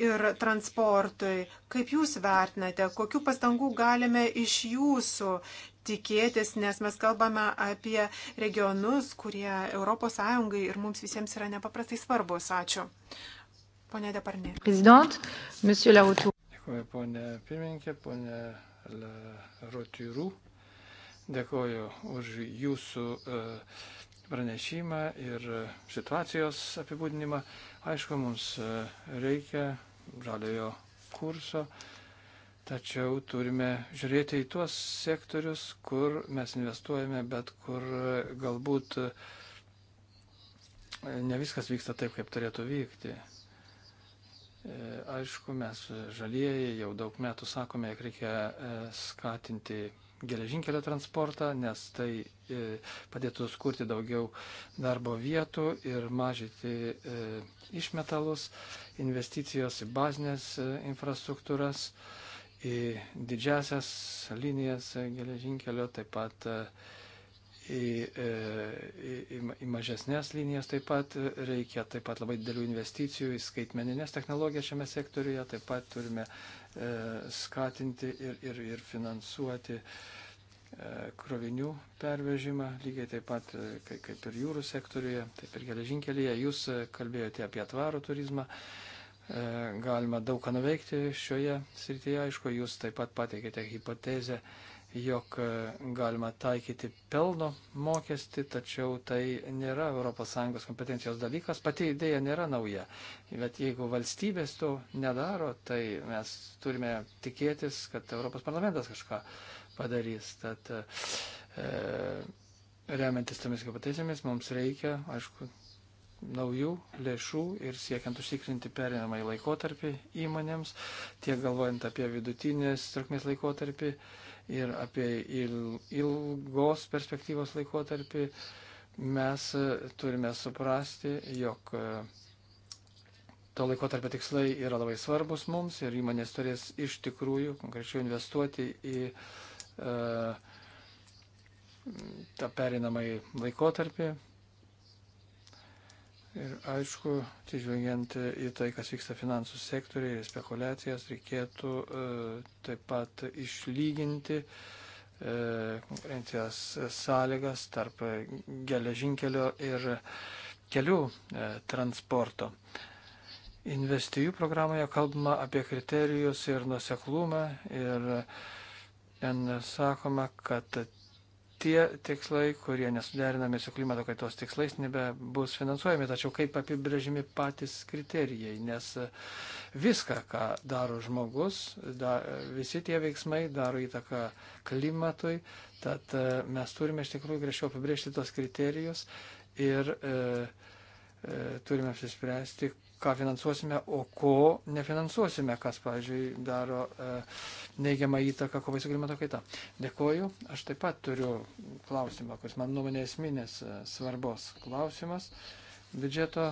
ir transportui. Kaip Jūs vertinate, kokiu pastangų galime iš Jūsų tikėtis, nes mes kalbame apie regionus, kurie ES ir mums visiems yra nepaprastai svarbus. Ačiū. Pone Deparnė. Prezident, Monsieur Lautų. Dėkuoju, ponė pirmininkė, ponė Rotirų. Dėkuoju už Jūsų. Uh, pranešimą ir situacijos apibūdinimą. Aišku, mums reikia žaliojo kurso, tačiau turime žiūrėti į tuos sektorius, kur mes investuojame, bet kur galbūt ne viskas vyksta taip, kaip turėtų vykti. E, aišku, mes žalieji jau daug metų sakome, jog reikia e, skatinti geležinkelio transportą, nes tai e, padėtų skurti daugiau darbo vietų ir mažyti e, išmetalus, investicijos į bazinės e, infrastruktūras, į didžiasias linijas geležinkelio, taip pat į, e, į, į, į mažesnės linijas taip pat reikia taip pat labai didelių investicijų į skaitmeninės technologijas šiame sektoriuje, taip pat turime e, skatinti ir, ir, ir finansuoti e, krovinių pervežimą, lygiai taip pat kaip ir jūrų sektoriuje, taip ir geležinkelyje. Jūs kalbėjote apie tvarų turizmą galima daug ką nuveikti šioje srityje, aišku, jūs taip pat pateikėte hipotezę, jog e, galima taikyti pelno mokestį, tačiau tai nėra ES kompetencijos dalykas, pati idėja nėra nauja. Bet jeigu valstybės to nedaro, tai mes turime tikėtis, kad Europos parlamentas kažką padarys. Tad e, remiantis tomis kompetencijomis mums reikia, aišku, naujų lėšų ir siekiant užtikrinti perinamąjį laikotarpį įmonėms, tiek galvojant apie vidutinės trukmės laikotarpį, e, ir apie ilgos perspektyvos laikotarpį, mes e, turime suprasti, jog e, to laikotarpio tikslai yra labai svarbus mums ir įmonės turės iš tikrųjų konkrečiau investuoti į e, tą perinamąjį laikotarpį, Ir aišku, atsižvelgiant į tai, kas vyksta finansų sektoriai ir spekulacijas, reikėtų e, taip pat išlyginti e, konkurencijos sąlygas tarp geležinkelio ir kelių e, transporto. Investijų programoje kalbama apie kriterijus ir nuseklumą ir ten sakoma, kad tie tikslai, kurie nesuderinami su klimato kaitos tikslais, nebebus finansuojami. Tačiau kaip apibrėžimi patys kriterijai, nes viską, ką daro žmogus, da, visi tie veiksmai daro įtaką klimatui, tad e, mes turime iš tikrųjų griežčiau apibrėžti tos kriterijus ir e, e, turime apsispręsti, ką finansuosime, o ko nefinansuosime, kas, pavyzdžiui, daro e, neigiamą įtaką kovai su klimato kaita. Dėkoju. Aš taip pat turiu klausimą, kuris man nuomonė esminės e, svarbos klausimas. Biudžeto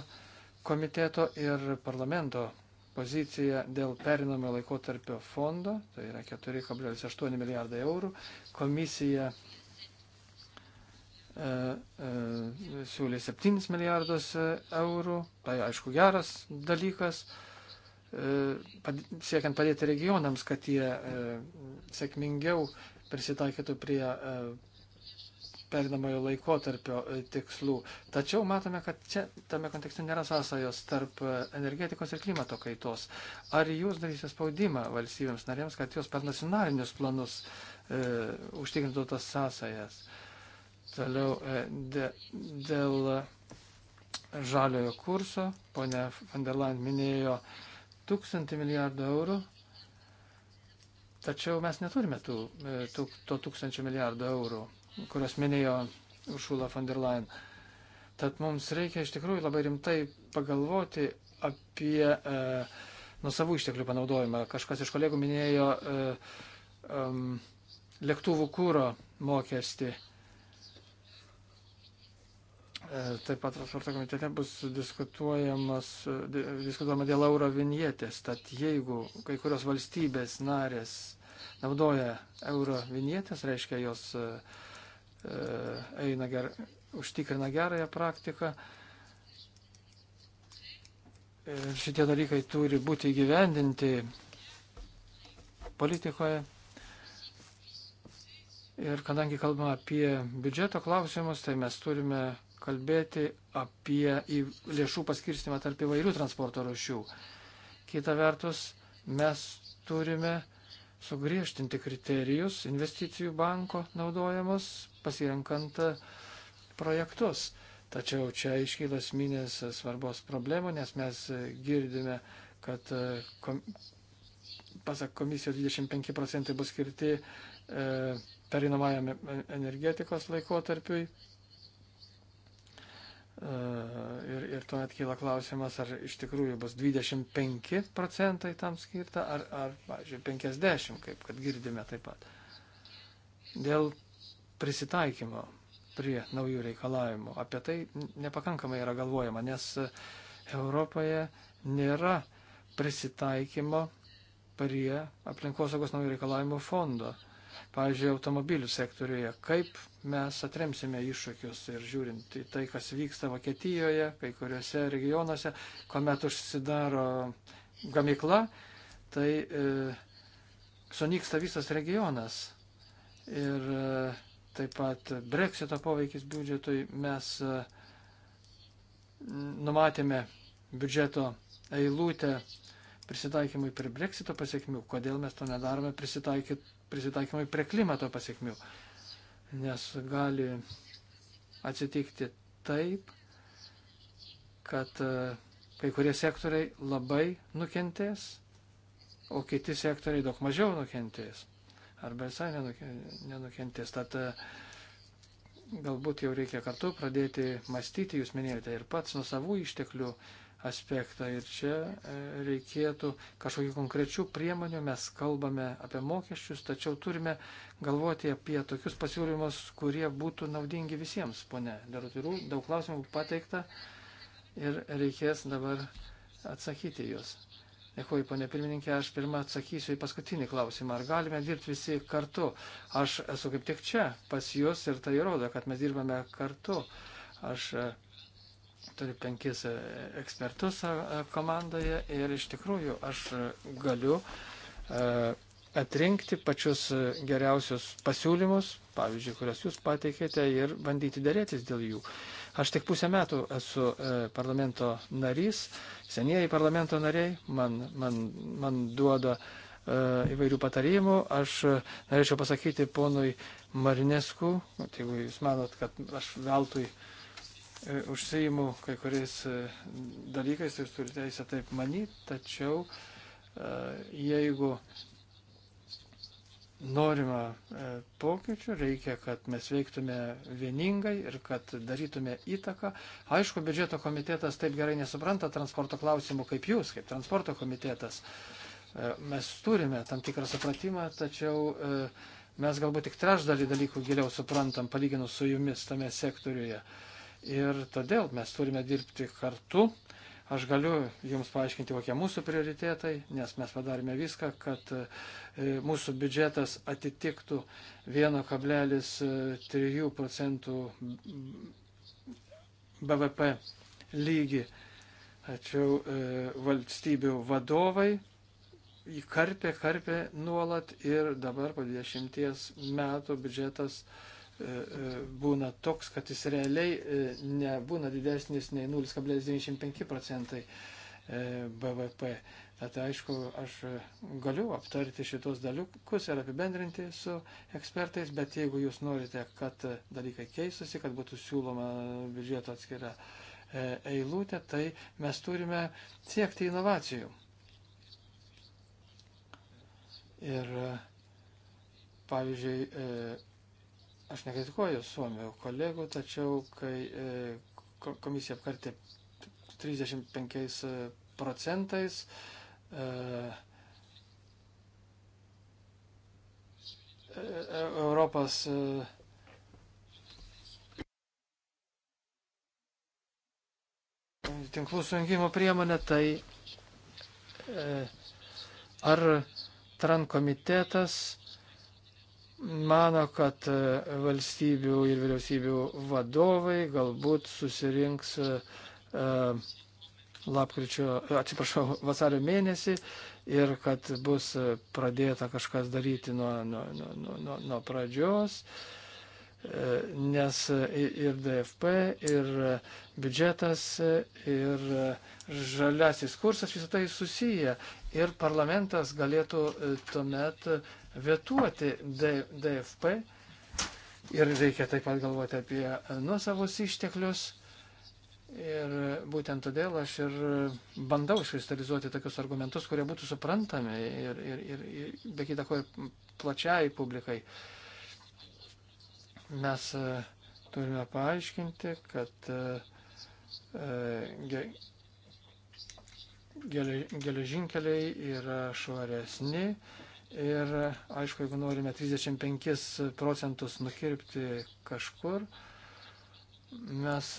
komiteto ir parlamento pozicija dėl perinamojo laikotarpio fondo, tai yra 4,8 milijardai eurų. Komisija E, e, siūlė 7 milijardus e, eurų, tai aišku geras dalykas, siekiant padėti regionams, kad jie sėkmingiau prisitaikytų prie perinamojo laikotarpio tikslų. Tačiau matome, kad čia tame kontekste nėra sąsajos tarp energetikos ir klimato kaitos. Ar jūs darysite spaudimą valstybėms narėms, kad jos per nacionalinius planus e, užtikrintų tas sąsajas? E, Toliau e, de, dėl žaliojo kurso, ponia van der Leyen minėjo tūkstantį milijardų eurų, tačiau mes neturime tų, e, tų, to tūkstančio milijardų eurų, kurios minėjo Ursula von der Leyen. Tad mums reikia iš tikrųjų labai rimtai pagalvoti apie e, nusavų išteklių panaudojimą. Kažkas iš kolegų minėjo e, um, lėktuvų kūro mokestį. E, E, taip pat transporto komitete bus e, diskutuojama dėl euro vinietės. Tad jeigu kai kurios valstybės narės naudoja euro vinietės, reiškia jos e, eina ger, užtikrina gerąją praktiką, šitie dalykai turi būti įgyvendinti politikoje. Ir kadangi kalbame apie biudžeto klausimus, tai mes turime kalbėti apie lėšų paskirstimą tarp įvairių transporto rušių. Kita vertus, mes turime sugriežtinti kriterijus investicijų banko naudojamos, pasirenkant projektus. Tačiau čia iškyla esminės svarbos problemų, nes mes girdime, kad e, kom, pasak komisijos 25 procentai bus skirti e, perinamajam e-, energetikos laikotarpiui, E, ir, ir tuomet kyla klausimas, ar iš tikrųjų bus 25 procentai tam skirta, ar, ar pažiūrėjau, 50, kaip kad girdime taip pat. Dėl prisitaikymo prie naujų reikalavimų. Apie tai nepakankamai yra galvojama, nes Europoje nėra prisitaikymo prie aplinkosaugos naujų reikalavimų fondo pavyzdžiui, automobilių sektoriuje, kaip mes atremsime iššūkius ir žiūrint į tai, kas vyksta Vokietijoje, kai kuriuose regionuose, kuomet užsidaro gamykla, tai e, sunyksta visas regionas. Ir e, taip pat breksito poveikis biudžetui mes e, numatėme biudžeto eilutę prisitaikymui prie breksito pasiekmių, kodėl mes to nedarome prisitaikyt prisitaikymui prie klimato pasiekmių. Nes gali atsitikti taip, kad e, kai kurie sektoriai labai nukentės, o kiti sektoriai daug mažiau nukentės. Arba visai nenukentės. Tad e, galbūt jau reikia kartu pradėti mąstyti, jūs minėjote ir pats nuo savų išteklių aspektą. Ir čia e, reikėtų kažkokių konkrečių priemonių. Mes kalbame apie mokesčius, tačiau turime galvoti apie tokius pasiūlymus, kurie būtų naudingi visiems, ponė Darutirų. Daug klausimų pateikta ir reikės dabar atsakyti juos. Dėkuoju, ponė pirmininkė, aš pirmą atsakysiu į paskutinį klausimą. Ar galime dirbti visi kartu? Aš esu kaip tik čia pas jūs ir tai rodo, kad mes dirbame kartu. Aš e, turiu penkis e, ekspertus e, e, komandoje ir iš tikrųjų aš galiu atrinkti pačius geriausius pasiūlymus, pavyzdžiui, kurias jūs pateikėte ir bandyti dėrėtis dėl jų. Aš tik pusę metų esu parlamento narys, senieji parlamento nariai man, man, man duoda įvairių patarimų. Aš norėčiau pasakyti ponui Marinesku, jeigu jūs manot, kad aš veltui uh, E, užsijimu kai kuriais e, dalykais, tai jūs turite teisę taip manyti, tačiau e, jeigu norima pokyčių, reikia, kad mes veiktume vieningai ir kad darytume įtaką. Aišku, biudžeto komitetas taip gerai nesupranta transporto klausimų kaip jūs, kaip transporto komitetas. Mes turime tam tikrą supratimą, tačiau mes galbūt tik trešdalį dalykų geriau suprantam, palyginus su jumis tame sektoriuje. Uh, ir todėl mes turime dirbti kartu. Aš galiu Jums paaiškinti, kokie mūsų prioritetai, nes mes padarėme viską, kad e, mūsų biudžetas atitiktų 1,3 procentų BVP lygį. Tačiau e, valstybių vadovai įkarpė, karpė nuolat ir dabar po 20 metų biudžetas e, E, e, būna toks, kad jis realiai e, nebūna didesnis nei 0,95 procentai BVP. Tad aišku, aš galiu aptarti šitos dalykus ir apibendrinti su ekspertais, bet jeigu jūs norite, kad dalykai keistusi, kad būtų siūloma biudžeto atskira eilutė, tai mes turime siekti inovacijų. Ir pavyzdžiui, Aš nekritikuoju Suomijų kolegų, tačiau kai e, komisija apkartė 35 e, procentais, e, Europos tinklų sujungimo priemonė, tai ar TRAN komitetas mano, kad e, valstybių ir vyriausybių vadovai galbūt susirinks e, e, lapkričio, atsiprašau, vasario mėnesį ir kad bus pradėta kažkas daryti nuo, nuo, nuo, nuo, nuo pradžios. Uh, nes ir DFP, ir biudžetas, ir žaliasis kursas visą tai susiję. Ir parlamentas galėtų e, tuomet vetuoti DFP. Ir reikia taip pat galvoti apie e, nuosavus išteklius. Ir būtent todėl aš ir bandau iškristalizuoti tokius argumentus, kurie būtų suprantami ir, ir, ir, ir be kita ko plačiai publikai. Uh, Mes e, turime paaiškinti, kad e, e, geležinkeliai yra švaresni ir, aišku, jeigu norime 35 procentus nukirpti kažkur, mes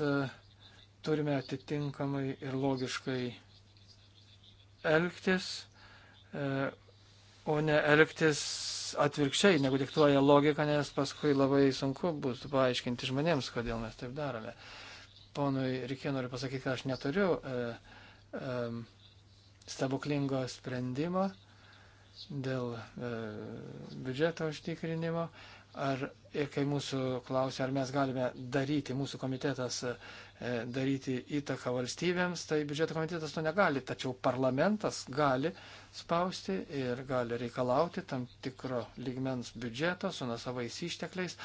turime atitinkamai ir logiškai elgtis, o ne elgtis atvirkščiai, negu diktuoja logika, nes paskui labai sunku bus paaiškinti žmonėms, kodėl mes taip darome. Ponui reikėjo noriu pasakyti, kad aš neturiu e, e, stebuklingo sprendimo dėl e, biudžeto užtikrinimo. Ar, e, kai mūsų klausia, ar mes galime daryti, mūsų komitetas e, E, daryti įtaką valstybėms, tai biudžeto komitetas to negali, tačiau parlamentas gali spausti ir gali reikalauti tam tikro ligmens biudžeto su nasavais ištekliais.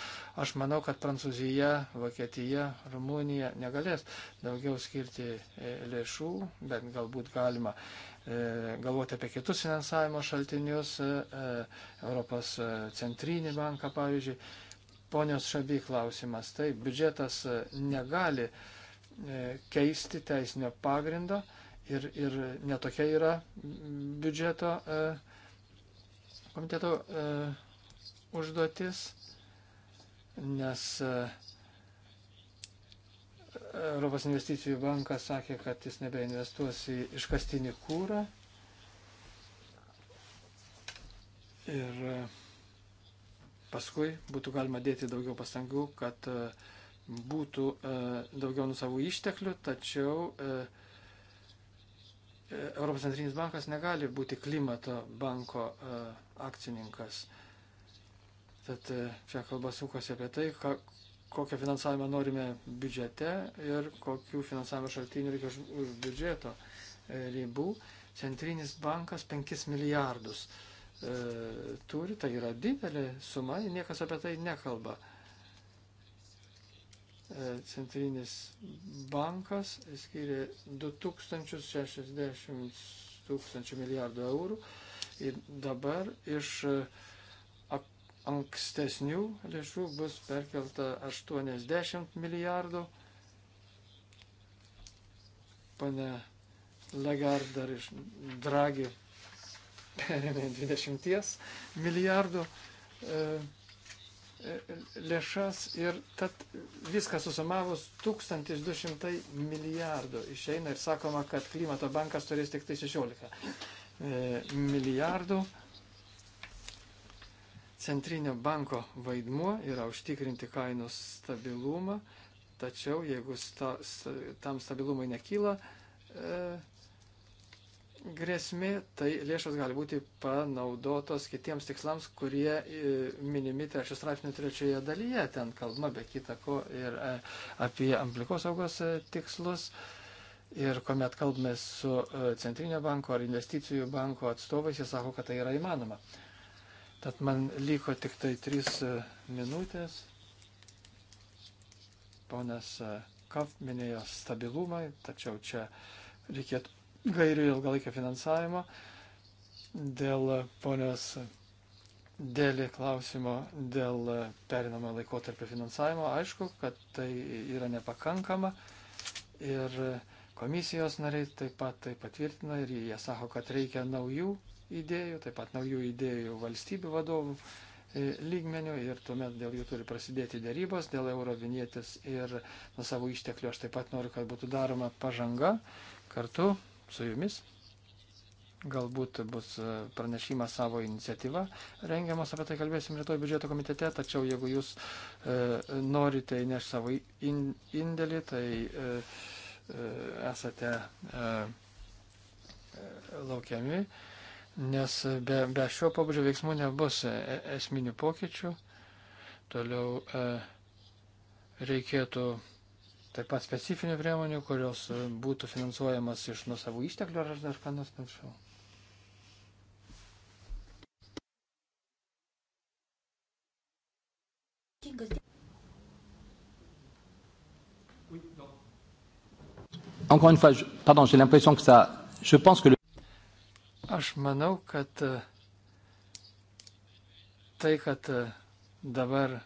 Aš manau, kad Prancūzija, Vokietija, Rumunija negalės daugiau skirti e, lėšų, bet galbūt galima e, galvoti apie kitus finansavimo šaltinius, Europos centrinį banką, pavyzdžiui. Ponios Šabi klausimas. Taip, biudžetas negali uh, E, keisti teisinio pagrindo ir, ir netokia yra biudžeto e, komiteto e, užduotis, nes Europos investicijų bankas sakė, kad jis nebeinvestuos į iškastinį kūrą. Ir paskui būtų galima dėti daugiau pastangų, kad uh, būtų e, daugiau nuo savų išteklių, tačiau e, e, Europos centrinis bankas negali būti klimato banko akcininkas. Tad čia kalba sukosi apie tai, ką, kokią finansavimą norime biudžete ir kokių finansavimo šaltinių reikia už biudžeto ribų. Centrinis bankas 5 milijardus e, turi, tai yra didelė suma, niekas apie tai nekalba. E, E, centrinis bankas skiria 2060 tūkstančių milijardų eurų ir dabar iš e, ankstesnių lėšų bus perkelta 80 milijardų. Pane Legard dar iš Dragi perėmė 20 milijardų. E, lėšas ir tad viską susumavus 1200 milijardų išeina ir sakoma, kad klimato bankas turės tik tai 16 e, milijardų. Centrinio banko vaidmuo yra užtikrinti kainų stabilumą, tačiau jeigu sta, tam stabilumai nekyla, e, grėsmė, tai lėšos gali būti panaudotos kitiems tikslams, kurie e, minimi trečio straipsnio trečioje dalyje. Ten kalba be kita ko ir e, apie aplikosaugos e, tikslus. Ir kuomet kalbame su Centrinio banko ar investicijų banko atstovais, jie sako, kad tai yra įmanoma. Tad man liko tik tai trys minutės. Ponas Kav minėjo stabilumą, tačiau čia reikėtų gairių ilgalaikio finansavimo. Dėl ponios dėlį klausimo dėl perinamo laikotarpio finansavimo, aišku, kad tai yra nepakankama ir komisijos nariai taip pat tai patvirtina ir jie sako, kad reikia naujų idėjų, taip pat naujų idėjų valstybių vadovų e, lygmenių ir tuomet dėl jų turi prasidėti dėrybos, dėl eurovinietės ir nuo savo išteklių aš taip pat noriu, kad būtų daroma pažanga kartu su jumis. Galbūt bus e, pranešimas savo iniciatyva rengiamas, apie tai kalbėsim rytoj biudžeto komitete, tačiau jeigu jūs e, norite įnešti savo in, indėlį, tai e, e, esate e, e laukiami, nes be, be šio pabudžio veiksmų nebus e, esminių pokyčių. Toliau e, reikėtų Taip pat specifinių priemonių, kurios e, būtų finansuojamas iš nusavų išteklių, ar aš dar ką nors pamiršau. Encore une fois, je, pardon, j'ai l'impression que ça. Je pense que le. Aš manau, kad e, tai, kad e, dabar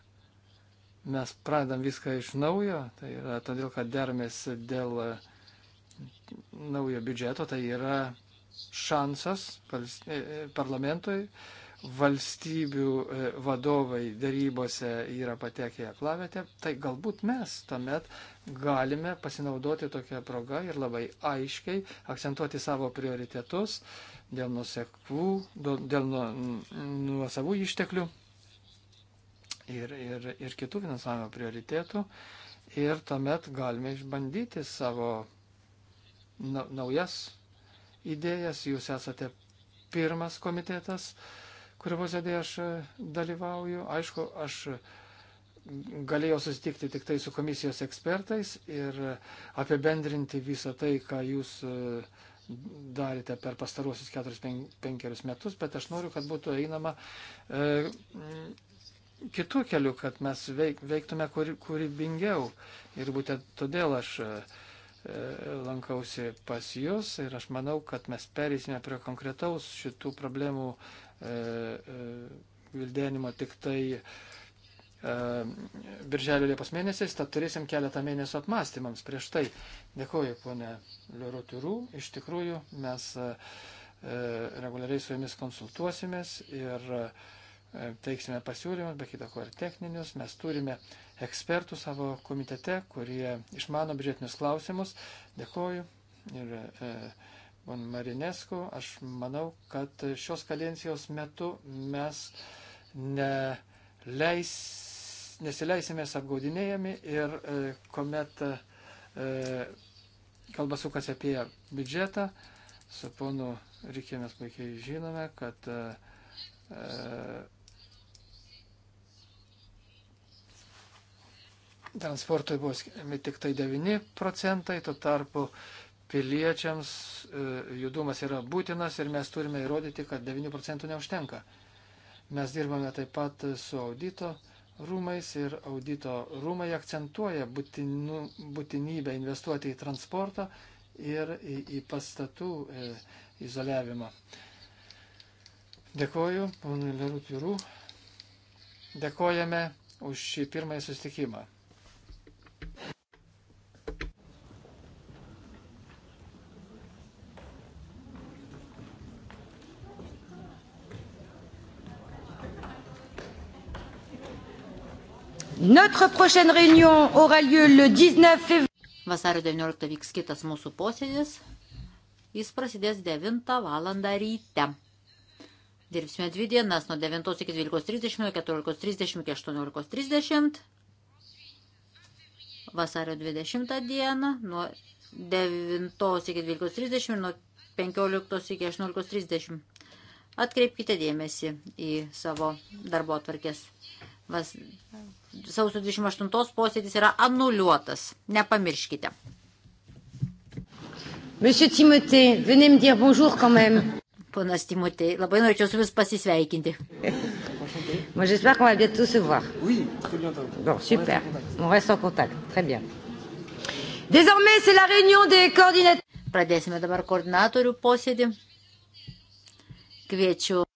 mes pradam viską iš naujo, tai yra todėl, kad dermės dėl e, naujo biudžeto, tai yra šansas e, e, parlamentui, valstybių vadovai darybose yra patekę į aklavietę, tai galbūt mes tuomet galime pasinaudoti tokią progą ir labai aiškiai akcentuoti savo prioritetus dėl nuosekvų, dėl nu-, nuosavų išteklių ir, ir, ir kitų finansavimo prioritėtų ir tuomet galime išbandyti savo na, naujas idėjas. Jūs esate pirmas komitetas, kurio posėdėje aš e, dalyvauju. Aišku, aš galėjau susitikti tik tai su komisijos ekspertais ir apibendrinti visą tai, ką jūs e, darėte per pastaruosius 4-5 metus, bet aš noriu, kad būtų einama e, kitų kelių, kad mes veik, veiktume kūrybingiau. Ir būtent todėl aš e, e, lankausi pas jūs ir aš manau, kad mes perėsime prie konkretaus šitų problemų e, e, vildenimo tik tai e, birželio Liepos mėnesiais, tad turėsim keletą mėnesių apmąstymams prieš tai. Dėkuoju, ponė Liurotirų. Iš tikrųjų, mes e, e, reguliariai su jumis konsultuosimės ir e, E, teiksime pasiūlymus, be kita ko ir techninius. Mes turime ekspertų savo komitete, kurie išmano biudžetinius klausimus. Dėkoju. Ir, e, Von Marinesku, aš manau, kad šios kadencijos metu mes neleis, nesileisimės apgaudinėjami ir e, kuomet e, kalba sukasi apie biudžetą, su ponu Rikė mes puikiai žinome, kad e, transportui buvo skiriami tik tai 9 procentai, tuo tarpu piliečiams e, judumas yra būtinas ir mes turime įrodyti, kad 9 procentų neužtenka. Mes dirbame taip pat su audito rūmais ir audito rūmai akcentuoja būtinu, būtinybę investuoti į transportą ir į, į pastatų e, izoliavimą. Dėkoju, ponui Lerut Jūrų. Dėkojame už šį pirmąjį sustikimą. Notre prochaine réunion aura lieu le 19 février. Vasario 19 vyks kitas mūsų posėdis. Jis prasidės 9 val. ryte. Dirbsime dvi dienas nuo 9 iki 12.30, 14.30 iki 18.30. Vasario 20 dieną nuo 9 iki 12.30 ir nuo 15 iki 18.30. Atkreipkite dėmesį į savo darbo atvarkės Vas, sausio 28 posėdis yra anuliuotas. Nepamirškite. Monsieur Timothée, venez me dire bonjour quand même. Ponas Timotei, labai norėčiau su vis pasisveikinti. Moi, j'espère qu'on va bientôt se voir. Oui, très bientôt. Bon, super. On reste en contact. Très bien. Désormais, c'est la réunion des coordinateurs. Pradėsime dabar koordinatorių posėdį. Kviečiu